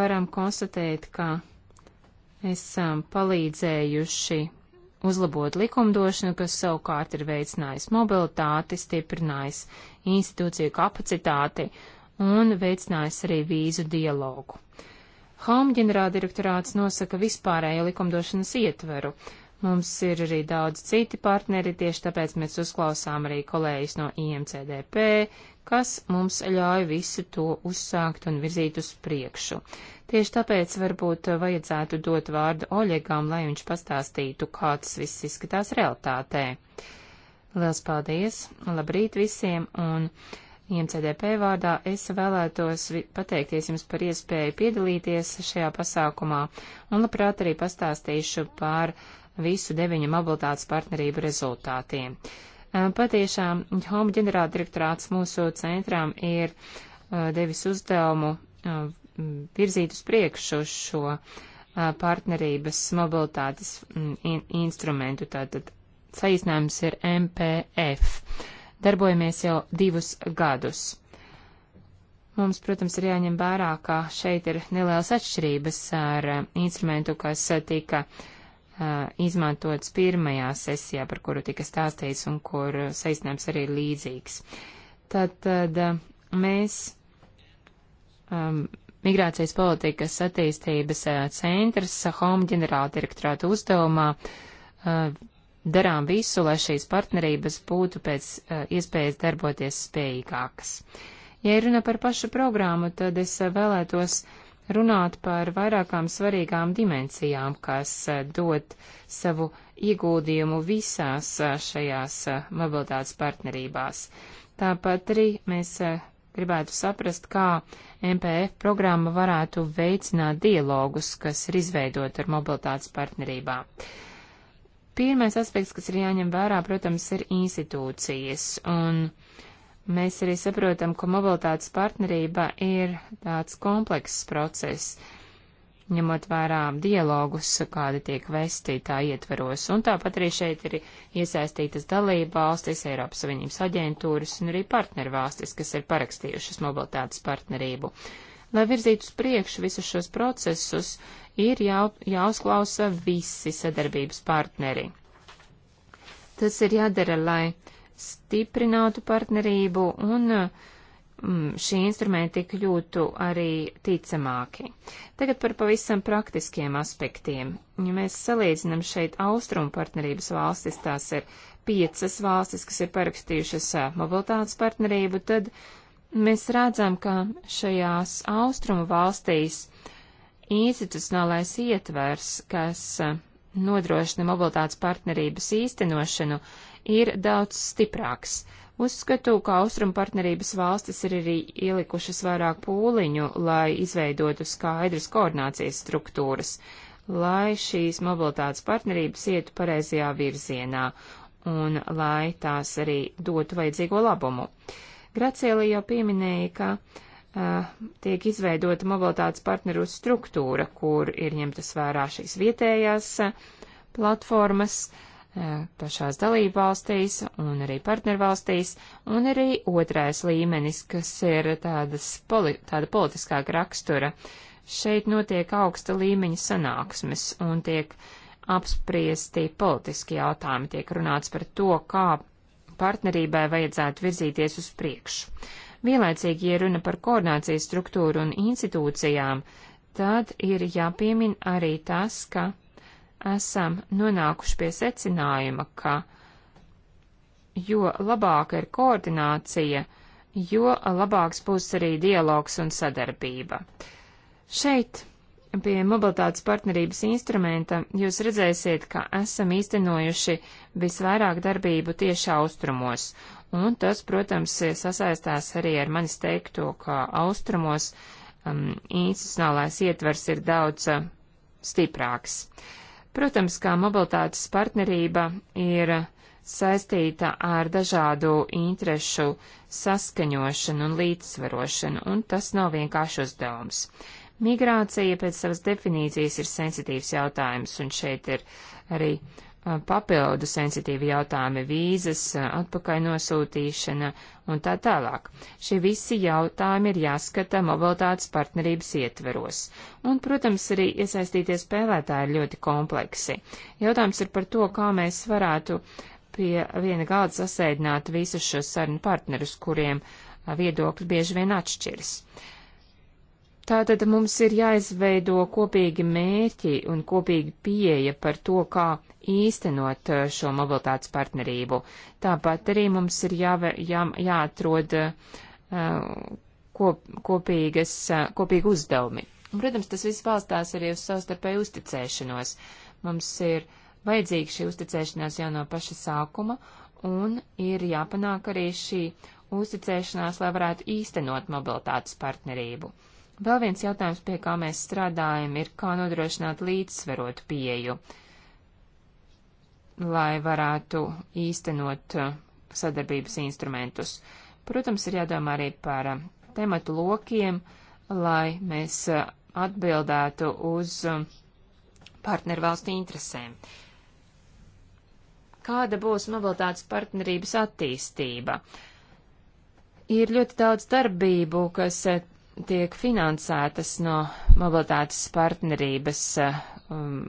varam konstatēt, ka esam palīdzējuši uzlabot likumdošanu, kas savukārt ir veicinājis mobilitāti, stiprinājis institūciju kapacitāti un veicinājis arī vīzu dialogu. Uh, Home ģenerāldirektorāts nosaka vispārējo likumdošanas ietveru. Mums ir arī daudz citi partneri, tieši tāpēc mēs uzklausām arī kolēģis no IMCDP, kas mums ļauj visu to uzsākt un virzīt uz priekšu. Tieši tāpēc varbūt vajadzētu dot vārdu Oļegām, lai viņš pastāstītu, kā tas viss izskatās realitātē. Liels paldies! Labrīt visiem! Un IMCDP vārdā es vēlētos pateikties jums par iespēju piedalīties šajā pasākumā un labprāt arī pastāstīšu par visu deviņu mobilitātes partnerību rezultātiem. Patiešām, Home ģenerāldirektorāts mūsu centram ir devis uzdevumu virzīt uz priekšu šo partnerības mobilitātes in instrumentu, tātad saīsinājums ir MPF darbojamies jau divus gadus. Mums, protams, ir jāņem vērā, ka šeit ir nelielas atšķirības ar eh, instrumentu, kas eh, tika eh, izmantots pirmajā sesijā, par kuru tika stāstīts un kur saistnēms arī ir līdzīgs. Tātad mēs um, migrācijas politikas attīstības centrs HOM ģenerāldirektorāta uzdevumā uh, darām visu, lai šīs partnerības būtu pēc uh, iespējas darboties spējīgākas. Ja runa par pašu programmu, tad es eh, vēlētos runāt par vairākām svarīgām dimensijām, kas uh, dod savu ieguldījumu visās uh, šajās mobilitātes partnerībās. Tāpat arī mēs gribētu saprast, kā MPF programma varētu veicināt dialogus, kas ir izveidot ar mobilitātes partnerībām. Uh, Pirmais aspekts, kas ir jāņem vērā, protams, ir institūcijas, un mēs arī saprotam, ka mobilitātes partnerība ir tāds komplekss process, ņemot vērā dialogus, kādi tiek vesti tā ietveros, un tāpat arī šeit ir iesaistītas dalība valstis, Eiropas Savienības aģentūras un arī partneru valstis, kas ir parakstījušas mobilitātes partnerību. Lai virzītu uz priekšu visus šos procesus, uh, ir jau, jāuzklausa visi sadarbības partneri. Tas ir jādara, lai stiprinātu partnerību un mm, šī instrumenti kļūtu arī ticamāki. Tagad par pavisam praktiskiem aspektiem. Ja mēs salīdzinām šeit austrumu partnerības valstis, tās ir piecas valstis, kas ir parakstījušas mobilitātes partnerību, tad mēs redzam, ka šajās austrumu valstīs uh, institucionālais ietvers, kas e, nodrošina mobilitātes partnerības īstenošanu, ir daudz stiprāks. Uzskatu, ka Austrum partnerības valstis ir arī ielikušas vairāk pūliņu, lai izveidotu skaidras koordinācijas struktūras, lai šīs mobilitātes partnerības ietu pareizajā virzienā un lai tās arī dotu vajadzīgo labumu. Graciela jau pieminēja, ka Eh, tiek izveidota mobilitātes partneru struktūra, kur ir ņemtas vērā šīs vietējās eh, platformas eh, pašās dalībvalstīs un arī partnervalstīs, un arī otrais līmenis, kas ir tādas poli, tāda politiskāka rakstura. Šeit notiek augsta līmeņa sanāksmes un tiek apspriesti politiski jautājumi, tiek runāts par to, kā partnerībai vajadzētu virzīties uz priekšu. Vienlaicīgi, ja runa par koordinācijas struktūru un institūcijām, tad ir jāpiemin arī tas, ka esam nonākuši pie secinājuma, ka jo labāka ir koordinācija, jo labāks būs arī dialogs un sadarbība. Šeit pie mobilitātes partnerības instrumenta jūs redzēsiet, ka esam īstenojuši visvairāk darbību tieši austrumos, un tas, protams, eh, sasaistās arī ar manis teikto, ka austrumos um, institucionālais ietvers ir daudz uh, stiprāks. Protams, kā mobilitātes partnerība ir saistīta ar dažādu interešu saskaņošanu un līdzsvarošanu, un tas nav vienkārši uzdevums. Migrācija pēc savas definīcijas ir sensitīvs jautājums, un šeit ir arī uh, papildu sensitīvi jautājumi - vīzas, atpakaļ nosūtīšana un tā tālāk. Šie visi jautājumi ir jāskata mobilitātes partnerības ietveros. Un, protams, arī iesaistītie spēlētāji ir ļoti kompleksi. Jautājums ir par to, kā mēs varētu pie viena galda sasēdināt visus šos sarunu partnerus, kuriem viedokļi bieži vien atšķiras. Uh, Tātad mums ir jāizveido kopīgi mērķi un kopīgi pieeja par to, kā īstenot uh, šo mobilitātes partnerību. Tāpat arī mums ir jā, jā, jāatrod uh, kop, kopīgas, uh, kopīgi uzdevumi. Un, protams, tas viss balstās arī uz savstarpēju uzticēšanos. Mums ir vajadzīga šī uzticēšanās jau no paša sākuma, un ir jāpanāk arī šī uzticēšanās, lai varētu īstenot mobilitātes partnerību. Vēl viens jautājums, pie kā mēs strādājam, ir kā nodrošināt līdzsverotu pieju, lai varētu īstenot uh, sadarbības instrumentus. Protams, ir jādomā arī par uh, tematu lokiem, lai mēs uh, atbildētu uz um, partnervalstu interesēm. Kāda būs mobilitātes partnerības attīstība? Ir ļoti daudz darbību, kas tiek finansētas no mobilitātes partnerības eh, um,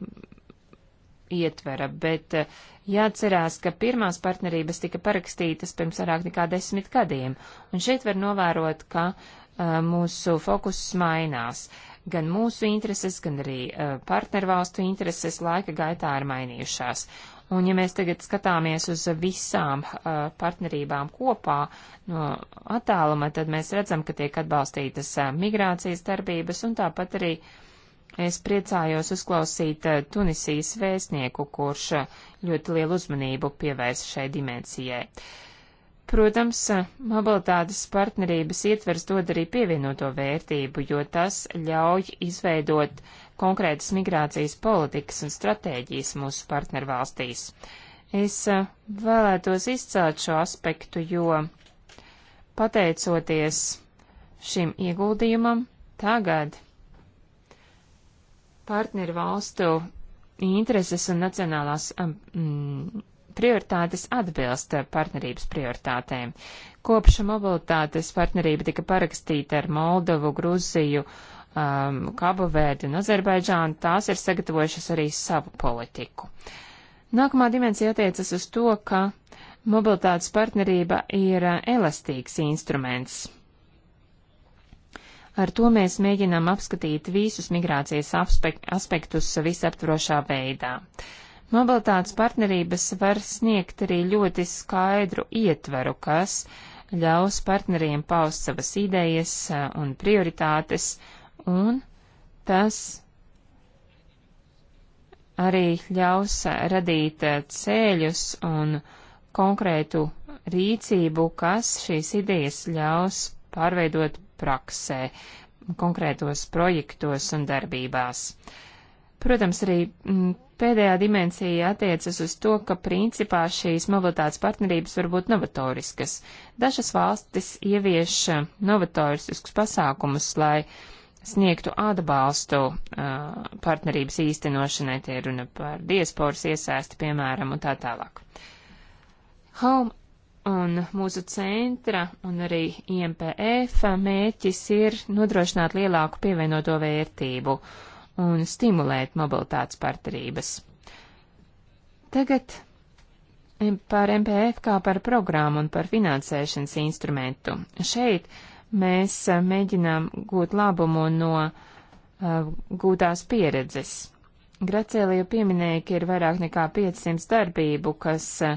ietvera, bet eh, jāatcerās, ka pirmās partnerības tika parakstītas pirms vairāk nekā desmit gadiem, un šeit var novērot, ka uh, mūsu fokus mainās. Gan mūsu intereses, gan arī uh, partnervalstu intereses laika gaitā ir mainījušās. Uh, Un ja mēs tagad skatāmies uz visām uh, partnerībām kopā no attāluma, tad mēs redzam, ka tiek atbalstītas uh, migrācijas darbības un tāpat arī es priecājos uzklausīt uh, Tunisijas vēstnieku, kurš uh, ļoti lielu uzmanību pievērs šai dimensijai. Protams, uh, mobilitātes partnerības ietvers dod arī pievienoto vērtību, jo tas ļauj izveidot konkrētas migrācijas politikas un stratēģijas mūsu partnervalstīs. Es eh, vēlētos izcelt šo aspektu, jo pateicoties šim ieguldījumam, tagad partneru valstu intereses un nacionālās mm, prioritātes atbilst partnerības prioritātēm. Kopš mobilitātes partnerība tika parakstīta ar Moldovu, Gruziju, uh, um, Kabavēdi un Azerbaidžānu, tās ir sagatavojušas arī savu politiku. Nākamā dimensija attiecas uz to, ka mobilitātes partnerība ir uh, elastīgs instruments. Ar to mēs mēģinām apskatīt visus migrācijas aspektus visaptvarošā veidā. Mobilitātes partnerības var sniegt arī ļoti skaidru ietveru, kas ļaus partneriem paust savas idejas uh, un prioritātes, uh, un tas arī ļaus radīt ceļus un konkrētu rīcību, kas šīs idejas ļaus pārveidot praksē, konkrētos projektos un darbībās. Protams, arī mm, pēdējā dimensija attiecas uz to, ka principā šīs mobilitātes partnerības var būt novatoriskas. Dažas valstis ievieš novatoriskus pasākumus, lai uh, sniegtu atbalstu uh, partnerības īstenošanai, tie runa par diasporas iesaisti, piemēram, un tā tālāk. Home un mūsu centra un arī IMPF mērķis ir nodrošināt lielāku pievienoto vērtību un stimulēt mobilitātes partnerības. Tagad par MPF kā par programmu un par finansēšanas instrumentu. Šeit uh, mēs eh, mēģinām gūt labumu no uh, gūtās pieredzes. Gracēlija pieminēja, ka ir vairāk nekā 500 darbību, kas uh,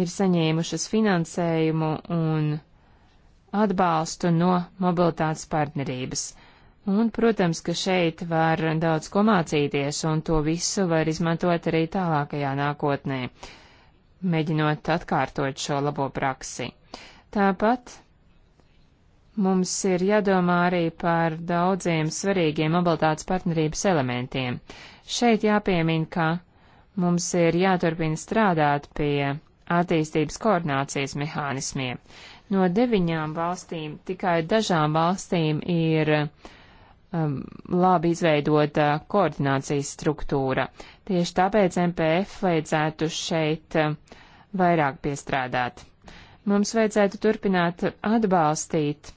ir saņēmušas finansējumu un atbalstu no mobilitātes partnerības. Un, protams, ka šeit var daudz ko mācīties, un to visu var izmantot arī tālākajā nākotnē, mēģinot atkārtot šo labo praksi. Tāpat Mums ir jādomā arī par daudziem svarīgiem mobilitātes partnerības elementiem. Šeit jāpiemina, ka mums ir jāturpina strādāt pie attīstības koordinācijas mehānismiem. No deviņām valstīm tikai dažām valstīm ir um, labi izveidota koordinācijas struktūra. Tieši tāpēc MPF vajadzētu šeit um, vairāk piestrādāt. Mums vajadzētu turpināt atbalstīt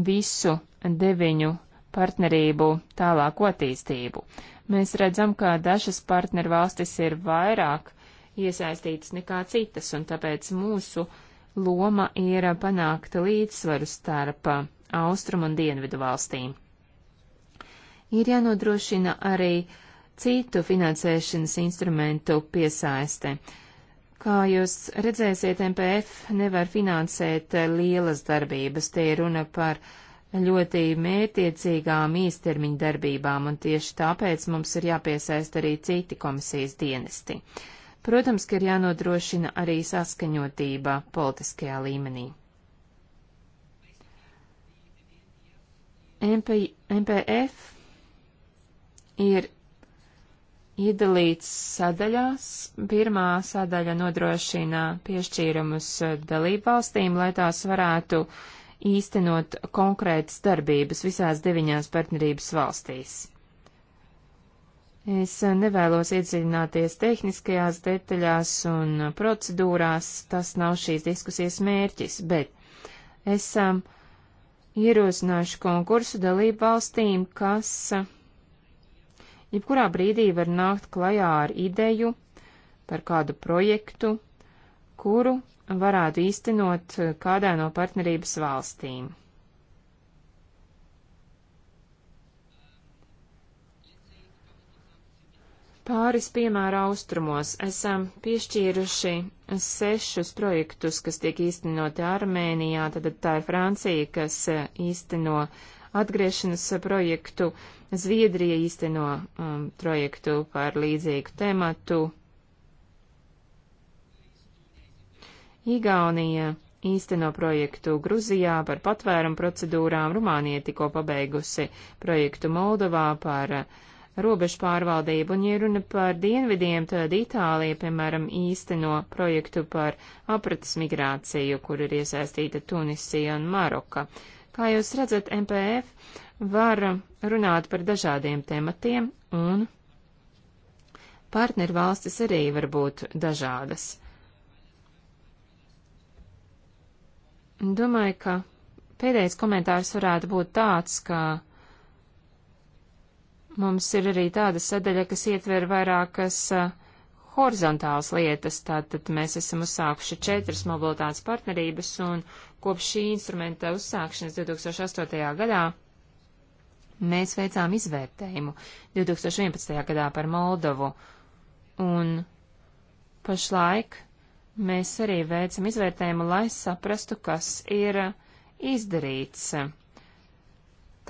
visu deviņu partnerību tālāku attīstību. Mēs redzam, ka dažas partneru valstis ir vairāk iesaistītas nekā citas, un tāpēc mūsu loma ir panākt līdzsvaru starp austrumu un dienvidu valstīm. Ir jānodrošina arī citu finansēšanas instrumentu piesaiste. Kā jūs redzēsiet, MPF nevar finansēt eh, lielas darbības. Te ir runa par ļoti mētiecīgām īstermiņa darbībām, un tieši tāpēc mums ir jāpiesaist arī citi komisijas dienesti. Protams, ka ir jānodrošina arī saskaņotība politiskajā līmenī. MP, MPF ir iedalīts sadaļās. Pirmā sadaļa nodrošina piešķīrumus dalībvalstīm, lai tās varētu īstenot konkrētas darbības visās deviņās partnerības valstīs. Es nevēlos iedziļināties tehniskajās detaļās un procedūrās, tas nav šīs diskusijas mērķis, bet esam ierosinājuši konkursu dalību valstīm, kas jebkurā brīdī var nākt klajā ar ideju par kādu projektu, kuru varētu īstenot eh, kādā no partnerības valstīm. Pāris piemēra austrumos esam piešķīruši sešus projektus, kas tiek īstenoti Armēnijā, tad tā ir Francija, kas eh, īsteno atgriešanas projektu, Zviedrija īsteno um, projektu par līdzīgu tematu. Igaunija īsteno projektu Gruzijā par patvērumu procedūrām, Rumānija tikko pabeigusi projektu Moldovā par uh, robežu pārvaldību, un, ja runa par dienvidiem, tad Itālija, piemēram, īsteno projektu par apratas migrāciju, kur ir iesaistīta Tunisija un Maroka. Kā jūs redzat, MPF var runāt par dažādiem tematiem, un partneru valstis arī var būt dažādas. Domāju, ka pēdējais komentārs varētu būt tāds, ka mums ir arī tāda sadaļa, kas ietver vairākas horizontālas lietas, tātad mēs esam uzsākuši četras mobilitātes partnerības, un kopš šī instrumenta uzsākšanas 2008. gadā Mēs veicām izvērtējumu 2011. gadā par Moldovu, un pašlaik mēs arī veicam izvērtējumu, lai saprastu, kas ir izdarīts.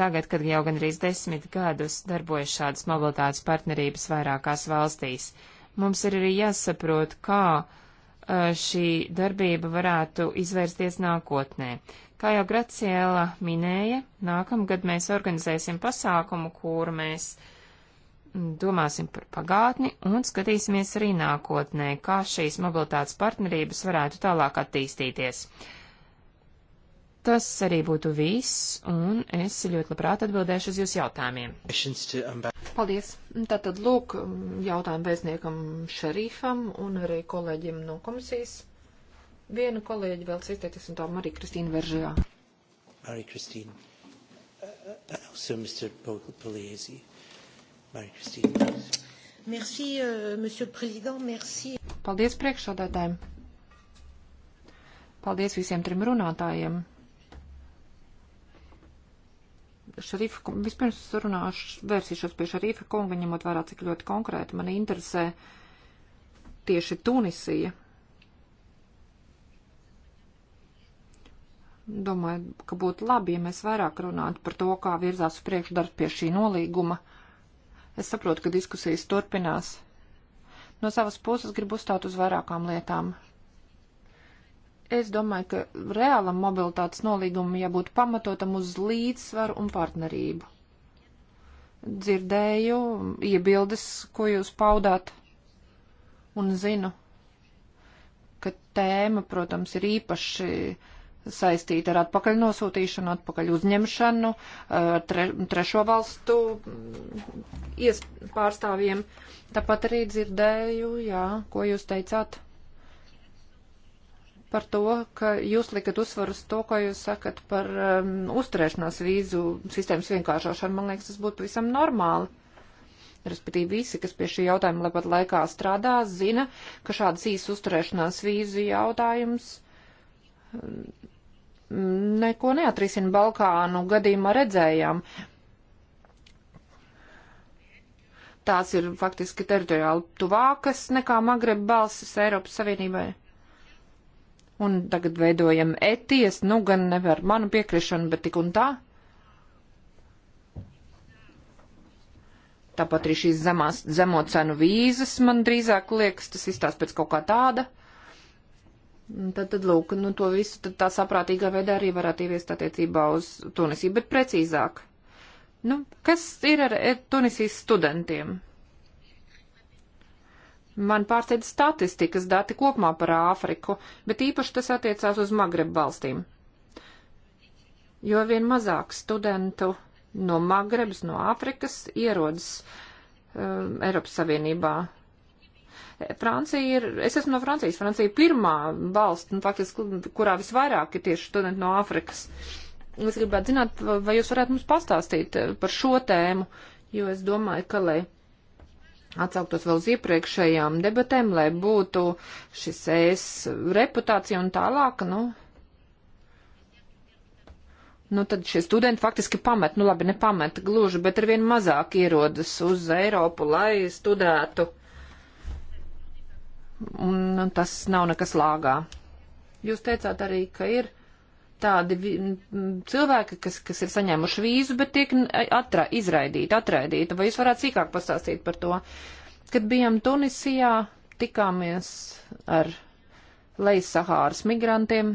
Tagad, kad jau gandrīz desmit gadus darbojas šādas mobilitātes partnerības vairākās valstīs, mums ir arī jāsaprot, kā šī darbība varētu izvērsties nākotnē. Kā jau Graciela minēja, nākamgad mēs organizēsim pasākumu, kur mēs domāsim par pagātni un skatīsimies arī nākotnē, kā šīs mobilitātes partnerības varētu tālāk attīstīties. Uh, Tas arī būtu viss, un es ļoti labprāt atbildēšu uz jūsu jautājumiem. Paldies. Tātad lūk jautājumu vēstniekam Šerīfam un arī kolēģim no komisijas. Vienu kolēģi vēl izteikties, un tā Marija Kristīna Veržajā. Marija Kristīna. Also uh, uh, Mr. Poliesi. Marija Kristīna. Merci, uh, Monsieur le Président, merci. Paldies priekšsādātājiem. Paldies visiem trim runātājiem Šarifa, vispirms runāšu, vērsīšos pie Šarifa kunga, ņemot vērā, cik ļoti konkrēti mani interesē tieši Tunisija. Domāju, ka būtu labi, ja mēs vairāk runātu par to, kā virzās uz priekšu darbs pie šī nolīguma. Es saprotu, ka diskusijas turpinās. No savas puses gribu uzstāt uz vairākām lietām es domāju, ka reālam mobilitātes nolīgumam jābūt pamatotam uz līdzsvaru un partnerību. Dzirdēju iebildes, ko jūs paudāt, un zinu, ka tēma, protams, ir īpaši saistīta ar atpakaļ nosūtīšanu, atpakaļ uzņemšanu, tre, trešo valstu mm, iespārstāvjiem. Tāpat arī dzirdēju, jā, ko jūs teicāt par to, ka jūs liekat uzsvaru uz to, ko jūs sakat par um, uzturēšanās vīzu sistēmas vienkāršošanu. Man liekas, tas būtu pavisam normāli. Respektīvi visi, kas pie šī jautājuma lepat laikā strādā, zina, ka šāds īsts uzturēšanās vīzu jautājums um, neko neatrisina Balkānu gadījumā redzējām. Tās ir faktiski teritoriāli tuvākas nekā Magreba balsis Eiropas Savienībai un tagad veidojam eties, nu gan nevar manu piekrišanu, bet tik un tā. Tāpat arī šīs zemās, zemo cenu vīzas man drīzāk liekas, tas izstāsta pēc kaut kā tāda. Tad, tad lūk, nu to visu tad tā saprātīgā veidā arī varētu ieviest attiecībā uz Tunisiju, bet precīzāk. Nu, kas ir ar Tunisijas studentiem? Man pārsteidz statistikas dati kopumā par Āfriku, bet īpaši tas attiecās uz Magreb valstīm. Jo vien mazāk studentu no Magrebas, no Āfrikas ierodas um, Eiropas Savienībā. Francija ir, es esmu no Francijas, Francija ir pirmā valsts, nu, faktiski, kurā visvairāk ir tieši studenti no Āfrikas. Es gribētu zināt, vai jūs varētu mums pastāstīt uh, par šo tēmu, jo es domāju, ka, lai atsauktos vēl uz iepriekšējām debatēm, lai būtu šis es reputācija un tālāk, nu. Nu, tad šie studenti faktiski pamet, nu labi, nepamet gluži, bet arvien mazāk ierodas uz Eiropu, lai studētu. Un, un nu, tas nav nekas lāgā. Jūs teicāt arī, ka ir tādi cilvēki, kas, kas ir saņēmuši vīzu, bet tiek atra, izraidīti, atraidīti. Vai jūs varētu sīkāk pastāstīt par to? Kad bijām Tunisijā, tikāmies ar Leisahāras migrantiem.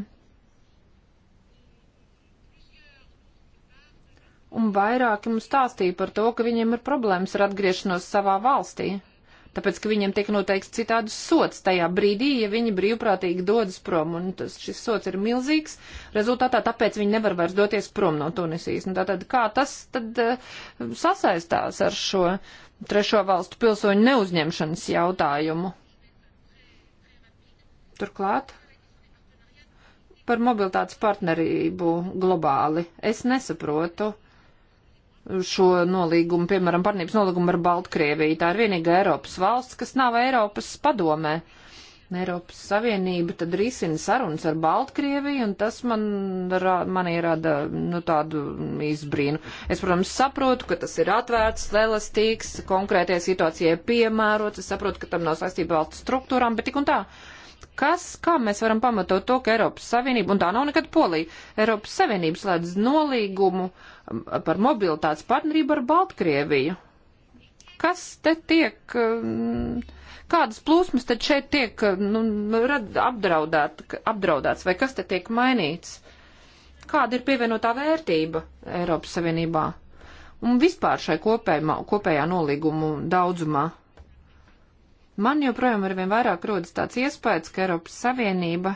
Un vairāki mums stāstīja par to, ka viņiem ir problēmas ar atgriešanos savā valstī tāpēc, ka viņiem tiek noteikts citādas sots tajā brīdī, ja viņi brīvprātīgi dodas prom, un tas, šis sots ir milzīgs, rezultātā tāpēc viņi nevar vairs doties prom no Tunisijas. Nu, tātad, kā tas tad uh, sasaistās ar šo trešo valstu pilsoņu neuzņemšanas jautājumu? Turklāt par mobilitātes partnerību globāli. Es nesaprotu. Uh, šo nolīgumu, piemēram, partnerības nolīgumu ar Baltkrieviju. Tā ir vienīga Eiropas valsts, kas nav Eiropas padomē. Eiropas Savienība tad risina sarunas ar Baltkrieviju, un tas man, man ierada nu, tādu izbrīnu. Es, protams, saprotu, ka tas ir atvērts, elastīgs, konkrētajai situācijai piemērots, es saprotu, ka tam nav saistība valsts struktūrām, bet tik un tā. Uh, Kas, kā mēs varam pamatot to, ka Eiropas Savienība, un tā nav nekad Polija, Eiropas Savienība slēdz nolīgumu um, par mobilitātes partnerību ar Baltkrieviju? Kas te tiek, um, kādas plūsmas te šeit tiek um, nu, apdraudēt, apdraudēts, vai kas te tiek mainīts? Kāda ir pievienotā vērtība Eiropas Savienībā? Un vispār šai kopējā, kopējā nolīgumu daudzumā? Man joprojām ar vien vairāk rodas tāds iespējas, ka Eiropas Savienība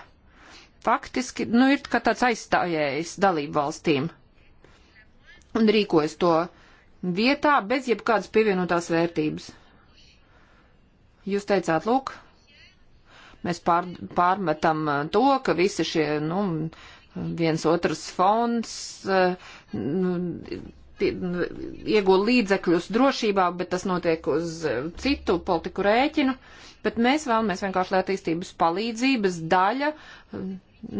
faktiski, nu, ir kā tāds aizstājējs dalību valstīm un rīkojas to vietā bez jebkādas pievienotās vērtības. Jūs teicāt, lūk, mēs pār, pārmetam uh, to, ka visi šie, nu, viens otrs fonds uh, nu, iegūt līdzekļus drošībā, bet tas notiek uz eh, citu politiku rēķinu. Bet mēs vēlamies vienkārši, lai attīstības palīdzības daļa eh,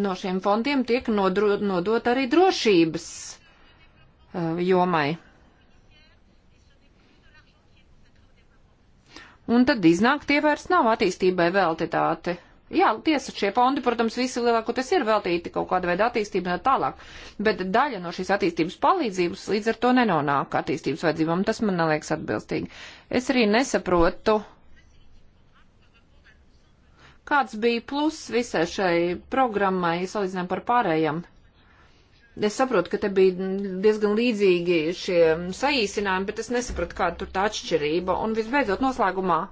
no šiem fondiem tiek nodro, nodot arī drošības eh, jomai. Un tad iznāk tie vairs nav attīstībai veltitāti. Jā, tiesa, šie fondi, protams, visi lielākoties ir veltīti kaut kāda veida attīstībai un tālāk, bet daļa no šīs attīstības palīdzības līdz ar to nenonāk attīstības vajadzībām. Tas man liekas atbilstīgi. Es arī nesaprotu, kāds bija pluss visai šai programmai, salīdzinām par pārējiem. Es saprotu, ka te bija diezgan līdzīgi šie saīsinājumi, bet es nesaprotu, kāda tur tā atšķirība. Un visbeidzot, noslēgumā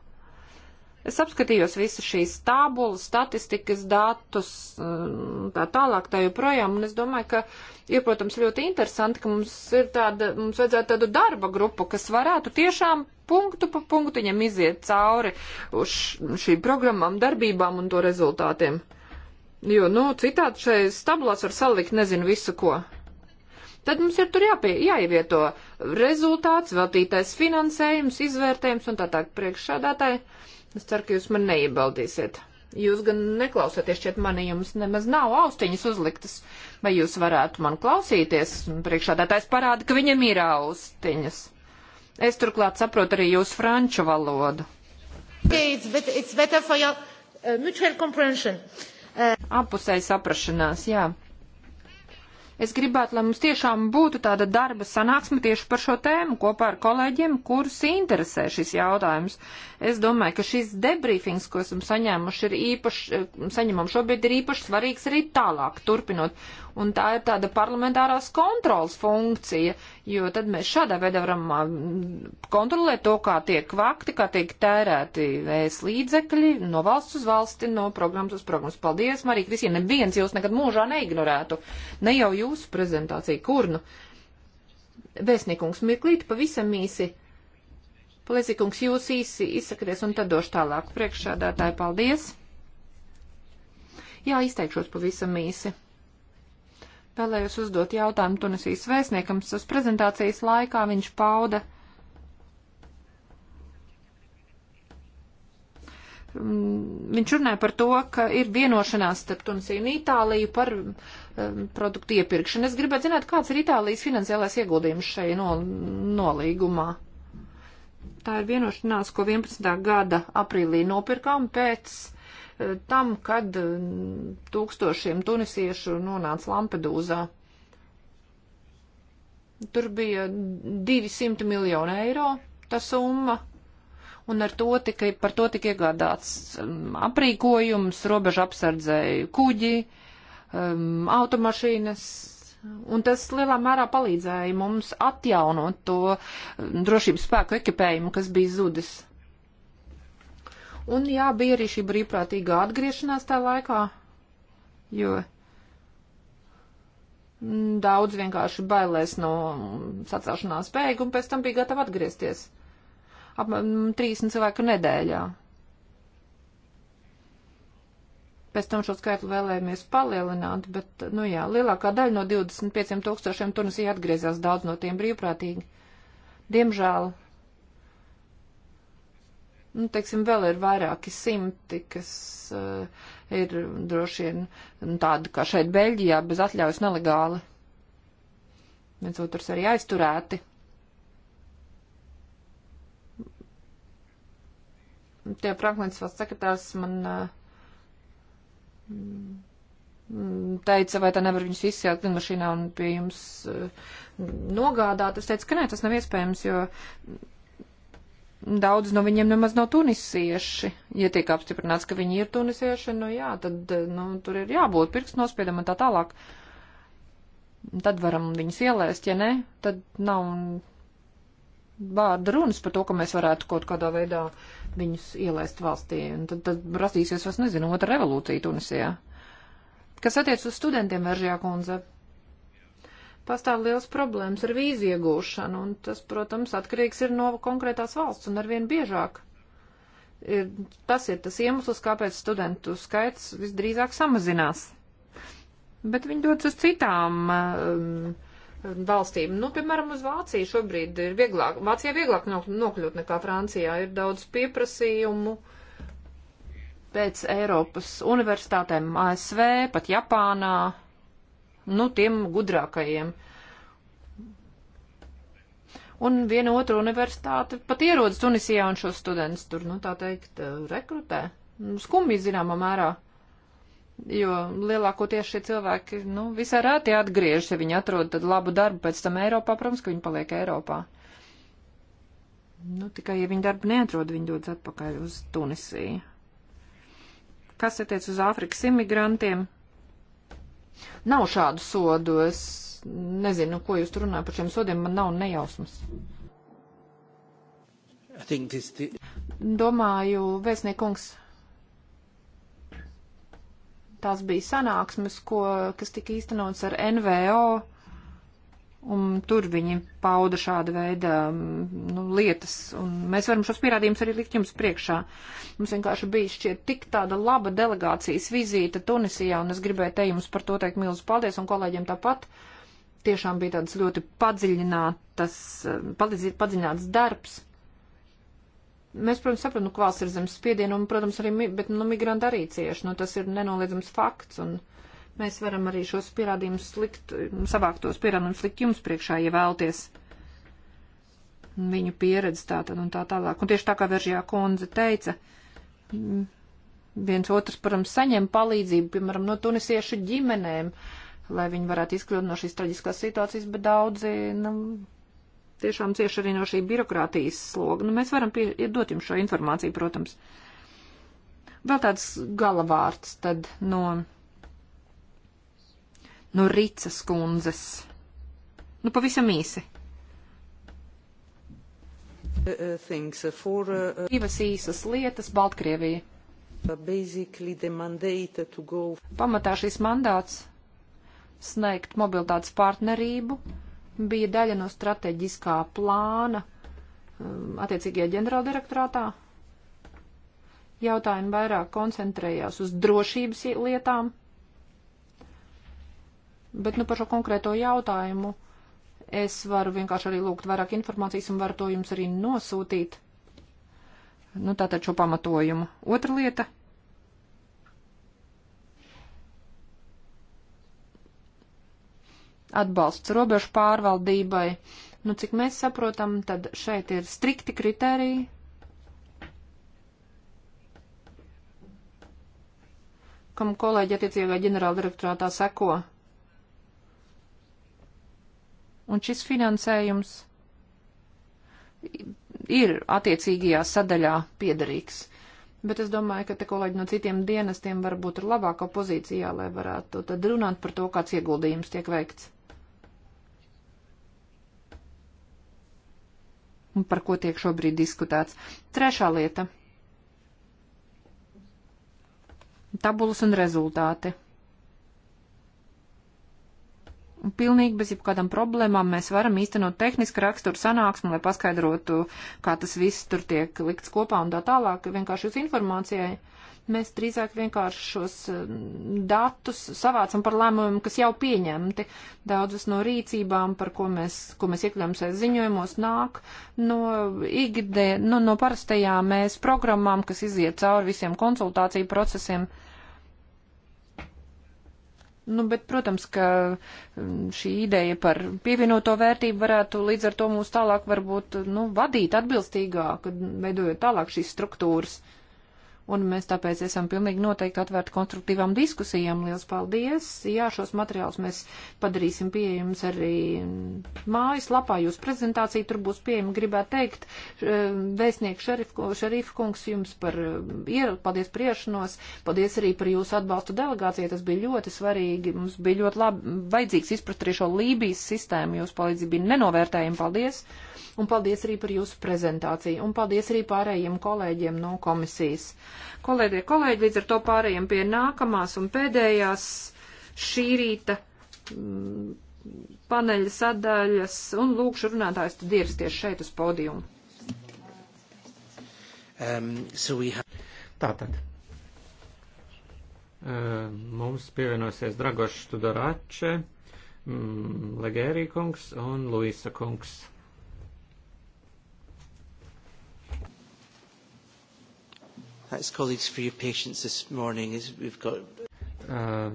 Es apskatījos visu šīs tabulas, statistikas datus, um, tā tālāk, tā joprojām, un es domāju, ka ir, protams, ļoti interesanti, ka mums ir tāda, mums vajadzētu tādu darba grupu, kas varētu tiešām punktu pa punktiņam iziet cauri uz šīm programmām, darbībām un to rezultātiem. Jo, nu, citādi šajās tabulās var salikt nezinu visu ko tad mums ir tur jāpie, jāievieto rezultāts, veltītais finansējums, izvērtējums un tā tā priekšsādātāji. Es ceru, ka jūs man neiebaldīsiet. Jūs gan neklausāties, šķiet, mani jums nemaz nav austiņas uzliktas. Vai jūs varētu man klausīties? Priekšādātājs parāda, ka viņam ir austiņas. Es turklāt saprotu arī jūsu franču valodu. Okay, it's better, it's better your, uh, Apusēji saprašanās, jā. Es gribētu, lai mums tiešām būtu tāda darba sanāksme tieši par šo tēmu kopā ar kolēģiem, kurus interesē šis jautājums. Es domāju, ka šis debriefings, ko esam saņēmuši, ir īpaši, eh, saņemam šobrīd, ir īpaši svarīgs arī tālāk turpinot un tā ir tāda parlamentārās kontrols funkcija, jo tad mēs šādā veidā varam um, kontrolēt to, kā tiek vakti, kā tiek tērēti vēs līdzekļi no valsts uz valsti, no programmas uz programmas. Paldies, Marija Kristīna, neviens jūs nekad mūžā neignorētu, ne jau jūsu prezentāciju, kur nu. Vēstniekums mirklīt pavisam īsi. Plezikungs, jūs īsi izsakaties un tad došu tālāk priekšsādātāju. Paldies! Jā, izteikšos pavisam īsi. Vēlējos uzdot jautājumu Tunisijas vēstniekam. Uz prezentācijas laikā viņš pauda mm, viņš runāja par to, ka ir vienošanās starp Tunisiju un Itāliju par um, produktu iepirkšanu. Es gribētu zināt, kāds ir Itālijas finansiālais ieguldījums šajā no, nolīgumā. Tā ir vienošanās, ko 11. gada aprīlī nopirkām pēc tam, kad mm, tūkstošiem tunisiešu nonāca Lampedūzā. Tur bija 200 miljonu eiro ta summa, un ar to tika, par to tika iegādāts mm, aprīkojums, robeža apsardzēju kuģi, um, automašīnas, Un tas lielā mērā palīdzēja mums atjaunot to drošības spēku ekipējumu, kas bija zudis. Un jā, bija arī šī brīvprātīgā atgriešanās tā laikā, jo daudz vienkārši bailēs no sacēšanās beigu un pēc tam bija gatavi atgriezties. Apmēram 30 cilvēku nedēļā. Pēc tam šo skaitu vēlējāmies palielināt, bet, nu jā, lielākā daļa no 25 tūkstošiem Tunisija nu atgriezās daudz no tiem brīvprātīgi. Diemžēl Nu, teiksim, vēl ir vairāki simti, kas uh, ir droši vien tādi, kā šeit Beļģijā, bez atļaujas nelegāli. Viens otrs arī aizturēti. Tie Franklins valsts sekretārs man uh, teica, vai tā nevar viņus izsijāt lidmašīnā un pie jums uh, nogādāt. Es teicu, ka nē, tas nav iespējams, jo daudz no viņiem nemaz nav tunisieši. Ja tiek apstiprināts, ka viņi ir tunisieši, nu jā, tad nu, tur ir jābūt pirks nospiedam un tā tālāk. Tad varam viņus ielēst, ja ne, tad nav vārda runas par to, ka mēs varētu kaut kādā veidā viņus ielēst valstī. Un tad, tad rastīsies, es nezinu, otra revolūcija Tunisijā. Kas attiec uz studentiem, Veržijā kundze, pastāv liels problēmas ar vīzu iegūšanu, un tas, protams, atkarīgs ir no konkrētās valsts un arvien biežāk. Ir, tas ir tas iemesls, kāpēc studentu skaits visdrīzāk samazinās. Bet viņi dodas uz citām um, valstīm. Nu, piemēram, uz Vāciju šobrīd ir vieglāk, Vācijā vieglāk nokļūt nekā Francijā. Ir daudz pieprasījumu pēc Eiropas universitātēm, ASV, pat Japānā nu, tiem gudrākajiem. Un viena otra universitāte pat ierodas Tunisijā un šos studentus tur, nu, tā teikt, rekrutē. Nu, skumji zināmā mērā. Jo lielākoties šie cilvēki, nu, visai rēti atgriežas, ja viņi atrod tad labu darbu pēc tam Eiropā, protams, ka viņi paliek Eiropā. Nu, tikai, ja viņi darbu neatrod, viņi dodas atpakaļ uz Tunisiju. Kas attiec uz Āfrikas imigrantiem? Nav šādu sodu. Es nezinu, ko jūs tur runājat par šiem sodiem. Man nav nejausmas. This... Domāju, vēstniekungs, tās bija sanāksmes, ko, kas tika īstenots ar NVO Un tur viņi pauda šāda veida mm, nu, lietas, un mēs varam šos pierādījumus arī likt jums priekšā. Mums vienkārši bija šķiet tik tāda laba delegācijas vizīte Tunisijā, un es gribēju te jums par to teikt milzu paldies, un kolēģiem tāpat. Tiešām bija tāds ļoti padziļinātas, mm, padziļināts darbs. Mēs, protams, saprotam, nu, ka valsts ir zemes spiedienu, un, protams, arī, bet, nu, migranti arī cieši, nu, tas ir nenoliedzams fakts, un Mēs varam arī šos pierādījumus slikt, savāktos pierādījumus slikt jums priekšā, ja vēlties viņu pieredzi tā tad un tā tālāk. Un tieši tā kā Veržijā kundze teica, viens otrs, protams, saņem palīdzību, piemēram, no tunisiešu ģimenēm, lai viņi varētu izkļūt no šīs traģiskās situācijas, bet daudzi, nu, tiešām cieši arī no šī birokrātijas sloga. Nu, mēs varam pie, dot jums šo informāciju, protams. Vēl tāds galavārds tad no no Ricas kundzes. Nu, pavisam īsi. Uh, uh, things for, uh, uh, Divas īsas lietas - Baltkrievija. Pamatā šis mandāts sniegt mobilitātes partnerību bija daļa no strateģiskā plāna um, attiecīgajā ģenerāldirektorātā. Jautājumi vairāk koncentrējās uz drošības lietām Bet nu, par šo konkrēto jautājumu es varu vienkārši arī lūgt vairāk informācijas un varu to jums arī nosūtīt. Nu, tātad šo pamatojumu. Otra lieta. Atbalsts robežu pārvaldībai. Nu, cik mēs saprotam, tad šeit ir strikti kriteriji, kam kolēģi attiecīgā ģenerāla direktorātā seko. Un šis finansējums ir attiecīgajā sadaļā piederīgs. Bet es domāju, ka te kolēģi no citiem dienestiem varbūt ir labākā pozīcijā, lai varētu tad runāt par to, kāds ieguldījums tiek veikts. Un par ko tiek šobrīd diskutēts. Trešā lieta - tabulas un rezultāti pilnīgi bez jebkādām problēmām mēs varam īstenot tehniski raksturu sanāksmu, lai paskaidrotu, kā tas viss tur tiek likts kopā un tā tālāk, vienkārši uz informācijai. Mēs drīzāk vienkārši šos eh, datus savācam par lēmumiem, kas jau pieņemti. Daudzas no rīcībām, par ko mēs, ko mēs iekļaujam sēs ziņojumos, nāk no igde, no, nu, no parastajām mēs programmām, kas iziet cauri visiem konsultāciju procesiem. Uh, Nu, bet, protams, ka mm, šī ideja par pievienoto vērtību varētu līdz ar to mūs tālāk varbūt, nu, vadīt atbilstīgāk, veidojot tālāk šīs struktūras. Uh, un mēs tāpēc esam pilnīgi noteikti atvērti konstruktīvām diskusijām. Liels paldies! Jā, šos materiālus mēs padarīsim pieejams arī mājas lapā. Jūs prezentācija tur būs pieejama. Gribētu teikt, vēstnieku šerifu šerif kungs jums par eh, ieru, paldies par ierašanos, paldies arī par jūsu atbalstu delegācijai. Tas bija ļoti svarīgi. Mums bija ļoti labi, vajadzīgs izprast arī šo Lībijas sistēmu. Jūsu palīdzība bija nenovērtējama. Paldies! Un paldies arī par jūsu prezentāciju. Un paldies arī pārējiem kolēģiem no komisijas. Kolēģi, kolēģi, līdz ar to pārējiem pie nākamās un pēdējās šī rīta mm, paneļa sadaļas un lūkšu runātājs tad ierasties šeit uz podiumu. Um, so have... Tātad. Uh, mums pievienosies Dragošs Tudorače, mm, Legērī kungs un Luisa kungs. Thanks, colleagues, for your patience this morning. We've got... Uh,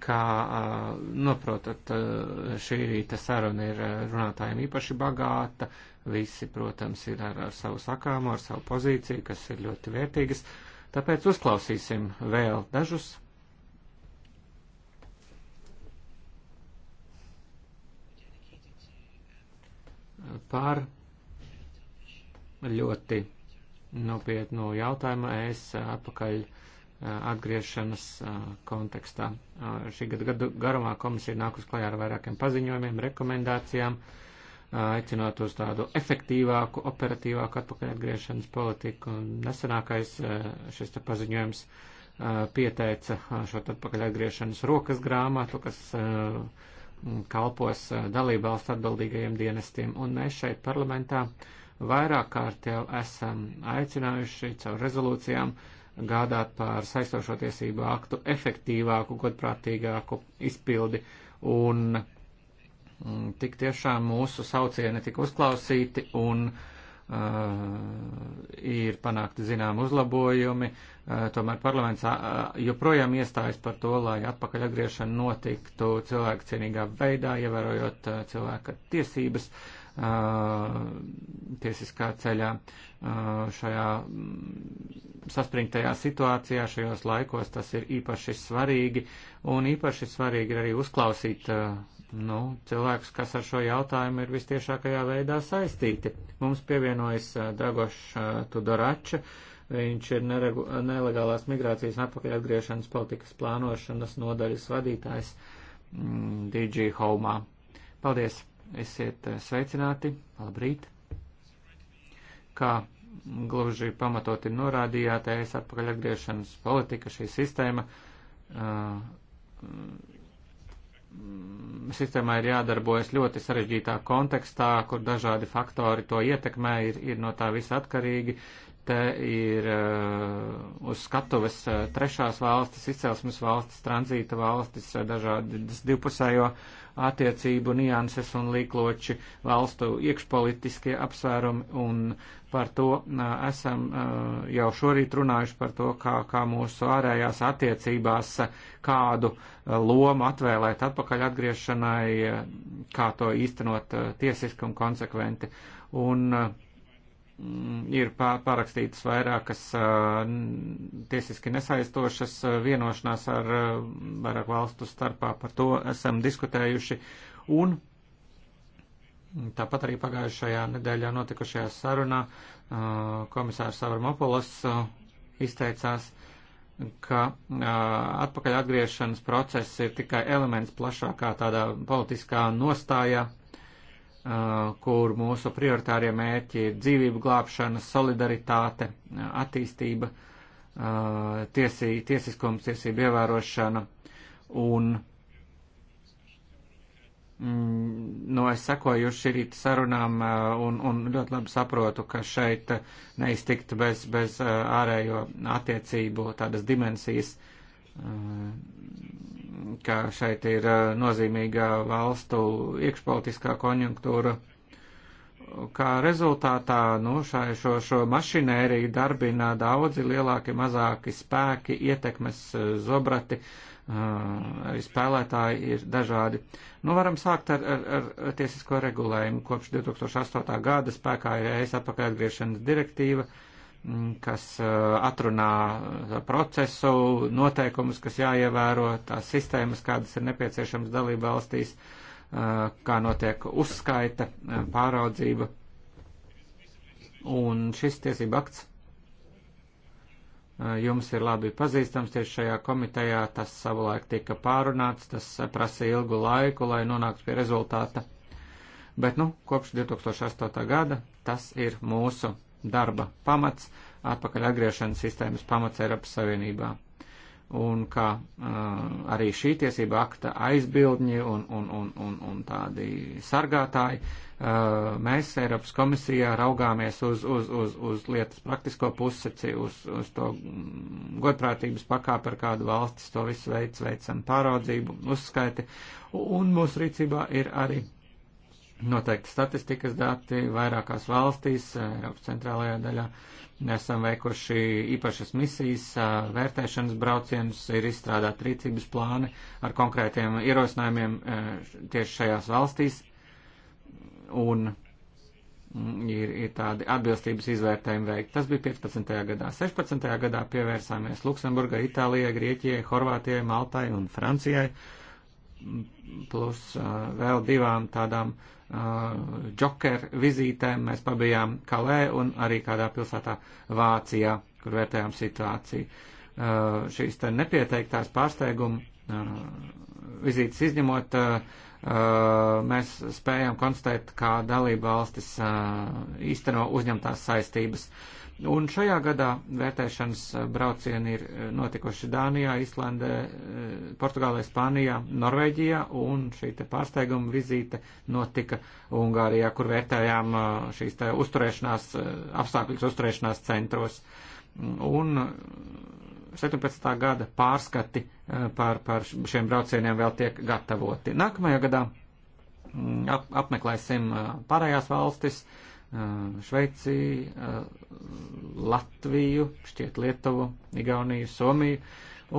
kā uh, noprotat, uh, šī rīta saruna ir uh, runātājiem īpaši bagāta. Visi, protams, ir ar, ar savu sakāmu, ar savu pozīciju, kas ir ļoti vērtīgas. Tāpēc uzklausīsim vēl dažus. Par ļoti nopietnu jautājumu es atpakaļ atgriešanas kontekstā. Šī gada garumā komisija nākus klajā ar vairākiem paziņojumiem, rekomendācijām, aicinot uz tādu efektīvāku, operatīvāku atpakaļ atgriešanas politiku. Nesenākais šis paziņojums pieteica šo atpakaļ atgriešanas rokas grāmatu, kas kalpos dalībvalstu atbildīgajiem dienestiem. Un mēs šeit parlamentā uh, Vairāk kārt jau esam aicinājuši caur rezolūcijām gādāt par saistošo tiesību aktu efektīvāku, godprātīgāku izpildi un mm, tik tiešām mūsu saucieni tika uzklausīti un uh, ir panākti zinām uzlabojumi. Uh, tomēr parlaments uh, joprojām iestājas par to, lai atpakaļ atgriešana notiktu cilvēku cienīgā veidā, ievērojot uh, cilvēka tiesības. Uh, tiesiskā ceļā šajā mm, saspringtajā situācijā, šajos laikos tas ir īpaši svarīgi, un īpaši svarīgi ir arī uzklausīt nu, cilvēkus, kas ar šo jautājumu ir vistiešākajā veidā saistīti. Mums pievienojas Dragošs Tudorača, viņš ir neregu, nelegālās migrācijas un apakaļatgriešanas politikas plānošanas nodaļas vadītājs mm, DG Homā. Paldies! Esiet eh, sveicināti, labrīt! Kā gluži pamatoti norādījāt, es atpakaļ atgriešanas politika, šī sistēma, uh, sistēmā ir jādarbojas ļoti sarežģītā kontekstā, kur dažādi faktori to ietekmē, ir, ir no tā visa atkarīgi. Te ir uh, uz skatuves uh, trešās valstis, izcelsmes valstis, tranzīta valstis, uh, dažādas divpusējo uh, attiecību nianses un līkloči valstu iekšpolitiskie apsvērumi, un par to esam jau šorīt runājuši par to, kā, kā mūsu ārējās attiecībās kādu lomu atvēlēt atpakaļ atgriešanai, kā to īstenot tiesiski un konsekventi. Un, uh, Mm, ir pārakstītas vairākas tiesiski nesaistošas vienošanās ar vairāk valstu starpā. Par to esam diskutējuši. Un tāpat arī pagājušajā nedēļā notikušajā sarunā komisārs Savramopolos izteicās, ka atpakaļ atgriešanas process ir tikai elements plašākā tādā politiskā nostājā Uh, kur mūsu prioritārie mērķi ir dzīvību glābšana, solidaritāte, uh, attīstība, uh, tiesī, tiesiskums, tiesību ievērošana. Un, mm, no nu, es sekoju šī rīta sarunām un, un ļoti labi saprotu, ka šeit neiztikt bez, bez ārējo attiecību tādas dimensijas ka šeit ir uh, nozīmīga valstu iekšpolitiskā konjunktūra. Kā rezultātā nu, šai, šo, šo mašinēriju darbinā daudzi lielāki, mazāki spēki, ietekmes uh, zobrati, uh, arī spēlētāji ir dažādi. Nu, varam sākt ar, ar, ar tiesisko regulējumu. Kopš 2008. gada spēkā ir ES apakaļgriešanas direktīva, uh, Mm, kas eh, atrunā eh, procesu, noteikumus, kas jāievēro, tās sistēmas, kādas ir nepieciešamas dalība valstīs, eh, kā notiek uzskaita, pāraudzība. Un šis tiesība akts jums ir labi pazīstams tieši šajā komitejā, tas savulaik tika pārunāts, tas prasīja ilgu laiku, lai nonāktu pie rezultāta. Bet, nu, kopš 2008. gada tas ir mūsu darba pamats, atpakaļ atgriešanas sistēmas pamats Eiropas Savienībā. Un kā uh, arī šī tiesība akta aizbildņi un, un, un, un, un tādi sargātāji, uh, mēs Eiropas komisijā raugāmies uz, uz, uz, uz lietas praktisko pusseci, uz, uz to mm, godprātības pakāpi, ar kādu valstis to visu veids, veicam pāraudzību, uzskaiti. Un mūsu rīcībā ir arī uh, noteikti statistikas dati vairākās valstīs, eh, Eiropas centrālajā daļā. Esam veikuši īpašas misijas, eh, vērtēšanas braucienus, ir izstrādāti rīcības plāni ar konkrētiem ierosinājumiem eh, tieši šajās valstīs. Un mm, ir, ir tādi atbilstības izvērtējumi veikti. Tas bija 15. gadā. 16. gadā pievērsāmies Luksemburgai, Itālijai, Grieķijai, Horvātijai, Maltai un Francijai, plus uh, vēl divām tādām uh, džokeru vizītēm. Mēs pabijām Kalē un arī kādā pilsētā Vācijā, kur vērtējām situāciju. Uh, šīs te nepieteiktās pārsteiguma uh, vizītes izņemot, uh, mēs spējām konstatēt, kā dalība valstis īsteno uzņemtās saistības. Uh, Un šajā gadā vērtēšanas eh, braucieni ir eh, notikuši Dānijā, Islandē, eh, Portugālē, Spānijā, Norvēģijā, un šī te pārsteiguma vizīte notika Ungārijā, kur vērtējām šīs te uzturēšanās, apstākļus uzturēšanās centros. Un 17. gada pārskati par, par šiem braucieniem vēl tiek gatavoti. Nākamajā gadā mm, ap, apmeklēsim pārējās valstis Eh, Šveici, eh, Latviju, šķiet Lietuvu, Igauniju, Somiju.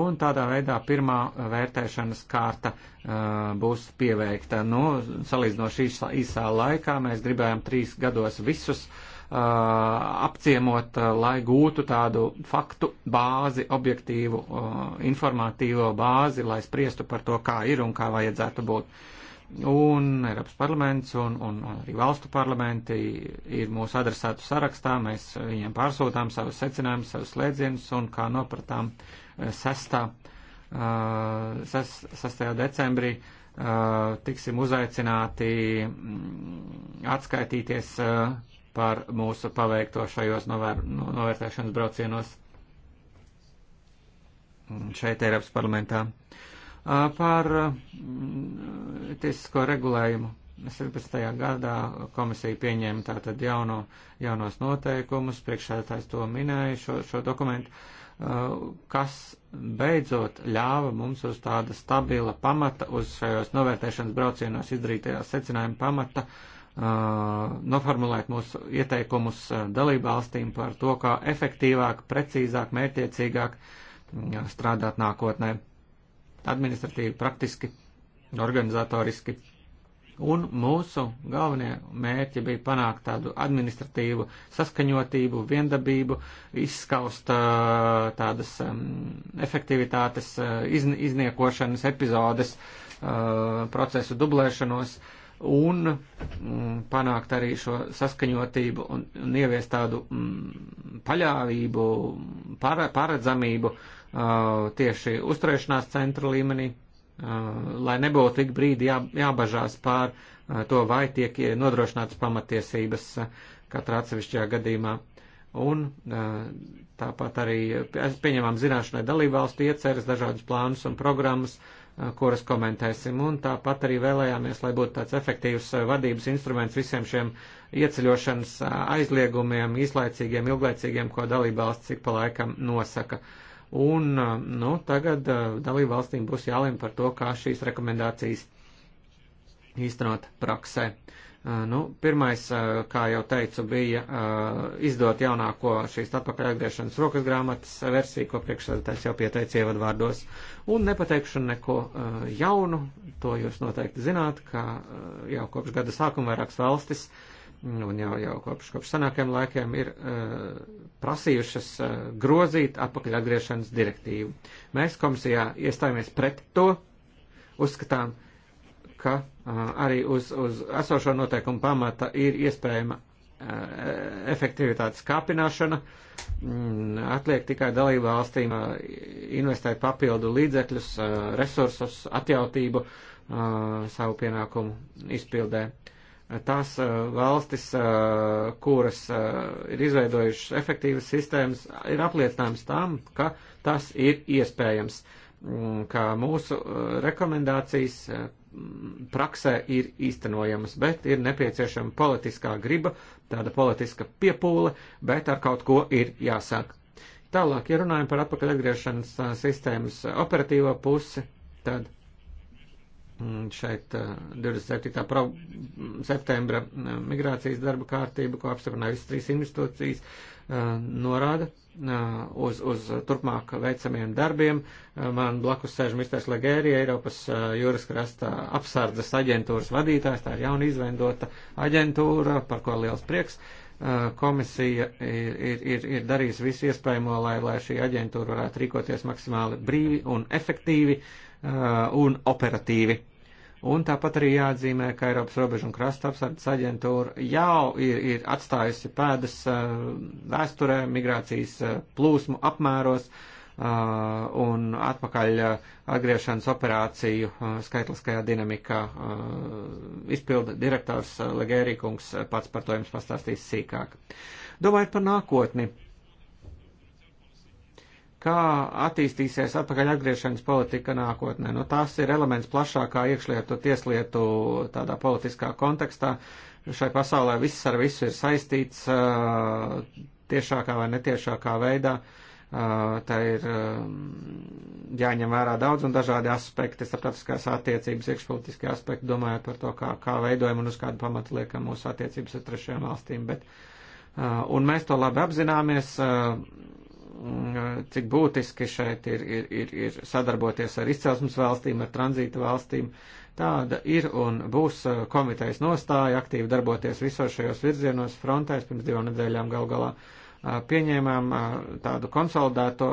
Un tādā veidā pirmā vērtēšanas kārta eh, būs pieveikta. Nu, salīdzinoši īsā laikā mēs gribējām trīs gados visus apciemot, lai gūtu tādu faktu bāzi, objektīvu, informatīvo bāzi, lai spriestu par to, kā ir un kā vajadzētu būt un Eiropas parlaments un, un, un arī valstu parlamenti ir mūsu adresātu sarakstā. Mēs viņiem pārsūtām savus secinājumus, savus slēdzienus un kā nopratām 6. Eh, 6. Eh, decembrī eh, tiksim uzaicināti mm, atskaitīties par mūsu paveikto šajos novēr, novērtēšanas braucienos šeit Eiropas parlamentā. Uh, Par mm, tiesisko regulējumu 17. gadā komisija pieņēma tātad jauno, jaunos noteikumus, priekšsēdētājs to minēja, šo, šo dokumentu, kas beidzot ļāva mums uz tāda stabila pamata, uz šajos novērtēšanas braucienos izdarītajā secinājuma pamata noformulēt mūsu ieteikumus dalībvalstīm par to, kā efektīvāk, precīzāk, mērķiecīgāk strādāt nākotnē administratīvi, praktiski, organizatoriski. Un mūsu galvenie mērķi bija panākt tādu administratīvu saskaņotību, viendabību, izskaust tādas efektivitātes, izn izniekošanas epizodes, procesu dublēšanos un mm, panākt arī šo saskaņotību un, un ieviest tādu mm, paļāvību, paredzamību Uh, tieši uzturēšanās centra līmenī, uh, lai nebūtu tik brīdi jā, jābažās pār uh, to, vai tiek nodrošināts pamatiesības katrā atsevišķajā gadījumā. Un tāpat arī pieņemam zināšanai dalībvalstu ieceres, dažādus plānus un programmas, kuras komentēsim. Un tāpat arī vēlējāmies, lai būtu tāds efektīvs vadības instruments visiem šiem ieceļošanas aizliegumiem, īslaicīgiem, ilglaicīgiem, ko dalībvalsts ik pa laikam nosaka. Uh, Un, uh, nu, tagad uh, dalību valstīm būs jālēm par to, kā šīs rekomendācijas īstenot praksē. Uh, nu, pirmais, kā jau teicu, bija izdot jaunāko šīs atpakaļ atgriešanas rokas grāmatas versiju, ko priekšsēdētājs jau pieteica ievadvārdos. Un nepateikšu neko jaunu, to jūs noteikti zināt, ka jau kopš gada sākuma vairākas valstis uh, un jau, jau kopš, kopš senākiem laikiem ir uh, prasījušas uh, grozīt apakaļatgriešanas direktīvu. Mēs komisijā iestājāmies pret to, uzskatām, ka uh, arī uz, uz esošo noteikumu pamata ir iespējama uh, efektivitātes kāpināšana, mm, atliek tikai dalību valstīm uh, investēt papildu līdzekļus, uh, resursus, atjautību uh, savu pienākumu izpildē. Uh, tās valstis, kuras ir izveidojušas efektīvas sistēmas, ir apliecinājums tam, ka tas ir iespējams, mm, ka mūsu rekomendācijas praksē ir īstenojamas, bet ir nepieciešama politiskā griba, tāda politiska piepūle, bet ar kaut ko ir jāsāk. Tālāk, ja runājam par atpakaļ atgriešanas sistēmas operatīvo pusi, tad šeit 27. Eh, septembra eh, migrācijas darba kārtība, ko apstiprināja visas trīs institūcijas, eh, norāda uz, uz turpmāk veicamiem darbiem. Man blakus sēž Misters Legērija, Eiropas jūras krasta apsardzes aģentūras vadītājs, tā ir jauna izveidota aģentūra, par ko liels prieks. Komisija ir, ir, ir darījusi visu iespējamo, lai, lai šī aģentūra varētu rīkoties maksimāli brīvi un efektīvi. Uh, Uh, un operatīvi. Un tāpat arī jāatzīmē, ka Eiropas robežu un krasta apsardzes aģentūra jau ir, ir atstājusi pēdas uh, vēsturē, migrācijas uh, plūsmu apmēros un atpakaļ atgriešanas operāciju skaitliskajā dinamikā. Izpilda direktors Legērīkungs pats par to jums pastāstīs sīkāk. Domājot par nākotni kā attīstīsies atpakaļ atgriešanas politika nākotnē. Nu, tas ir elements plašākā iekšlietu, tieslietu tādā politiskā kontekstā. Šai pasaulē viss ar visu ir saistīts tiešākā vai netiešākā veidā. Tā ir jāņem vērā daudz un dažādi aspekti, starptautiskās attiecības, iekšpolitiskie aspekti, domājot par to, kā, kā veidojam un uz kādu pamatu liekam mūsu attiecības ar trešajām valstīm. Bet, un mēs to labi apzināmies Mm, cik būtiski šeit ir, ir, ir, ir sadarboties ar izcelsmes valstīm, ar tranzīta valstīm. Tāda ir un būs uh, komitejas nostāja aktīvi darboties visos šajos virzienos. Frontēs pirms divām nedēļām gal galā uh, pieņēmām uh, tādu konsolidēto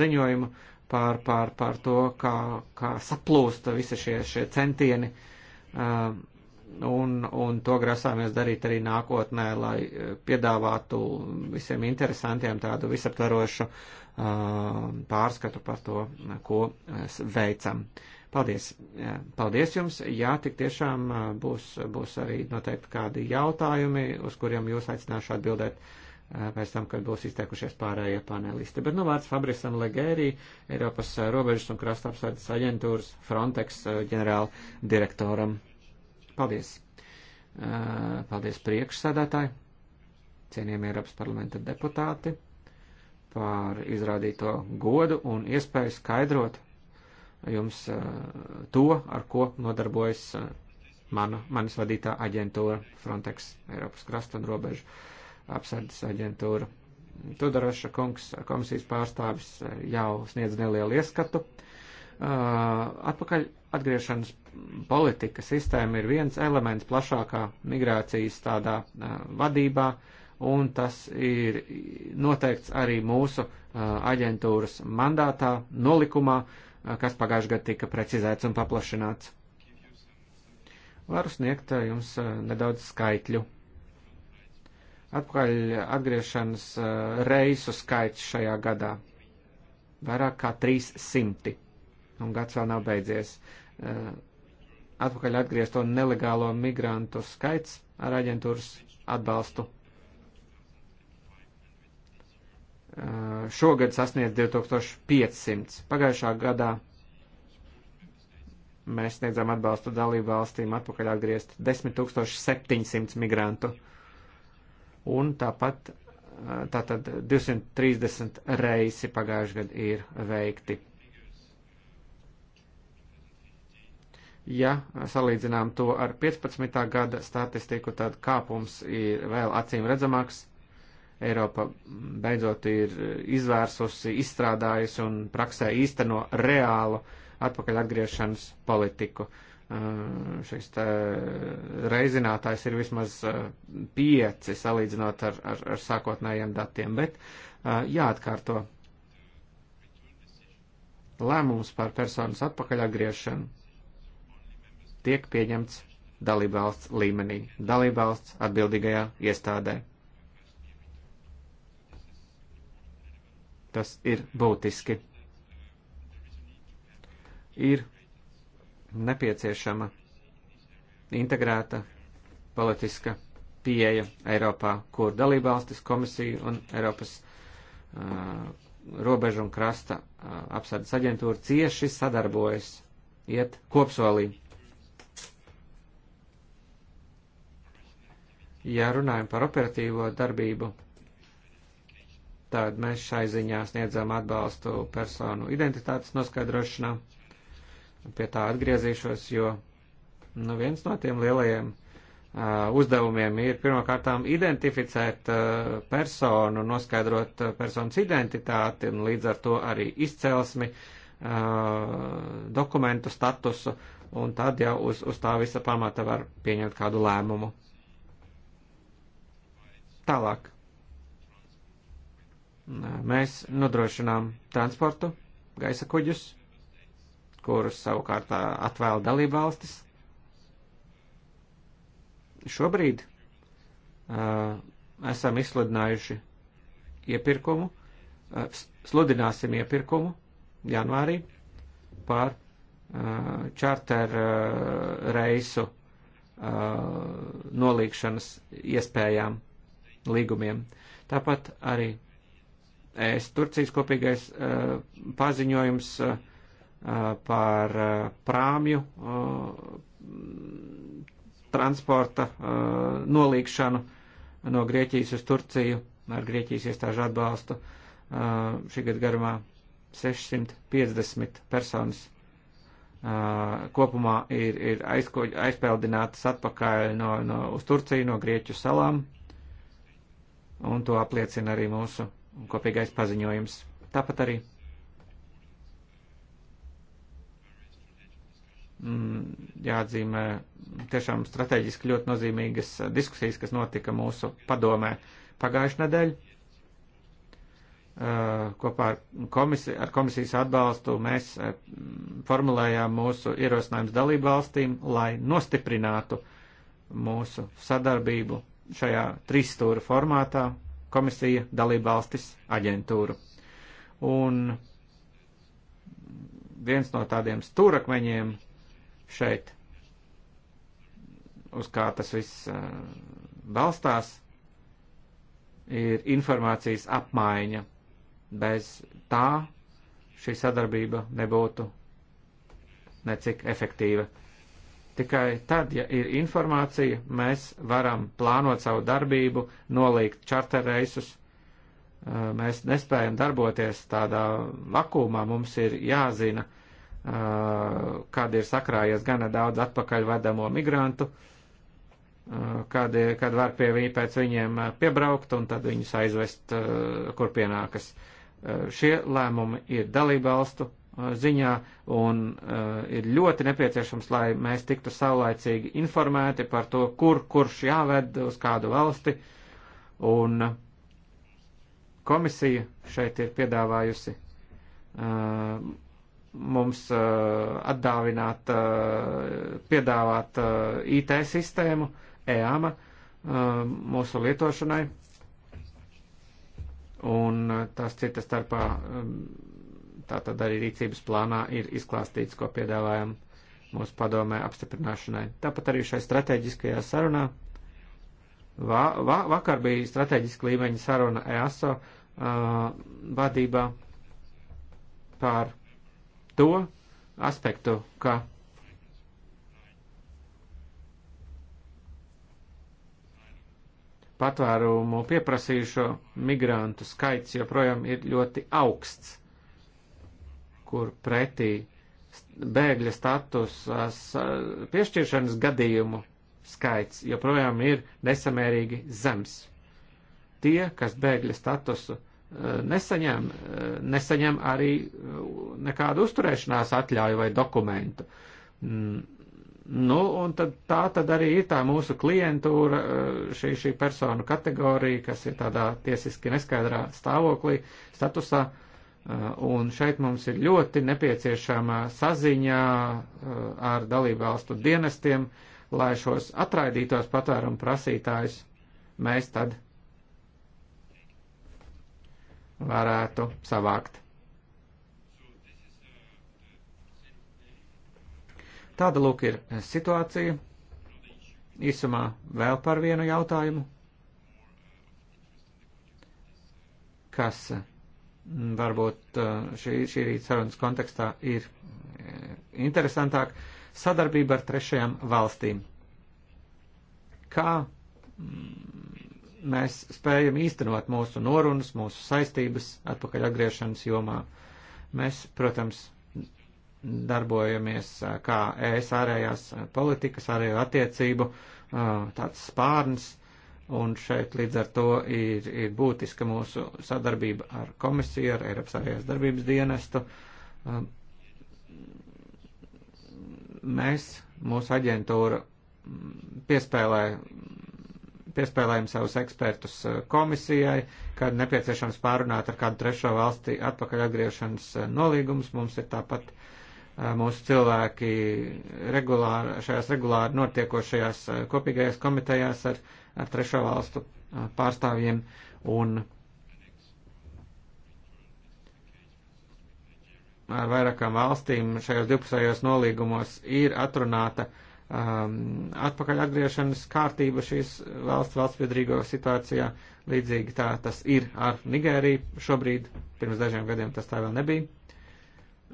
ziņojumu par, par, par to, kā, kā saplūsta visi šie, šie centieni un, un to grasāmies darīt arī nākotnē, lai eh, piedāvātu visiem interesantiem tādu visaptvarošu uh, eh, pārskatu par to, eh, ko veicam. Paldies! Paldies jums! Jā, tik tiešām būs, būs arī noteikti kādi jautājumi, uz kuriem jūs aicināšu atbildēt pēc tam, kad būs izteikušies pārējie panelisti. Bet nu vārds Fabrisam Legērī, Eiropas robežas un krasta apsardzes aģentūras Frontex ģenerāla direktoram. Paldies! Eh, paldies priekšsēdētāji, cienījamie Eiropas parlamenta deputāti par izrādīto godu un iespēju skaidrot jums eh, to, ar ko nodarbojas eh, mana, manis vadītā aģentūra Frontex, Eiropas krasta un robežu apsardzes aģentūra. Tudoraša kungs, komisijas pārstāvis, jau sniedz nelielu ieskatu. Atpakaļ atgriešanas politika sistēma ir viens elements plašākā migrācijas tādā vadībā, un tas ir noteikts arī mūsu aģentūras mandātā, nolikumā, kas pagājušajā gadā tika precizēts un paplašināts. Varu sniegt jums nedaudz skaitļu. Atpakaļ atgriešanas reisu skaits šajā gadā - vairāk kā 300 un gads vēl nav beidzies. Eh, atpakaļ atgriezto nelegālo migrantu skaits ar aģentūras atbalstu eh, šogad sasniedz 2500. Pagājušā gadā mēs sniedzām atbalstu dalību valstīm atpakaļ atgriezt 10700 migrantu. Un tāpat eh, tātad 230 reisi pagājušajā gadā ir veikti. Ja salīdzinām to ar 15. gada statistiku, tad kāpums ir vēl acīm redzamāks. Eiropa beidzot ir izvērsusi, izstrādājusi un praksē īsteno reālu atpakaļ atgriešanas politiku. Šis reizinātājs ir vismaz pieci salīdzinot ar, ar, ar sākotnējiem datiem, bet jāatkārto lēmums par personas atpakaļ atgriešanu tiek pieņemts dalībvalsts līmenī, dalībvalsts atbildīgajā iestādē. Tas ir būtiski. Ir nepieciešama integrēta politiska pieeja Eiropā, kur dalībvalstis komisija un Eiropas uh, robežu un krasta uh, apsardzes aģentūra cieši sadarbojas, iet kopsolī Ja runājam par operatīvo darbību, tad mēs šai ziņā sniedzam atbalstu personu identitātes noskaidrošanā. Pie tā atgriezīšos, jo nu, viens no tiem lielajiem uh, uzdevumiem ir pirmkārtām identificēt uh, personu, noskaidrot uh, personas identitāti un līdz ar to arī izcelsmi, uh, dokumentu statusu, un tad jau uz, uz tā visa pamata var pieņemt kādu lēmumu. Tālāk. Mēs nodrošinām transportu, gaisa kuģus, kurus savukārt atvēla dalība valstis. Šobrīd uh, esam izsludinājuši iepirkumu, uh, sludināsim iepirkumu janvārī par uh, čarter uh, reisu uh, nolīgšanas iespējām līgumiem. Tāpat arī es Turcijas kopīgais uh, paziņojums uh, par uh, prāmju uh, transporta uh, nolīgšanu no Grieķijas uz Turciju ar Grieķijas iestāžu atbalstu uh, šī gada garumā 650 personas uh, kopumā ir, ir aizko, aizpeldinātas atpakaļ no, no, uz Turciju no Grieķu salām. Uh, un to apliecina arī mūsu kopīgais paziņojums. Tāpat arī mm, jāatzīmē tiešām strateģiski ļoti nozīmīgas diskusijas, kas notika mūsu padomē pagājušajā nedēļā. Uh, kopā ar, komisi, ar komisijas atbalstu mēs uh, formulējām mūsu ierosinājumus dalību valstīm, lai nostiprinātu mūsu sadarbību šajā trīsstūra formātā - komisija, dalībvalstis, aģentūra. Un viens no tādiem stūrakmeņiem šeit, uz kā tas viss uh, balstās, ir informācijas apmaiņa. Bez tā šī sadarbība nebūtu necik efektīva. Tikai tad, ja ir informācija, mēs varam plānot savu darbību, nolikt čarterreisus. Uh, mēs nespējam darboties tādā vakumā, mums ir jāzina, uh, kad ir sakrājies gana daudz atpakaļ vedamo migrantu, uh, kad, kad var pie viņi pēc viņiem piebraukt un tad viņus aizvest, kur pienākas. Šie lēmumi ir dalībvalstu Uh, ziņā un uh, ir ļoti nepieciešams, lai mēs tiktu saulaicīgi informēti par to, kur kurš jāved uz kādu valsti. Un komisija šeit ir piedāvājusi uh, mums uh, atdāvināt, uh, piedāvāt uh, IT sistēmu, EAMA, uh, mūsu lietošanai. Un uh, tās citas starpā. Um, Tātad arī rīcības plānā ir izklāstīts, ko piedāvājam mūsu padomē apstiprināšanai. Tāpat arī šai strateģiskajā sarunā. Va, va, vakar bija strateģiska līmeņa saruna EASO uh, vadībā par to aspektu, ka patvērumu pieprasījušo migrantu skaits joprojām ir ļoti augsts kur pretī bēgļa status piešķiršanas gadījumu skaits joprojām ir nesamērīgi zems. Tie, kas bēgļa statusu nesaņem, nesaņem arī nekādu uzturēšanās atļauju vai dokumentu. Nu, un tad, tā tad arī ir tā mūsu klientūra, šī, šī personu kategorija, kas ir tādā tiesiski neskaidrā stāvoklī, statusā, uh, Uh, un šeit mums ir ļoti nepieciešama saziņā uh, ar dalībvalstu dienestiem, lai šos atraidītos patvērumu prasītājus mēs tad varētu savākt. Tāda lūk ir situācija. Īsumā vēl par vienu jautājumu, kas varbūt uh, šī, šī rīta sarunas kontekstā ir uh, interesantāk - sadarbība ar trešajām valstīm. Kā mm, mēs spējam īstenot mūsu norunas, mūsu saistības atpakaļ atgriešanas jomā? Mēs, protams, darbojamies uh, kā ES ārējās politikas, ārējo attiecību, tāds spārns Un šeit līdz ar to ir, ir būtiska mūsu sadarbība ar komisiju, ar Eiropas ārējās darbības dienestu. Um, mēs, mūsu aģentūra, mm, piespēlē, piespēlējam savus ekspertus uh, komisijai, kad nepieciešams pārunāt ar kādu trešo valsti atpakaļ atgriešanas uh, nolīgumus. Mums ir tāpat Eh, mūsu cilvēki regulāri, šajās regulāri notiekošajās eh, kopīgajās komitejās ar, ar trešo valstu eh, pārstāvjiem un ar vairākām valstīm šajos divpusējos nolīgumos ir atrunāta um, atpakaļ atgriešanas kārtība šīs valsts valstspiedrīgo situācijā. Līdzīgi tā tas ir ar Nigēriju šobrīd, pirms dažiem gadiem tas tā vēl nebija.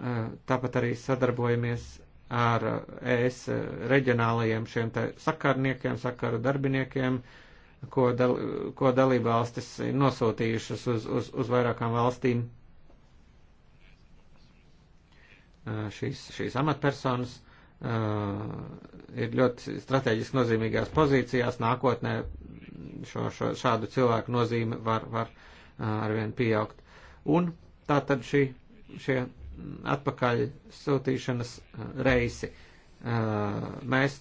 Eh, tāpat arī sadarbojamies ar ES reģionālajiem šiem te sakarniekiem, sakaru darbiniekiem, ko, dal, ko dalībvalstis ir nosūtījušas uz, uz, uz vairākām valstīm. Eh, šīs, šīs amatpersonas eh, ir ļoti strateģiski nozīmīgās pozīcijās. Nākotnē šo, šo, šādu cilvēku nozīme var, var arvien pieaugt. Un tā tad šī, šie atpakaļ sūtīšanas uh, reisi. Uh, mēs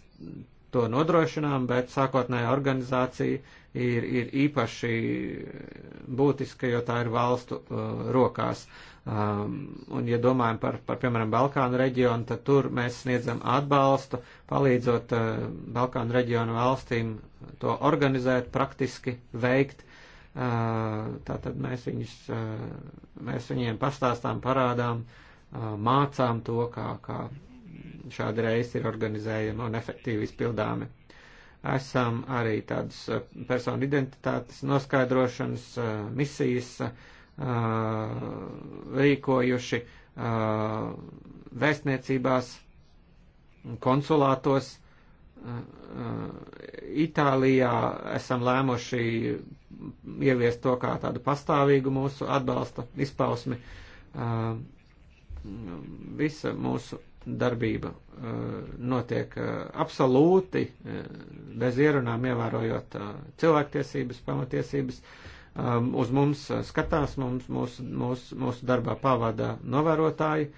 to nodrošinām, bet sākotnējā organizācija ir, ir īpaši būtiska, jo tā ir valstu uh, rokās. Um, un, ja domājam par, par, piemēram, Balkānu reģionu, tad tur mēs sniedzam atbalstu, palīdzot Balkānu reģionu valstīm to organizēt, praktiski veikt tātad mēs, viņus, mēs viņiem pastāstām, parādām, mācām to, kā, kā šādi reisi ir organizējami un efektīvi izpildāmi. Esam arī tādas eh, personu identitātes noskaidrošanas eh, misijas eh, rīkojuši vēstniecībās, konsulātos. Itālijā esam lēmuši ieviest to kā tādu pastāvīgu mūsu atbalsta izpausmi. Uh, visa mūsu darbība uh, notiek uh, absolūti uh, bez ierunām, ievērojot cilvēktiesības, pamatiesības. Um, uz mums skatās, mums, mūsu, mūsu, mūsu darbā pavada novērotāji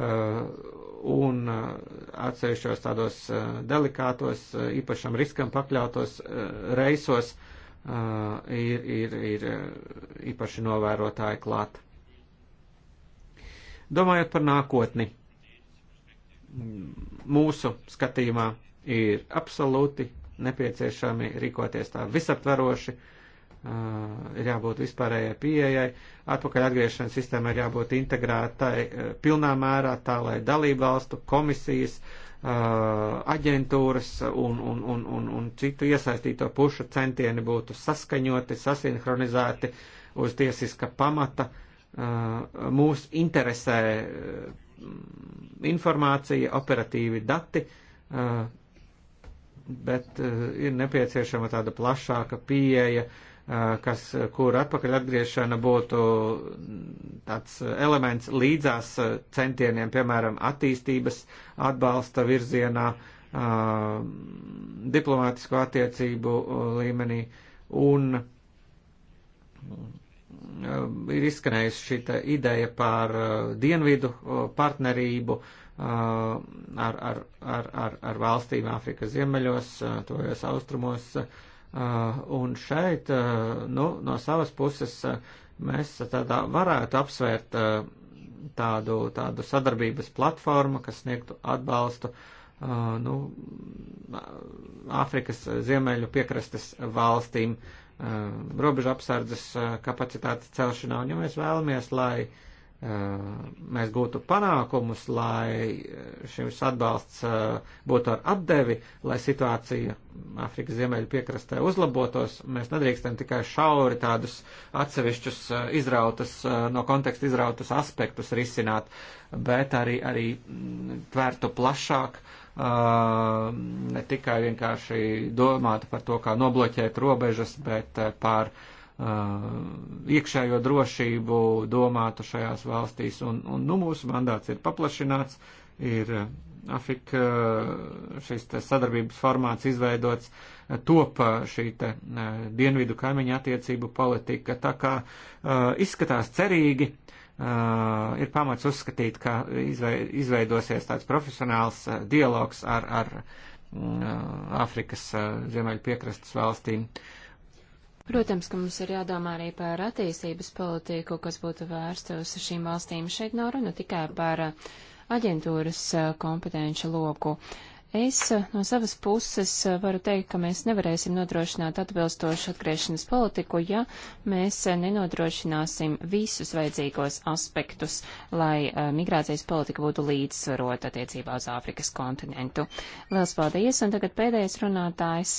un atsevišķos tādos delikātos, īpašam riskam pakļautos reisos ir, ir, ir īpaši novērotāji klāta. Domājot par nākotni, mūsu skatījumā ir absolūti nepieciešami rīkoties tā visaptveroši, ir jābūt vispārējai pieejai, atpakaļ atgriešanas sistēma ir jābūt integrētai pilnā mērā, tā lai dalību valstu komisijas, aģentūras un, un, un, un, un citu iesaistīto pušu centieni būtu saskaņoti, sasinhronizēti uz tiesiska pamata, uh, Eh, mūs interesē eh, informācija, operatīvi dati, eh, bet ir nepieciešama tāda plašāka pieeja, kas, kur atpakaļ atgriešana būtu tāds elements līdzās centieniem, piemēram, attīstības atbalsta virzienā, diplomātisko attiecību līmenī un Eh, ir izskanējusi šī ideja par eh, dienvidu eh, partnerību ar, ar, ar, ar, ar valstīm Āfrikas ziemeļos, tojos austrumos. Un šeit nu, no savas puses mēs tādā varētu apsvērt tādu, tādu sadarbības platformu, kas sniegtu atbalstu nu, Āfrikas ziemeļu piekrastes valstīm. Uh, Uh, robežu apsardzes uh, kapacitātes celšanā, un ja mēs vēlamies, lai uh, mēs gūtu panākumus, lai šis atbalsts būtu ar atdevi, lai situācija Afrikas ziemeļu piekrastē uzlabotos, mēs nedrīkstam tikai šauri tādus atsevišķus izrautas, no konteksta izrautas aspektus risināt, bet arī, arī mm, tvērtu plašāk uh, ne tikai vienkārši domāta par to, kā nobloķēt robežas, bet par iekšējo drošību domātu šajās valstīs. Un, un nu, mūsu mandāts ir paplašināts, ir Afrika šis sadarbības formāts izveidots, topa šī te dienvidu kaimiņa attiecību politika. Tā kā izskatās cerīgi, uh, uh, ir pamats uzskatīt, ka izveidosies tāds profesionāls uh, dialogs ar, ar Āfrikas mm, uh, uh ziemeļu piekrastes valstīm. Protams, ka mums ir jādomā arī par attīstības politiku, kas būtu vērsta uz šīm valstīm. Šeit nav runa tikai par uh, aģentūras uh, kompetenci loku. Uh, Es eh, no savas puses eh, varu teikt, ka mēs nevarēsim nodrošināt atbilstošu atgriešanas politiku, ja mēs eh, nenodrošināsim visus vajadzīgos aspektus, lai uh, migrācijas politika būtu līdzsvarot attiecībā uz Āfrikas kontinentu. Lielas paldies, un tagad pēdējais runātājs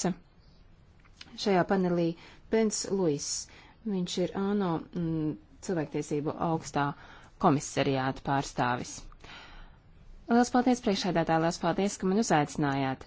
šajā panelī Pens Luis. Viņš ir ANO mm, cilvēktiesību augstā komisariāta pārstāvis. Lielas paldies priekšēdētā, lielas paldies, ka man uzaicinājāt.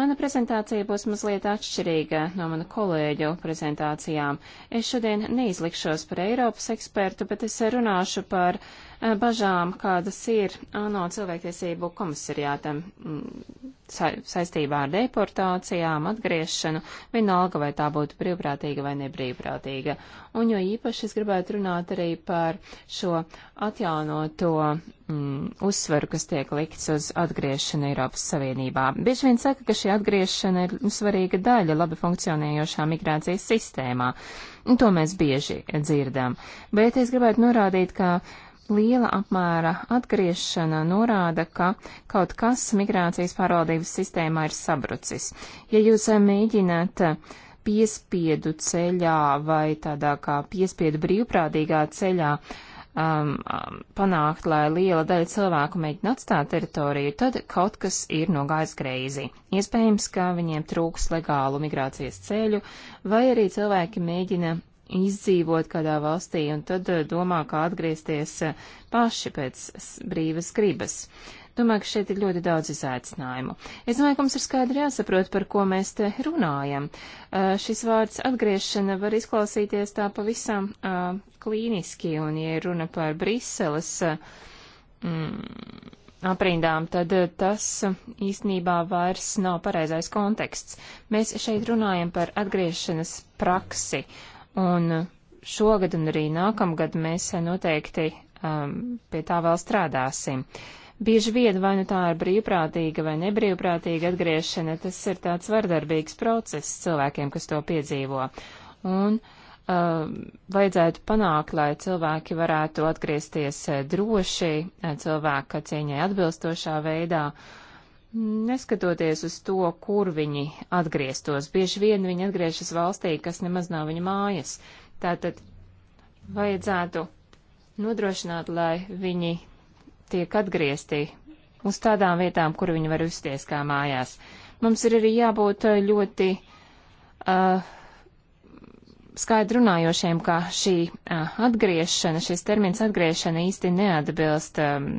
Mana prezentācija būs mazliet atšķirīga no mana kolēģu prezentācijām. Es šodien neizlikšos par Eiropas ekspertu, bet es runāšu par uh, Eh, bažām, kādas ir ANO cilvēktiesību komisariātam mm, sa saistībā ar deportācijām, atgriešanu, vienalga vai tā būtu brīvprātīga vai nebrīvprātīga. Un jo īpaši es gribētu runāt arī par šo atjaunoto mm, uzsveru, kas tiek likts uz atgriešanu Eiropas Savienībā. Bieži vien saka, ka šī atgriešana ir svarīga daļa labi funkcionējošā migrācijas sistēmā. Un to mēs bieži dzirdam. Bet es gribētu norādīt, ka uh, liela apmēra atgriešana norāda, ka kaut kas migrācijas pārvaldības sistēmā ir sabrucis. Ja jūs eh, mēģināt eh, piespiedu ceļā vai tādā kā piespiedu brīvprātīgā ceļā um, um panākt, lai liela daļa cilvēku mēģina atstāt teritoriju, tad kaut kas ir nogājis greizi. Iespējams, ka viņiem trūks legālu migrācijas ceļu, vai arī cilvēki mēģina izdzīvot kādā valstī un tad eh, domā, kā atgriezties eh, paši pēc brīvas gribas. Domāju, ka šeit ir ļoti daudz izaicinājumu. Es domāju, ka mums ir skaidri jāsaprot, par ko mēs te runājam. Uh, šis vārds atgriešana var izklausīties tā pavisam uh, klīniski, un ja runa par Briseles uh, mm, aprindām, tad tas īstenībā vairs nav pareizais konteksts. Mēs šeit runājam par atgriešanas praksi, Un šogad un arī nākamgad mēs noteikti um, pie tā vēl strādāsim. Bieži vien vai nu tā ir brīvprātīga vai nebrīvprātīga atgriešana, tas ir tāds vardarbīgs process cilvēkiem, kas to piedzīvo. Un uh, vajadzētu panākt, lai cilvēki varētu atgriezties eh, droši, eh, cilvēka cieņai atbilstošā veidā. Uh, Neskatoties uz to, kur viņi atgrieztos, bieži vien viņi atgriežas valstī, kas nemaz nav viņa mājas. Tātad vajadzētu nodrošināt, lai viņi tiek atgriezti uz tādām vietām, kur viņi var uzties kā mājās. Mums ir arī jābūt eh, ļoti uh, skaidri runājošiem, ka šī uh, atgriešana, šis termins atgriešana īsti neatbilst um,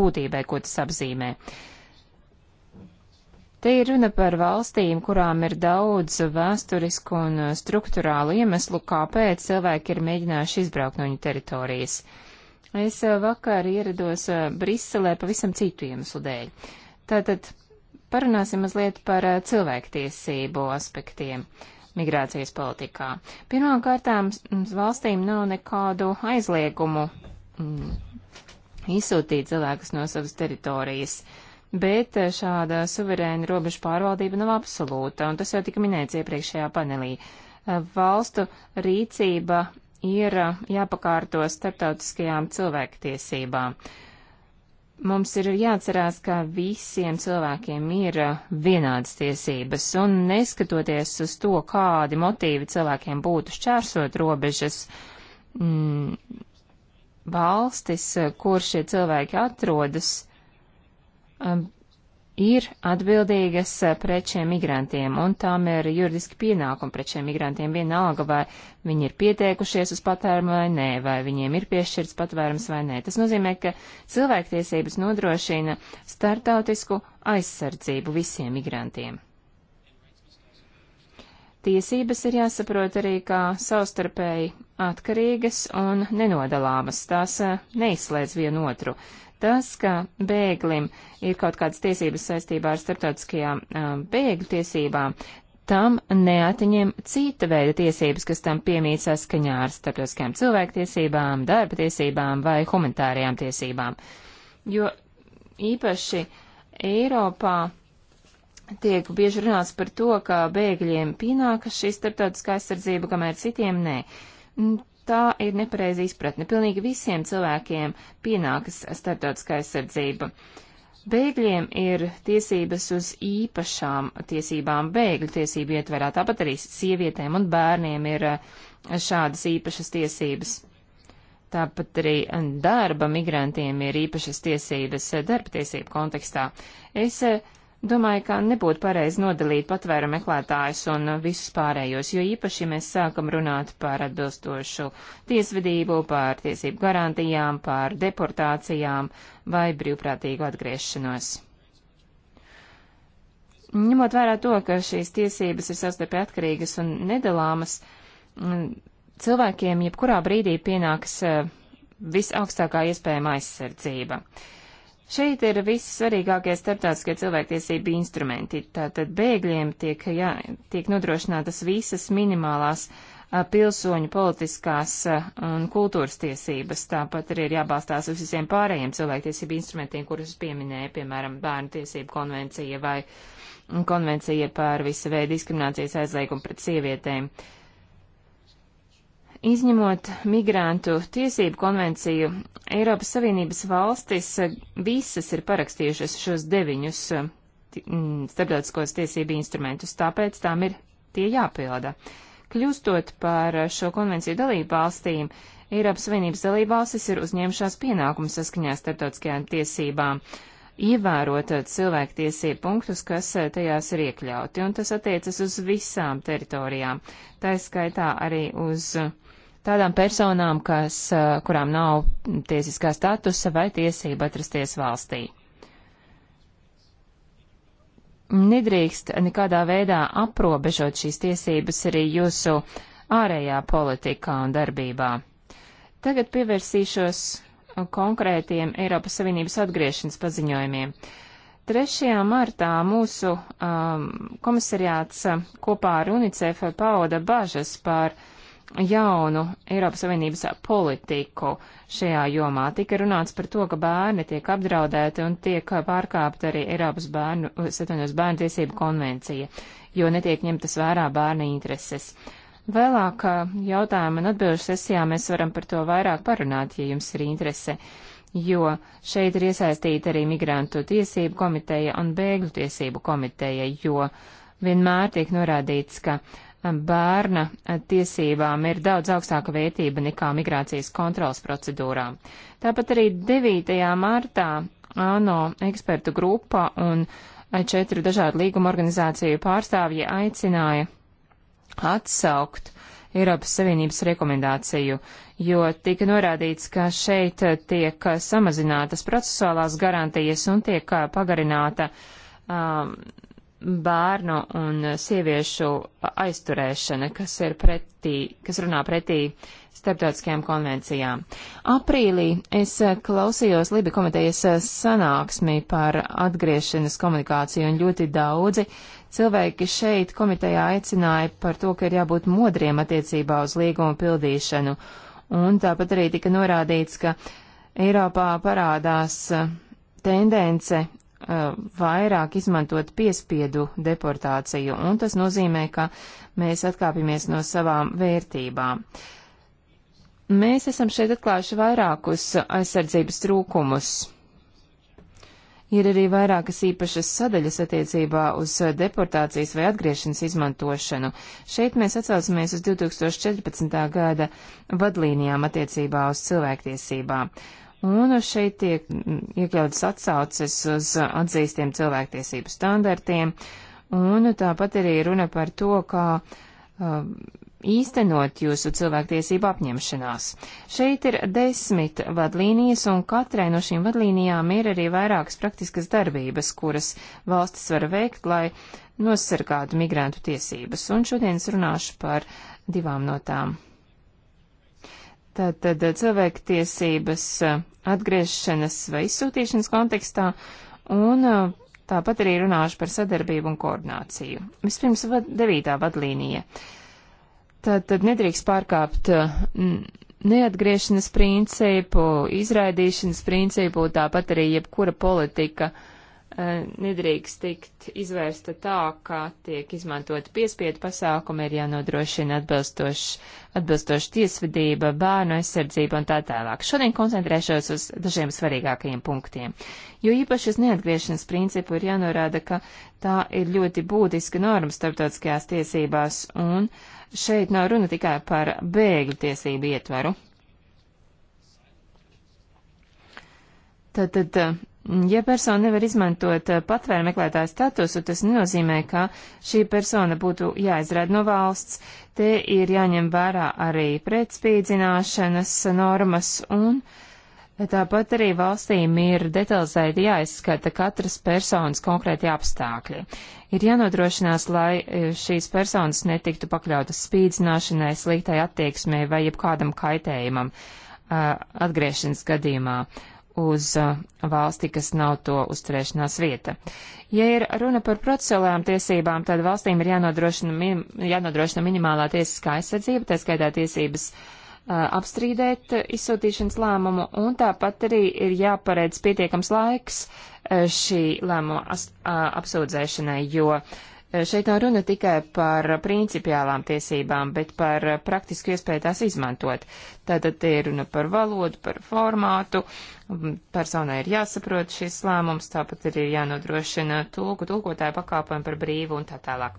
būtībai, ko tas apzīmē. Uh, Te ir runa par valstīm, kurām ir daudz vēsturisku un struktūrālu iemeslu, kāpēc cilvēki ir mēģinājuši izbraukt no viņu teritorijas. Es vakar ierados eh, Briselē pavisam citu iemeslu dēļ. Tātad parunāsim mazliet par eh, cilvēktiesību aspektiem migrācijas politikā. Pirmkārtām valstīm nav nekādu aizliegumu mm, izsūtīt cilvēkus no savas teritorijas. Uh, bet eh, šāda suverēna robežu pārvaldība nav absolūta, un tas jau tika minēts iepriekšējā panelī. Eh, valstu rīcība ir eh, jāpakārto starptautiskajām cilvēktiesībām. Mums ir jāatcerās, ka visiem cilvēkiem ir vienādas tiesības, un neskatoties uz to, kādi motīvi cilvēkiem būtu šķērsot robežas, mm, valstis, kur šie cilvēki atrodas, uh, um, ir atbildīgas uh, pret šiem migrantiem, un tām ir juridiski pienākumi pret šiem migrantiem vienalga, vai viņi ir pieteikušies uz patvērumu vai nē, vai viņiem ir piešķirts patvērums vai nē. Tas nozīmē, ka cilvēktiesības nodrošina startautisku aizsardzību visiem migrantiem. Tiesības ir jāsaprot arī kā savstarpēji atkarīgas un nenodalāmas, tās uh, neizslēdz vienu otru. Tas, ka bēglim ir kaut kādas tiesības saistībā ar starptautiskajām bēgļu tiesībām, tam neatiņem cita veida tiesības, kas tam piemīt saskaņā ar starptautiskajām cilvēktiesībām, darba tiesībām vai humanitārajām tiesībām. Jo īpaši Eiropā tiek bieži runāts par to, ka bēgļiem pienākas šī starptautiskā aizsardzība, kamēr citiem nē tā ir nepareiza izpratne. Pilnīgi visiem cilvēkiem pienākas starptautiskā aizsardzība. Bēgļiem ir tiesības uz īpašām tiesībām bēgļu tiesību ietverā, tāpat arī sievietēm un bērniem ir eh, šādas īpašas tiesības. Tāpat arī eh, darba migrantiem ir īpašas tiesības eh, darba tiesību kontekstā. Es Domāju, ka nebūtu pareizi nodalīt patvēru meklētājus un visus pārējos, jo īpaši mēs sākam runāt par atbilstošu tiesvedību, par tiesību garantijām, par deportācijām vai brīvprātīgu atgriešanos. Ņemot vērā to, ka šīs tiesības ir sastarpē atkarīgas un nedalāmas, cilvēkiem jebkurā brīdī pienāks eh, visaugstākā iespējama aizsardzība. Uh, Šeit ir viss svarīgākie starptautiskie cilvēktiesību instrumenti. Tātad bēgļiem tiek, jā, tiek nodrošinātas visas minimālās a, pilsoņu politiskās a, un kultūras tiesības. Tāpat arī ir jābalstās uz visiem pārējiem cilvēktiesību instrumentiem, kurus pieminēja, piemēram, bērnu tiesību konvencija vai konvencija par visu veidu diskriminācijas aizliegumu pret sievietēm. Uh, Izņemot migrantu tiesību konvenciju, Eiropas Savienības valstis eh, visas ir parakstījušas šos deviņus eh, mm, starptautiskos tiesību instrumentus, tāpēc tām ir tie jāpilda. Kļūstot par šo konvenciju dalību valstīm, Eiropas Savienības dalību valstis ir uzņēmušās pienākumus saskaņā starptautiskajām tiesībām ievērot eh, cilvēktiesību punktus, kas tajās ir iekļauti, un tas attiecas uz visām teritorijām, tā skaitā arī uz uh, tādām personām, kas, kurām nav tiesiskā statusa vai tiesība atrasties valstī. Nedrīkst nekādā veidā aprobežot šīs tiesības arī jūsu ārējā politikā un darbībā. Tagad pievērsīšos konkrētiem Eiropas Savienības atgriešanas paziņojumiem. 3. martā mūsu um, komisariāts kopā ar UNICEF pauda bažas par uh, jaunu Eiropas Savienības politiku šajā jomā. Tika runāts par to, ka bērni tiek apdraudēti un tiek pārkāpta arī Eiropas bērnu, Savienības bērnu tiesību konvencija, jo netiek ņemtas vērā bērna intereses. Vēlāk uh, jautājuma un atbilžu sesijā mēs varam par to vairāk parunāt, ja jums ir interese, jo šeit ir iesaistīta arī migrantu tiesību komiteja un bēgļu tiesību komiteja, jo vienmēr tiek norādīts, ka uh, bērna tiesībām ir daudz augstāka vērtība nekā migrācijas kontrolas procedūrām. Tāpat arī 9. martā ANO ekspertu grupa un četru dažādu līguma organizāciju pārstāvji aicināja atsaukt Eiropas Savienības rekomendāciju, jo tika norādīts, ka šeit tiek samazinātas procesuālās garantijas un tiek pagarināta um, bērnu un sieviešu aizturēšana, kas, ir pretī, kas runā pretī starptautiskajām konvencijām. Aprīlī es klausījos Libi komitejas sanāksmi par atgriešanas komunikāciju un ļoti daudzi cilvēki šeit komitejā aicināja par to, ka ir jābūt modriem attiecībā uz līgumu pildīšanu. Un tāpat arī tika norādīts, ka Eiropā parādās tendence Uh, vairāk izmantot piespiedu deportāciju, un tas nozīmē, ka mēs atkāpjamies no savām vērtībām. Mēs esam šeit atklājuši vairākus aizsardzības trūkumus. Ir arī vairākas īpašas sadaļas attiecībā uz deportācijas vai atgriešanas izmantošanu. Šeit mēs atsaucamies uz 2014. gada vadlīnijām attiecībā uz cilvēktiesībām. Un šeit tiek mm, iekļautas atsauces uz atzīstiem cilvēktiesību standartiem, un tāpat arī runa par to, kā uh, īstenot jūsu cilvēktiesību apņemšanās. Šeit ir desmit vadlīnijas, un katrai no šīm vadlīnijām ir arī vairākas praktiskas darbības, kuras valstis var veikt, lai nosargātu migrantu tiesības, un šodien es runāšu par divām no tām. Tātad cilvēktiesības eh, atgriešanas vai izsūtīšanas kontekstā un eh, tāpat arī runāšu par sadarbību un koordināciju. Vispirms vad, devītā vadlīnija. Tātad nedrīkst pārkāpt eh, neatgriešanas principu, izraidīšanas principu, tāpat arī jebkura politika uh, Eh, nedrīkst tikt izvērsta tā, ka tiek izmantoti piespiedu pasākumi, ir jānodrošina atbilstoša tiesvedība, bērnu aizsardzība un tā tālāk. Šodien koncentrēšos uz dažiem svarīgākajiem punktiem, jo īpaši uz neatgriešanas principu ir jānorāda, ka tā ir ļoti būtiska norma starptautiskajās tiesībās, un šeit nav runa tikai par bēgļu tiesību ietvaru. Tad, tad Ja persona nevar izmantot eh, patvēru meklētāju statusu, tas nenozīmē, ka šī persona būtu jāizrāda no valsts. Te ir jāņem vērā arī pretspīdzināšanas normas un tāpat arī valstīm ir detalizēti jāizskata katras personas konkrēti apstākļi. Ir jānodrošinās, lai eh, šīs personas netiktu pakļautas spīdzināšanai, sliktai attieksmei vai jebkādam kaitējumam eh, atgriešanas gadījumā. Uh, uz uh, valsti, kas nav to uzturēšanās vieta. Ja ir runa par procesuālām tiesībām, tad valstīm ir jānodrošina, minim, jānodrošina minimālā tiesiskā aizsardzība, tā skaitā tiesības uh, apstrīdēt uh, izsūtīšanas lēmumu, un tāpat arī ir jāparedz pietiekams laiks šī lēmuma apsūdzēšanai, jo uh, Eh, šeit nav runa tikai par principiālām tiesībām, bet par praktisku iespēju tās izmantot. Tātad te ir runa par valodu, par formātu, mm, personai ir jāsaprot šis lēmums, tāpat arī ir jānodrošina tulku, tulkotāju pakāpojumu par brīvu un tā tālāk.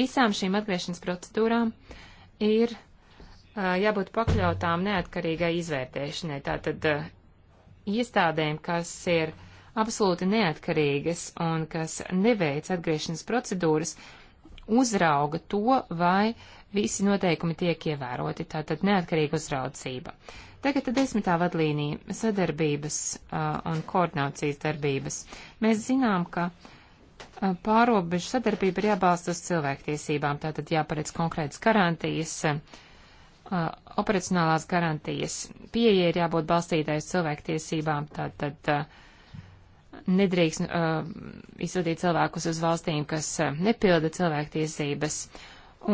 Visām šīm atgriešanas procedūrām ir eh, jābūt pakļautām neatkarīgai izvērtēšanai. Tātad eh, iestādēm, kas ir uh, absolūti neatkarīgas un kas neveic atgriešanas procedūras, uzrauga to, vai visi noteikumi tiek ievēroti, tātad neatkarīga uzraudzība. Tagad desmitā vadlīnija sadarbības uh, un koordinācijas darbības. Mēs zinām, ka uh, pārobežu sadarbība ir jābalsta uz cilvēktiesībām, tātad jāparedz konkrētas garantijas, uh, operacionālās garantijas. Pieeja ir jābūt balstītājas cilvēktiesībām, tātad uh, nedrīkst uh, izsūtīt cilvēkus uz valstīm, kas uh, nepilda cilvēktiesības.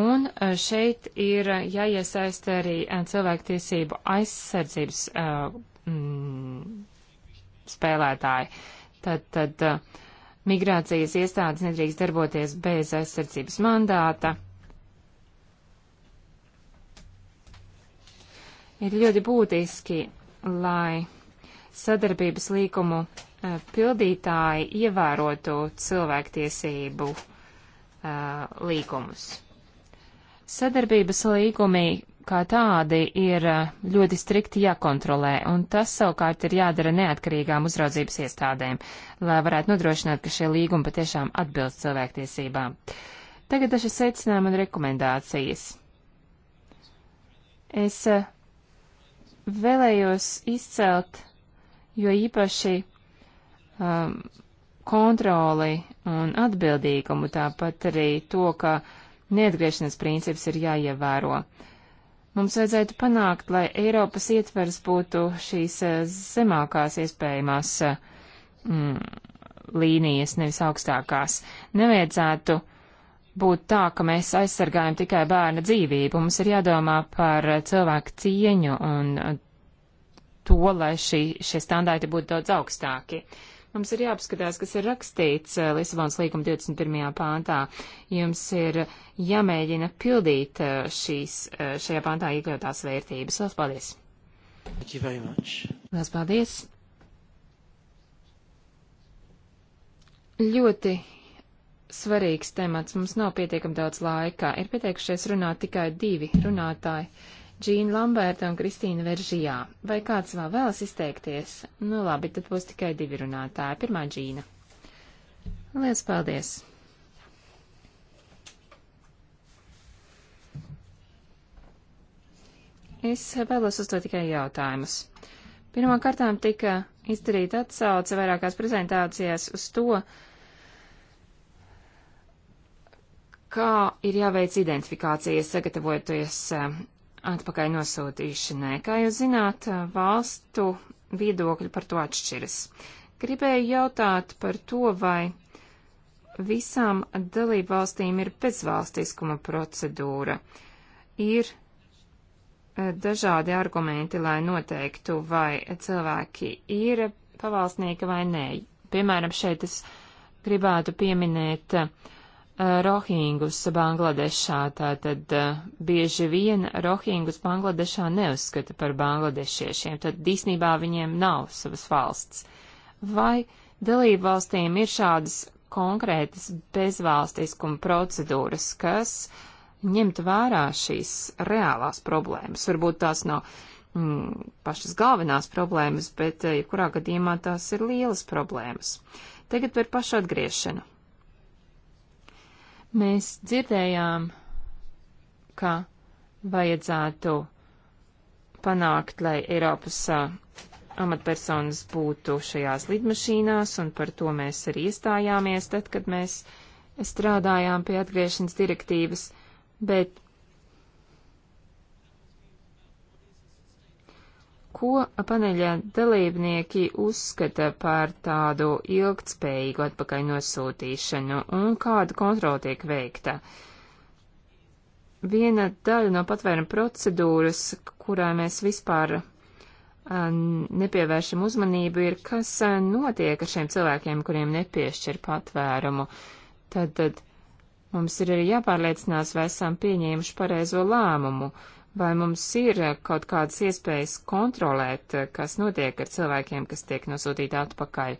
Un uh, šeit ir uh, jāiesaista arī uh, cilvēktiesību aizsardzības uh, mm, spēlētāji. Tad, tad uh, migrācijas iestādes nedrīkst darboties bez aizsardzības mandāta. Ir ļoti būtiski, lai sadarbības līkumu Eh, pildītāji ievērotu cilvēktiesību uh, līgumus. Sadarbības līgumi kā tādi ir eh, ļoti strikti jākontrolē, un tas savukārt ir jādara neatkarīgām uzraudzības iestādēm, lai varētu nodrošināt, ka šie līgumi patiešām atbilst cilvēktiesībām. Tagad daži secinājumi un rekomendācijas. Es vēlējos izcelt, jo īpaši um, kontroli un atbildīgumu, tāpat arī to, ka neatgriešanas princips ir jāievēro. Mums vajadzētu panākt, lai Eiropas ietvers būtu šīs uh, zemākās iespējamās uh, mm, līnijas, nevis augstākās. Nevajadzētu būt tā, ka mēs aizsargājam tikai bērna dzīvību. Mums ir jādomā par uh, cilvēku cieņu un to, lai šī, šie standarti būtu daudz augstāki. Uh, Mums ir jāapskatās, kas ir rakstīts eh, Lisabonas līguma 21. pāntā. Jums ir jāmēģina pildīt eh, šīs, eh, šajā pāntā iekļautās vērtības. Lielas paldies! Lielas paldies! Ļoti svarīgs temats. Mums nav pietiekam daudz laika. Ir pieteikušies runāt tikai divi runātāji. Džīna Lamberta un Kristīna Veržijā. Vai kāds vēl vēlas izteikties? Nu labi, tad būs tikai divi runātāji. Pirmā Džīna. Lielas paldies! Es vēlos uzdot tikai jautājumus. Pirmā kārtām tika izdarīta atsauce vairākās prezentācijās uz to, kā ir jāveic identifikācija, sagatavojoties atpakaļ nosūtīšanai. Kā jūs zināt, valstu viedokļi par to atšķiras. Gribēju jautāt par to, vai visām dalību valstīm ir bezvalstiskuma procedūra. Ir e, dažādi argumenti, lai noteiktu, vai cilvēki ir pavalstnieki vai nē. Piemēram, šeit es gribētu pieminēt uh, Uh, rohingus Bangladešā, tātad uh, bieži vien rohingus Bangladešā neuzskata par bangladešiešiem, tad īsnībā viņiem nav savas valsts. Vai dalību valstīm ir šādas konkrētas bezvalstiskuma procedūras, kas ņemt vērā šīs reālās problēmas? Varbūt tās nav mm, pašas galvenās problēmas, bet uh, jebkurā gadījumā tās ir lielas problēmas. Tagad par pašu atgriešanu. Mēs dzirdējām, ka vajadzētu panākt, lai Eiropas uh, amatpersonas būtu šajās lidmašīnās, un par to mēs arī iestājāmies tad, kad mēs strādājām pie atgriešanas direktīvas, bet Ko paneļa dalībnieki uzskata par tādu ilgtspējīgu atpakaļ nosūtīšanu un kādu kontroli tiek veikta? Viena daļa no patvēruma procedūras, kurā mēs vispār nepievēršam uzmanību, ir, kas notiek ar šiem cilvēkiem, kuriem nepiešķir patvērumu. Tad, tad mums ir arī jāpārliecinās, vai esam pieņēmuši pareizo lēmumu. Uh, vai mums ir eh, kaut kādas iespējas kontrolēt, eh, kas notiek ar cilvēkiem, kas tiek nosūtīti atpakaļ.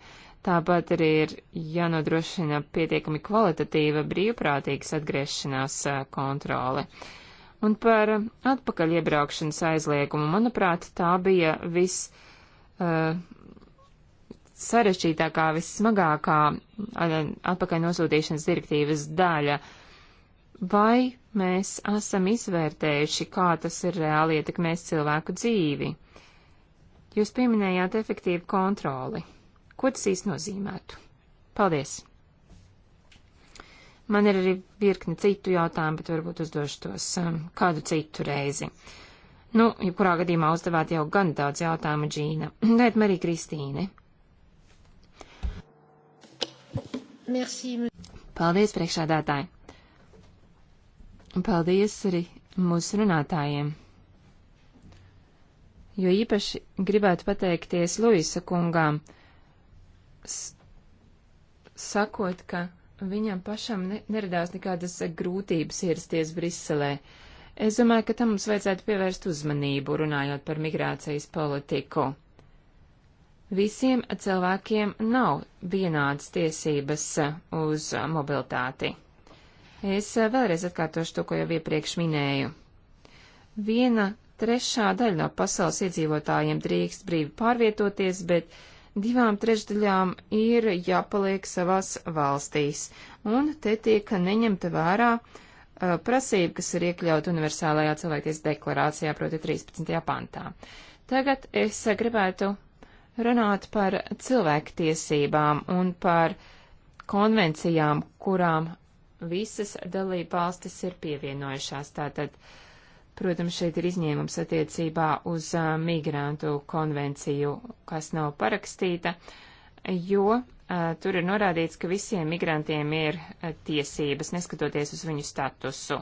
Tāpat arī ir jānodrošina pietiekami kvalitatīva brīvprātīgas atgriešanās eh, kontrole. Un par atpakaļ iebraukšanas aizliegumu, manuprāt, tā bija viss. Uh, sarežģītākā, vissmagākā atpakaļ nosūtīšanas direktīvas daļa, vai mēs esam izvērtējuši, kā tas ir reāli ietekmēs cilvēku dzīvi. Jūs pieminējāt efektīvu kontroli. Ko tas īsti nozīmētu? Paldies! Man ir arī virkni citu jautājumu, bet varbūt uzdošu tos um, kādu citu reizi. Nu, jebkurā ja gadījumā uzdevāt jau gan daudz jautājumu, Džīna. Dēt Marija Kristīne. Merci. Paldies, priekšādātāji! Un paldies arī mūsu runātājiem. Jo īpaši gribētu pateikties Luisa kungām, sakot, ka viņam pašam ne neradās nekādas grūtības ierasties Briselē. Es domāju, ka tam mums vajadzētu pievērst uzmanību, runājot par migrācijas politiku. Visiem cilvēkiem nav vienādas tiesības uz mobilitāti. Es eh, vēlreiz atkārtošu to, ko jau iepriekš minēju. Viena trešā daļa no pasaules iedzīvotājiem drīkst brīvi pārvietoties, bet divām trešdaļām ir jāpaliek savās valstīs, un te tiek neņemta vērā uh, prasība, kas ir iekļauta universālajā cilvēkties deklarācijā, proti 13. pantā. Tagad es eh, gribētu runāt par cilvēktiesībām un par konvencijām, kurām visas dalībvalstis ir pievienojušās. Tātad, protams, šeit ir izņēmums attiecībā uz uh, migrantu konvenciju, kas nav parakstīta, jo uh, tur ir norādīts, ka visiem migrantiem ir uh, tiesības, neskatoties uz viņu statusu.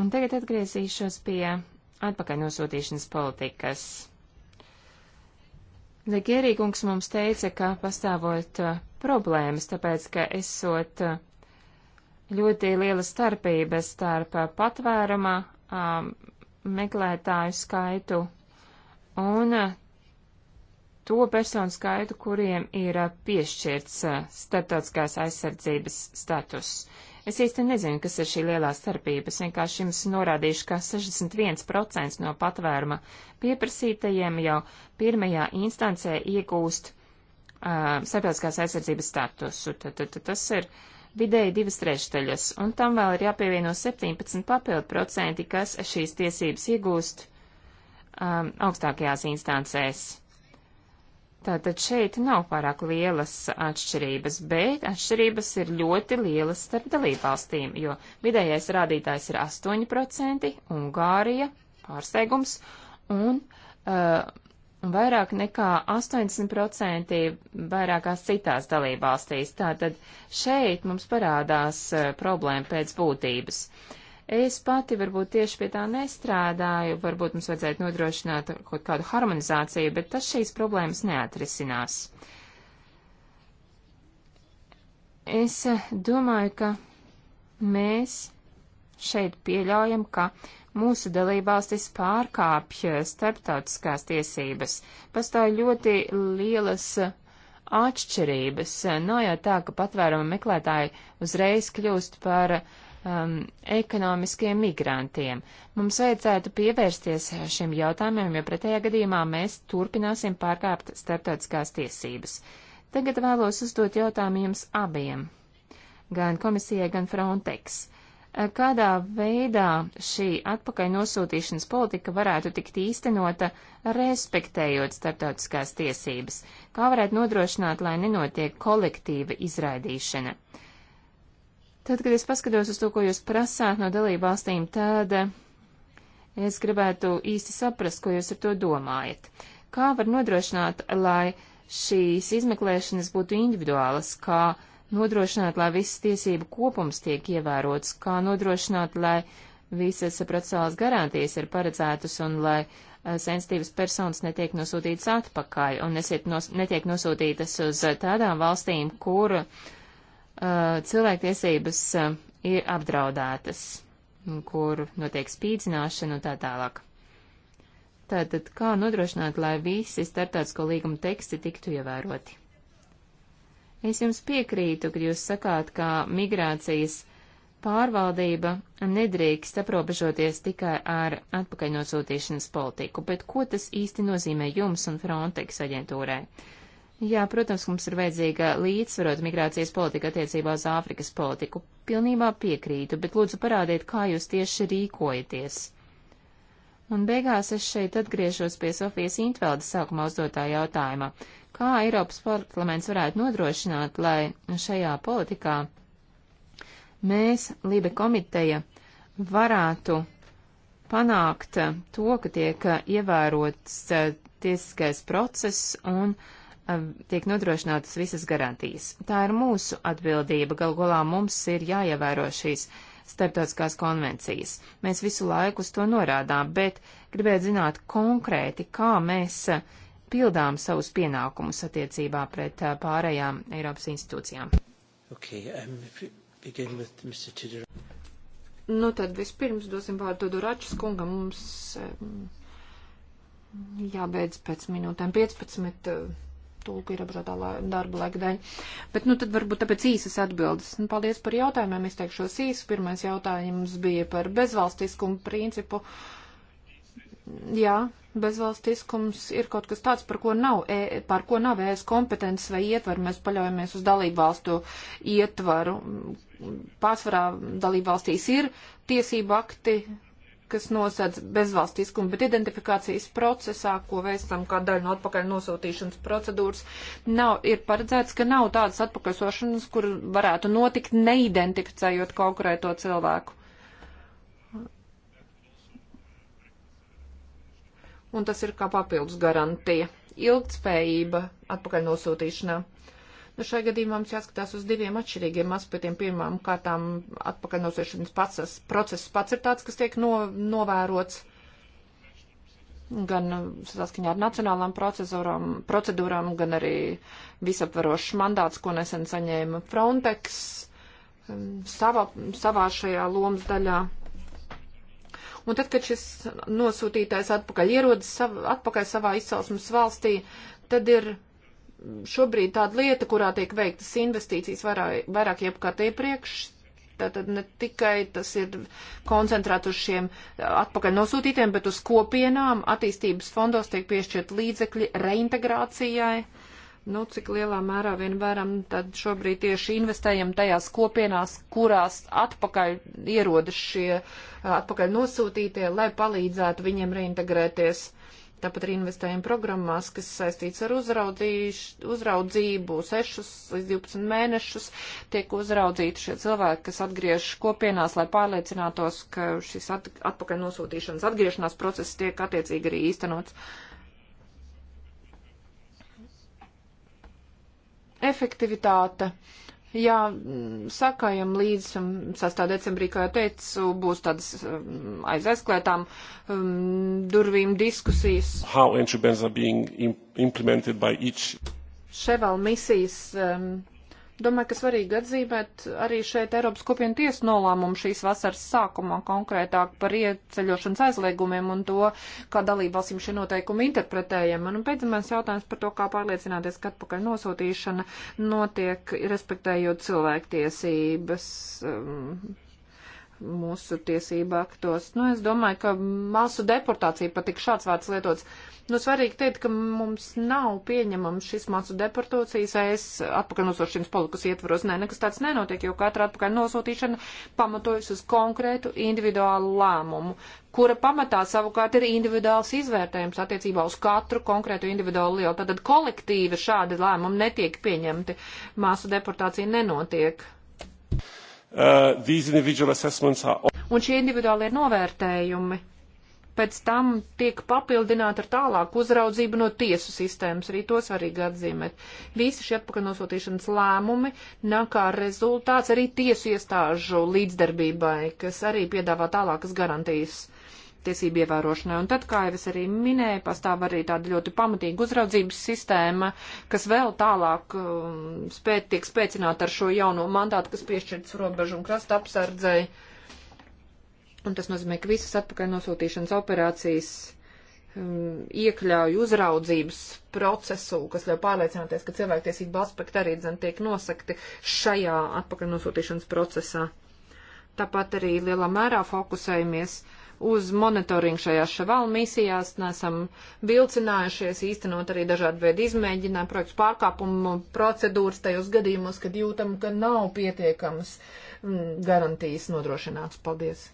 Un tagad atgriezīšos pie atpakaļ nosūtīšanas politikas. Degierīgungs mums teica, ka pastāvot uh, problēmas, tāpēc, ka esot uh, ļoti liela starpība starp uh, patvērumā um, meklētāju skaitu un to personu skaitu, kuriem ir piešķirts starptautiskās aizsardzības status. Uh, Es īsti nezinu, kas ir šī lielā starpība. Es vienkārši jums norādīšu, ka 61% no patvēruma pieprasītajiem jau pirmajā instancē iegūst uh, sabiedriskās aizsardzības statusu. Tad, tad, tad tas ir vidēji divas trešdaļas, un tam vēl ir jāpievieno 17 papildu procenti, kas šīs tiesības iegūst um, augstākajās instancēs. Tātad šeit nav pārāk lielas atšķirības, bet atšķirības ir ļoti lielas starp dalībvalstīm, jo vidējais rādītājs ir 8%, Ungārija pārsteigums un uh, vairāk nekā 80% vairākās citās dalībvalstīs. Tātad šeit mums parādās uh, problēma pēc būtības. Uh, Es pati varbūt tieši pie tā nestrādāju, varbūt mums vajadzētu nodrošināt kaut kādu harmonizāciju, bet tas šīs problēmas neatrisinās. Es eh, domāju, ka mēs šeit pieļaujam, ka mūsu dalībvalstis pārkāpj eh, starptautiskās tiesības. Pastāv ļoti lielas eh, atšķirības. Nav jau tā, ka patvēruma meklētāji uzreiz kļūst par uh, um, ekonomiskiem migrantiem. Mums vajadzētu pievērsties šiem jautājumiem, jo pretējā gadījumā mēs turpināsim pārkāpt starptautiskās tiesības. Tagad vēlos uzdot jautājumu jums abiem, gan komisijai, gan Frontex. Uh, kādā veidā šī atpakaļ nosūtīšanas politika varētu tikt īstenota, respektējot starptautiskās tiesības? Kā varētu nodrošināt, lai nenotiek kolektīva izraidīšana? Uh, Tad, kad es paskatos uz to, ko jūs prasāt no dalību valstīm, tad es gribētu īsti saprast, ko jūs ar to domājat. Kā var nodrošināt, lai šīs izmeklēšanas būtu individuālas, kā nodrošināt, lai visas tiesību kopums tiek ievērots, kā nodrošināt, lai visas procesuālās garantijas ir paredzētas un lai eh, sensitīvas personas netiek nosūtītas atpakaļ un nesiet nos, netiek nosūtītas uz eh, tādām valstīm, kur uh, Uh, cilvēktiesības uh, ir apdraudētas, kur notiek spīdzināšana un tā tālāk. Tātad, kā nodrošināt, lai visi starptautisko līgumu teksti tiktu ievēroti? Es jums piekrītu, kad jūs sakāt, ka migrācijas pārvaldība nedrīkst aprobežoties tikai ar atpakaļnosūtīšanas politiku, bet ko tas īsti nozīmē jums un Frontex aģentūrai? Uh, Jā, protams, mums ir vajadzīga līdzsvarot migrācijas politika attiecībā uz Āfrikas politiku. Pilnībā piekrītu, bet lūdzu parādiet, kā jūs tieši rīkojaties. Un beigās es šeit atgriežos pie Sofijas Intveldes sākumā uzdotā jautājuma. Kā Eiropas parlaments varētu nodrošināt, lai šajā politikā mēs, Libe komiteja, varētu panākt to, ka tiek ievērots eh, tiesiskais process un uh, Ehm, tiek nodrošinātas visas garantijas. Tā ir mūsu atbildība. Gal galā mums ir jāievēro šīs starptautiskās konvencijas. Mēs visu laiku uz to norādām, bet gribētu zināt konkrēti, kā mēs eh, pildām savus pienākumus attiecībā pret eh, pārējām Eiropas institūcijām. Okay, um, nu tad vispirms dosim vārdu Dodoračs kungam. Mums um, jābeidz pēc minūtēm 15. Uh, eh, tulku ierobežotā la darba laika dēļ. Bet, nu, tad varbūt tāpēc īsas atbildes. Nu, paldies par jautājumiem, izteikšos īsi. Pirmais jautājums bija par bezvalstiskumu principu. Jā, bezvalstiskums ir kaut kas tāds, par ko nav, e, par ko nav ES kompetences vai ietvaru. Mēs paļaujamies uz dalību valstu ietvaru. Pārsvarā dalību valstīs ir tiesību akti, kas nosēdz bezvalstiskumu, bet identifikācijas procesā, ko veicam kā daļu no atpakaļ nosūtīšanas procedūras, nav, ir paredzēts, ka nav tādas atpakaļsošanas, kur varētu notikt neidentificējot konkrēto cilvēku. Un tas ir kā papildus garantija. Ilgtspējība atpakaļ nosūtīšanā. Nu, šai gadījumā mums jāskatās uz diviem atšķirīgiem aspektiem. Pirmām kārtām atpakaļnosiešanas process, process pats ir tāds, kas tiek no, novērots gan uh, saskaņā ar nacionālām procedūrām, gan arī visaptvarošs mandāts, ko nesen saņēma Frontex um, sava, savā šajā lomas daļā. Un tad, kad šis nosūtītājs atpakaļ ierodas sav, atpakaļ savā izcelsmes valstī, tad ir šobrīd tāda lieta, kurā tiek veiktas investīcijas vairāk, vairāk jebkārt iepriekš. Tātad ne tikai tas ir koncentrēts uz šiem atpakaļ nosūtītiem, bet uz kopienām attīstības fondos tiek piešķirt līdzekļi reintegrācijai. Nu, cik lielā mērā vien varam, tad šobrīd tieši investējam tajās kopienās, kurās atpakaļ ierodas šie atpakaļ nosūtītie, lai palīdzētu viņiem reintegrēties Tāpat arī investējam programmās, kas saistīts ar uzraudzību, 6 līdz 12 mēnešus tiek uzraudzīti šie cilvēki, kas atgriež kopienās, lai pārliecinātos, ka šis at atpakaļ nosūtīšanas atgriešanās process tiek attiecīgi arī īstenots. Efektivitāte. Uh, Jā, mm, sakājam līdz 6. Mm, decembrī, kā jau teicu, būs tādas mm, aiz aizklētām um, durvīm diskusijas. Ševal misijas um, Domāju, ka svarīgi atzīmēt arī šeit Eiropas kopienu tiesu nolēmumu šīs vasaras sākumā konkrētāk par ieceļošanas aizliegumiem un to, kā dalībvalstīm šie noteikumi interpretējami. Un pēdējais jautājums par to, kā pārliecināties, ka atpakaļ nosūtīšana notiek respektējot cilvēktiesības. Um, mūsu tiesību aktos. Nu, es domāju, ka masu deportācija patīk šāds vārds lietots. Nu, svarīgi teikt, ka mums nav pieņemams šis masu deportācijas, es atpakaļ nosūtīšanas politikas ietvaros. Nē, nekas tāds nenotiek, jo katra atpakaļ nosūtīšana pamatojas uz konkrētu individuālu lēmumu, kura pamatā savukārt ir individuāls izvērtējums attiecībā uz katru konkrētu individuālu lietu. Tātad kolektīvi šādi lēmumi netiek pieņemti, masu deportācija nenotiek. Uh, these individual assessments are. Un šie individuālie novērtējumi pēc tam tiek papildināti ar tālāku uzraudzību no tiesu sistēmas, arī to svarīgi atzīmēt. Visi šie atpakaļnosūtīšanas lēmumi nāk kā rezultāts arī tiesu iestāžu līdzdarbībai, kas arī piedāvā tālākas garantijas uh, tiesību ievērošanai. Un tad, kā jau es arī minēju, pastāv arī tāda ļoti pamatīga uzraudzības sistēma, kas vēl tālāk um, spēt, tiek spēcināta ar šo jauno mandātu, kas piešķirts robežu un krasta apsardzei. Un tas nozīmē, ka visas atpakaļ nosūtīšanas operācijas um, iekļauj uzraudzības procesu, kas ļauj pārliecināties, ka cilvēktiesība aspekti arī dzen tiek nosakti šajā atpakaļ nosūtīšanas procesā. Tāpat arī lielā mērā fokusējamies uh, uz monitoringu šajās ševal misijās, nesam vilcinājušies īstenot arī dažādu veidu izmēģinājumu, projektu pārkāpumu procedūras tajos gadījumos, kad jūtam, ka nav pietiekamas mm, garantijas nodrošināts. Paldies!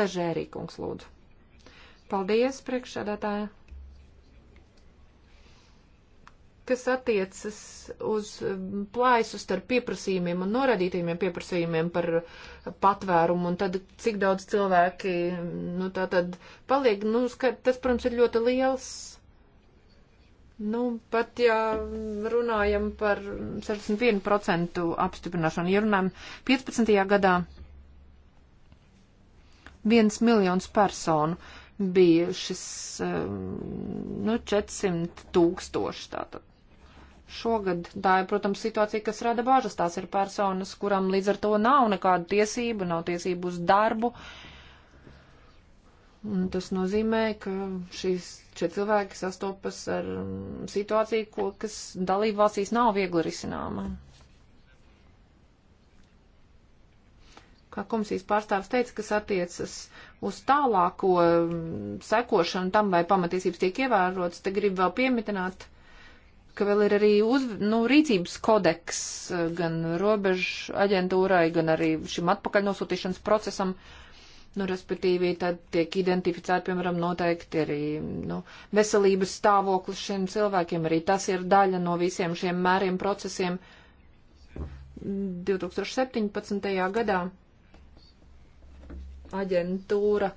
Ležērī kungs lūdzu. Paldies, priekšsēdētāja! kas attiecas uz um, plaisu starp pieprasījumiem un noradītajiem pieprasījumiem par patvērumu, un tad cik daudz cilvēki, um, nu tā tad paliek, nu, skat, tas, protams, ir ļoti liels. Nu, pat ja runājam par 61% apstiprināšanu, ja runājam 15. gadā viens miljons personu bija šis, um, nu, 400 tūkstoši tātad šogad. Tā ir, protams, situācija, kas rada bažas. Tās ir personas, kuram līdz ar to nav nekādu tiesību, nav tiesību uz darbu. Un tas nozīmē, ka šīs, šie cilvēki sastopas ar mm, situāciju, ko, kas dalību valstīs nav viegli risināma. Kā komisijas pārstāvs teica, kas attiecas uz tālāko mm, sekošanu tam, vai pamatiesības tiek ievērotas, te grib vēl piemitināt ka vēl ir arī uz, nu, rīcības kodeks eh, gan robežu aģentūrai, gan arī šim atpakaļnosūtīšanas procesam. Nu, respektīvi, tad tiek identificēti, piemēram, noteikti arī nu, veselības stāvoklis šiem cilvēkiem. Arī tas ir daļa no visiem šiem mēriem procesiem 2017. gadā aģentūra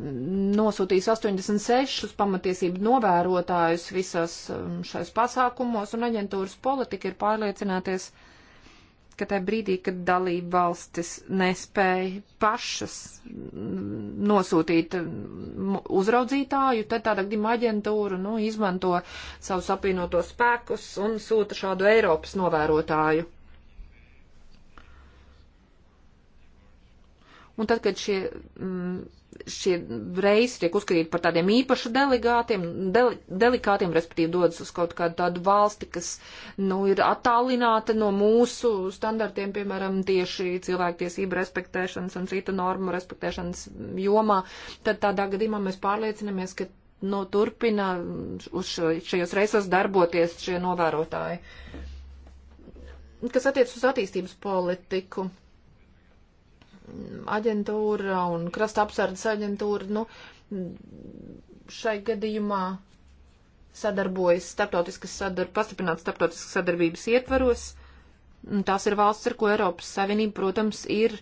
nosūtījis 86 pamatiesību novērotājus visās um, šais pasākumos, un aģentūras politika ir pārliecināties, ka tajā brīdī, kad dalība valstis nespēja pašas mm, nosūtīt mm, uzraudzītāju, tad tādā gadījumā aģentūra nu, izmanto savus apvienoto spēkus un sūta šādu Eiropas novērotāju. Un tad, kad šie mm, šie reisi tiek uzskatīti par tādiem īpaši delegātiem, deli, delikātiem, respektīvi dodas uz kaut kādu tādu valsti, kas, nu, ir attālināta no mūsu standartiem, piemēram, tieši cilvēktiesību respektēšanas un cita normu respektēšanas jomā, tad tādā gadījumā mēs pārliecinamies, ka, nu, turpina uz šajos reisos darboties šie novērotāji. Kas attiec uz attīstības politiku? aģentūra un krasta apsardzes aģentūra, nu, šai gadījumā sadarbojas starptautiskas sadar, pastiprināt starptautiskas sadarbības ietvaros. Tās ir valsts, ar ko Eiropas Savienība, protams, ir,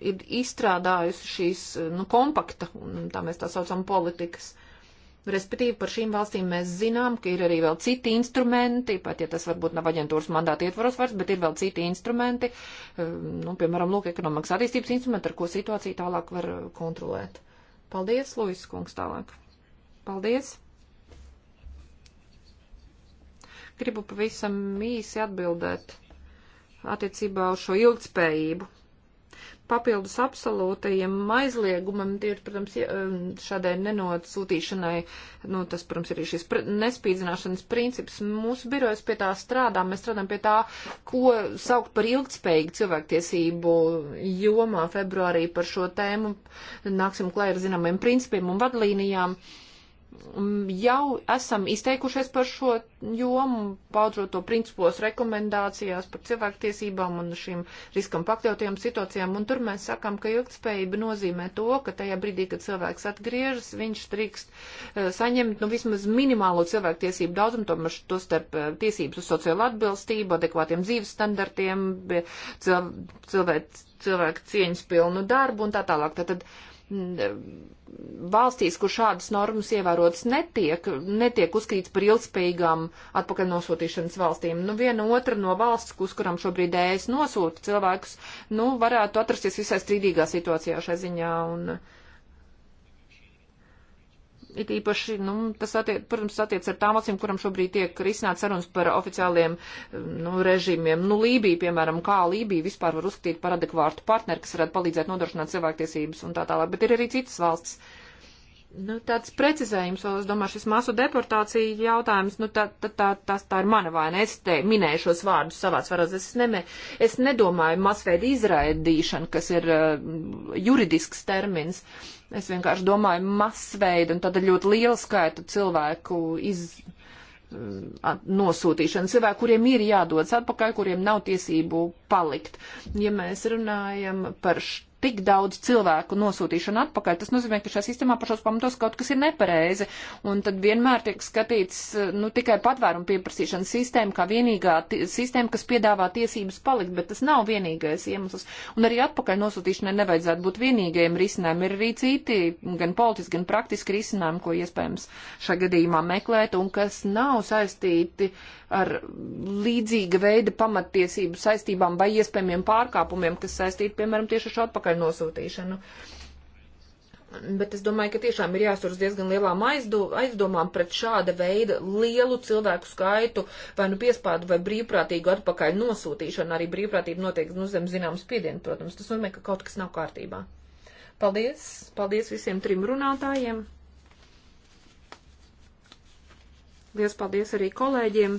ir izstrādājusi šīs, nu, kompakta, un tā mēs tā saucam, politikas. Respektīvi, par šīm valstīm mēs zinām, ka ir arī vēl citi instrumenti, pat ja tas varbūt nav aģentūras mandāta ietvaros vairs, bet ir vēl citi instrumenti, ehm, nu, piemēram, lūk, ekonomikas attīstības instrumenti, ar ko situāciju tālāk var kontrolēt. Paldies, Lūis Kungs, tālāk. Paldies. Gribu pavisam īsi atbildēt attiecībā uz šo ilgspējību papildus absolūtajiem aizliegumam, tie ir, protams, um, šādai nenotsūtīšanai, nu, tas, protams, ir šis nespīdzināšanas princips. Mūsu birojas pie tā strādā, mēs strādājam pie tā, ko saukt par ilgtspējīgu cilvēktiesību jomā februārī par šo tēmu. Nāksim klāj ar zināmiem principiem un vadlīnijām. Uh, Mm, jau esam izteikušies par šo jomu, paudzot to principos rekomendācijās par cilvēktiesībām un šīm riskam pakļautajām situācijām. Un tur mēs sakām, ka ilgtspējība nozīmē to, ka tajā brīdī, kad cilvēks atgriežas, viņš drīkst uh, saņemt nu, vismaz minimālo cilvēktiesību daudzumu, tomēr to starp uh, tiesības uz sociālo atbilstību, adekvātiem dzīves standartiem, cilvēku cilvēku cieņas pilnu darbu un tā tālāk. Tātad, uh, valstīs, kur šādas normas ievērotas netiek, netiek uzskatīts par ilgspējīgām atpakaļ nosūtīšanas valstīm. Nu, viena otra no valsts, uz kurām šobrīd ēs nosūta cilvēkus, nu, varētu atrasties visai strīdīgā situācijā šai ziņā. Un, uh, It īpaši, nu, tas, attiec, protams, attiec ar tām valstīm, kuram šobrīd tiek risināt sarunas par oficiāliem nu, režīmiem. Nu, Lībija, piemēram, kā Lībija vispār var uzskatīt par adekvātu partneri, kas varētu palīdzēt nodrošināt cilvēktiesības un tā tālāk, bet ir arī citas valsts. Nu, tāds precizējums, vēl es domāju, šis masu deportācija jautājums, nu, tā, tā, tā, tā, tā ir mana vaina. Es te minēju šos vārdus savās varās. Es, nemē, es nedomāju masveida izraidīšana, kas ir uh, juridisks termins. Uh, Es vienkārši domāju masveidu un tāda ļoti liela skaita cilvēku iz, uh, nosūtīšana, cilvēki, kuriem ir jādodas atpakaļ, kuriem nav tiesību palikt. Ja mēs runājam par tik daudz cilvēku nosūtīšanu atpakaļ, tas nozīmē, ka šajā sistēmā pašos pamatos kaut kas ir nepareizi. Un tad vienmēr tiek skatīts eh, nu, tikai patvērumu pieprasīšanas sistēma, kā vienīgā sistēma, kas piedāvā tiesības palikt, bet tas nav vienīgais iemesls. Un arī atpakaļ nosūtīšanai nevajadzētu būt vienīgajiem risinājumiem. Ir arī citi, gan politiski, gan praktiski risinājumi, ko iespējams šajā gadījumā meklēt un kas nav saistīti ar līdzīga veida pamatiesību saistībām vai iespējamiem pārkāpumiem, kas saistīti, piemēram, tieši ar šo atpakaļ atpakaļ nosūtīšanu. Bet es domāju, ka tiešām ir jāsturas diezgan lielām aizdomām pret šāda veida lielu cilvēku skaitu, vai nu piespādu, vai brīvprātīgu atpakaļ nosūtīšanu. Arī brīvprātība notiek nu, zem zināmas spiedienu, protams. Tas nozīmē, ka kaut kas nav kārtībā. Paldies! Paldies visiem trim runātājiem! Lielas paldies arī kolēģiem!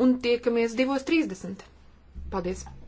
Un tiekamies 2.30! Paldies!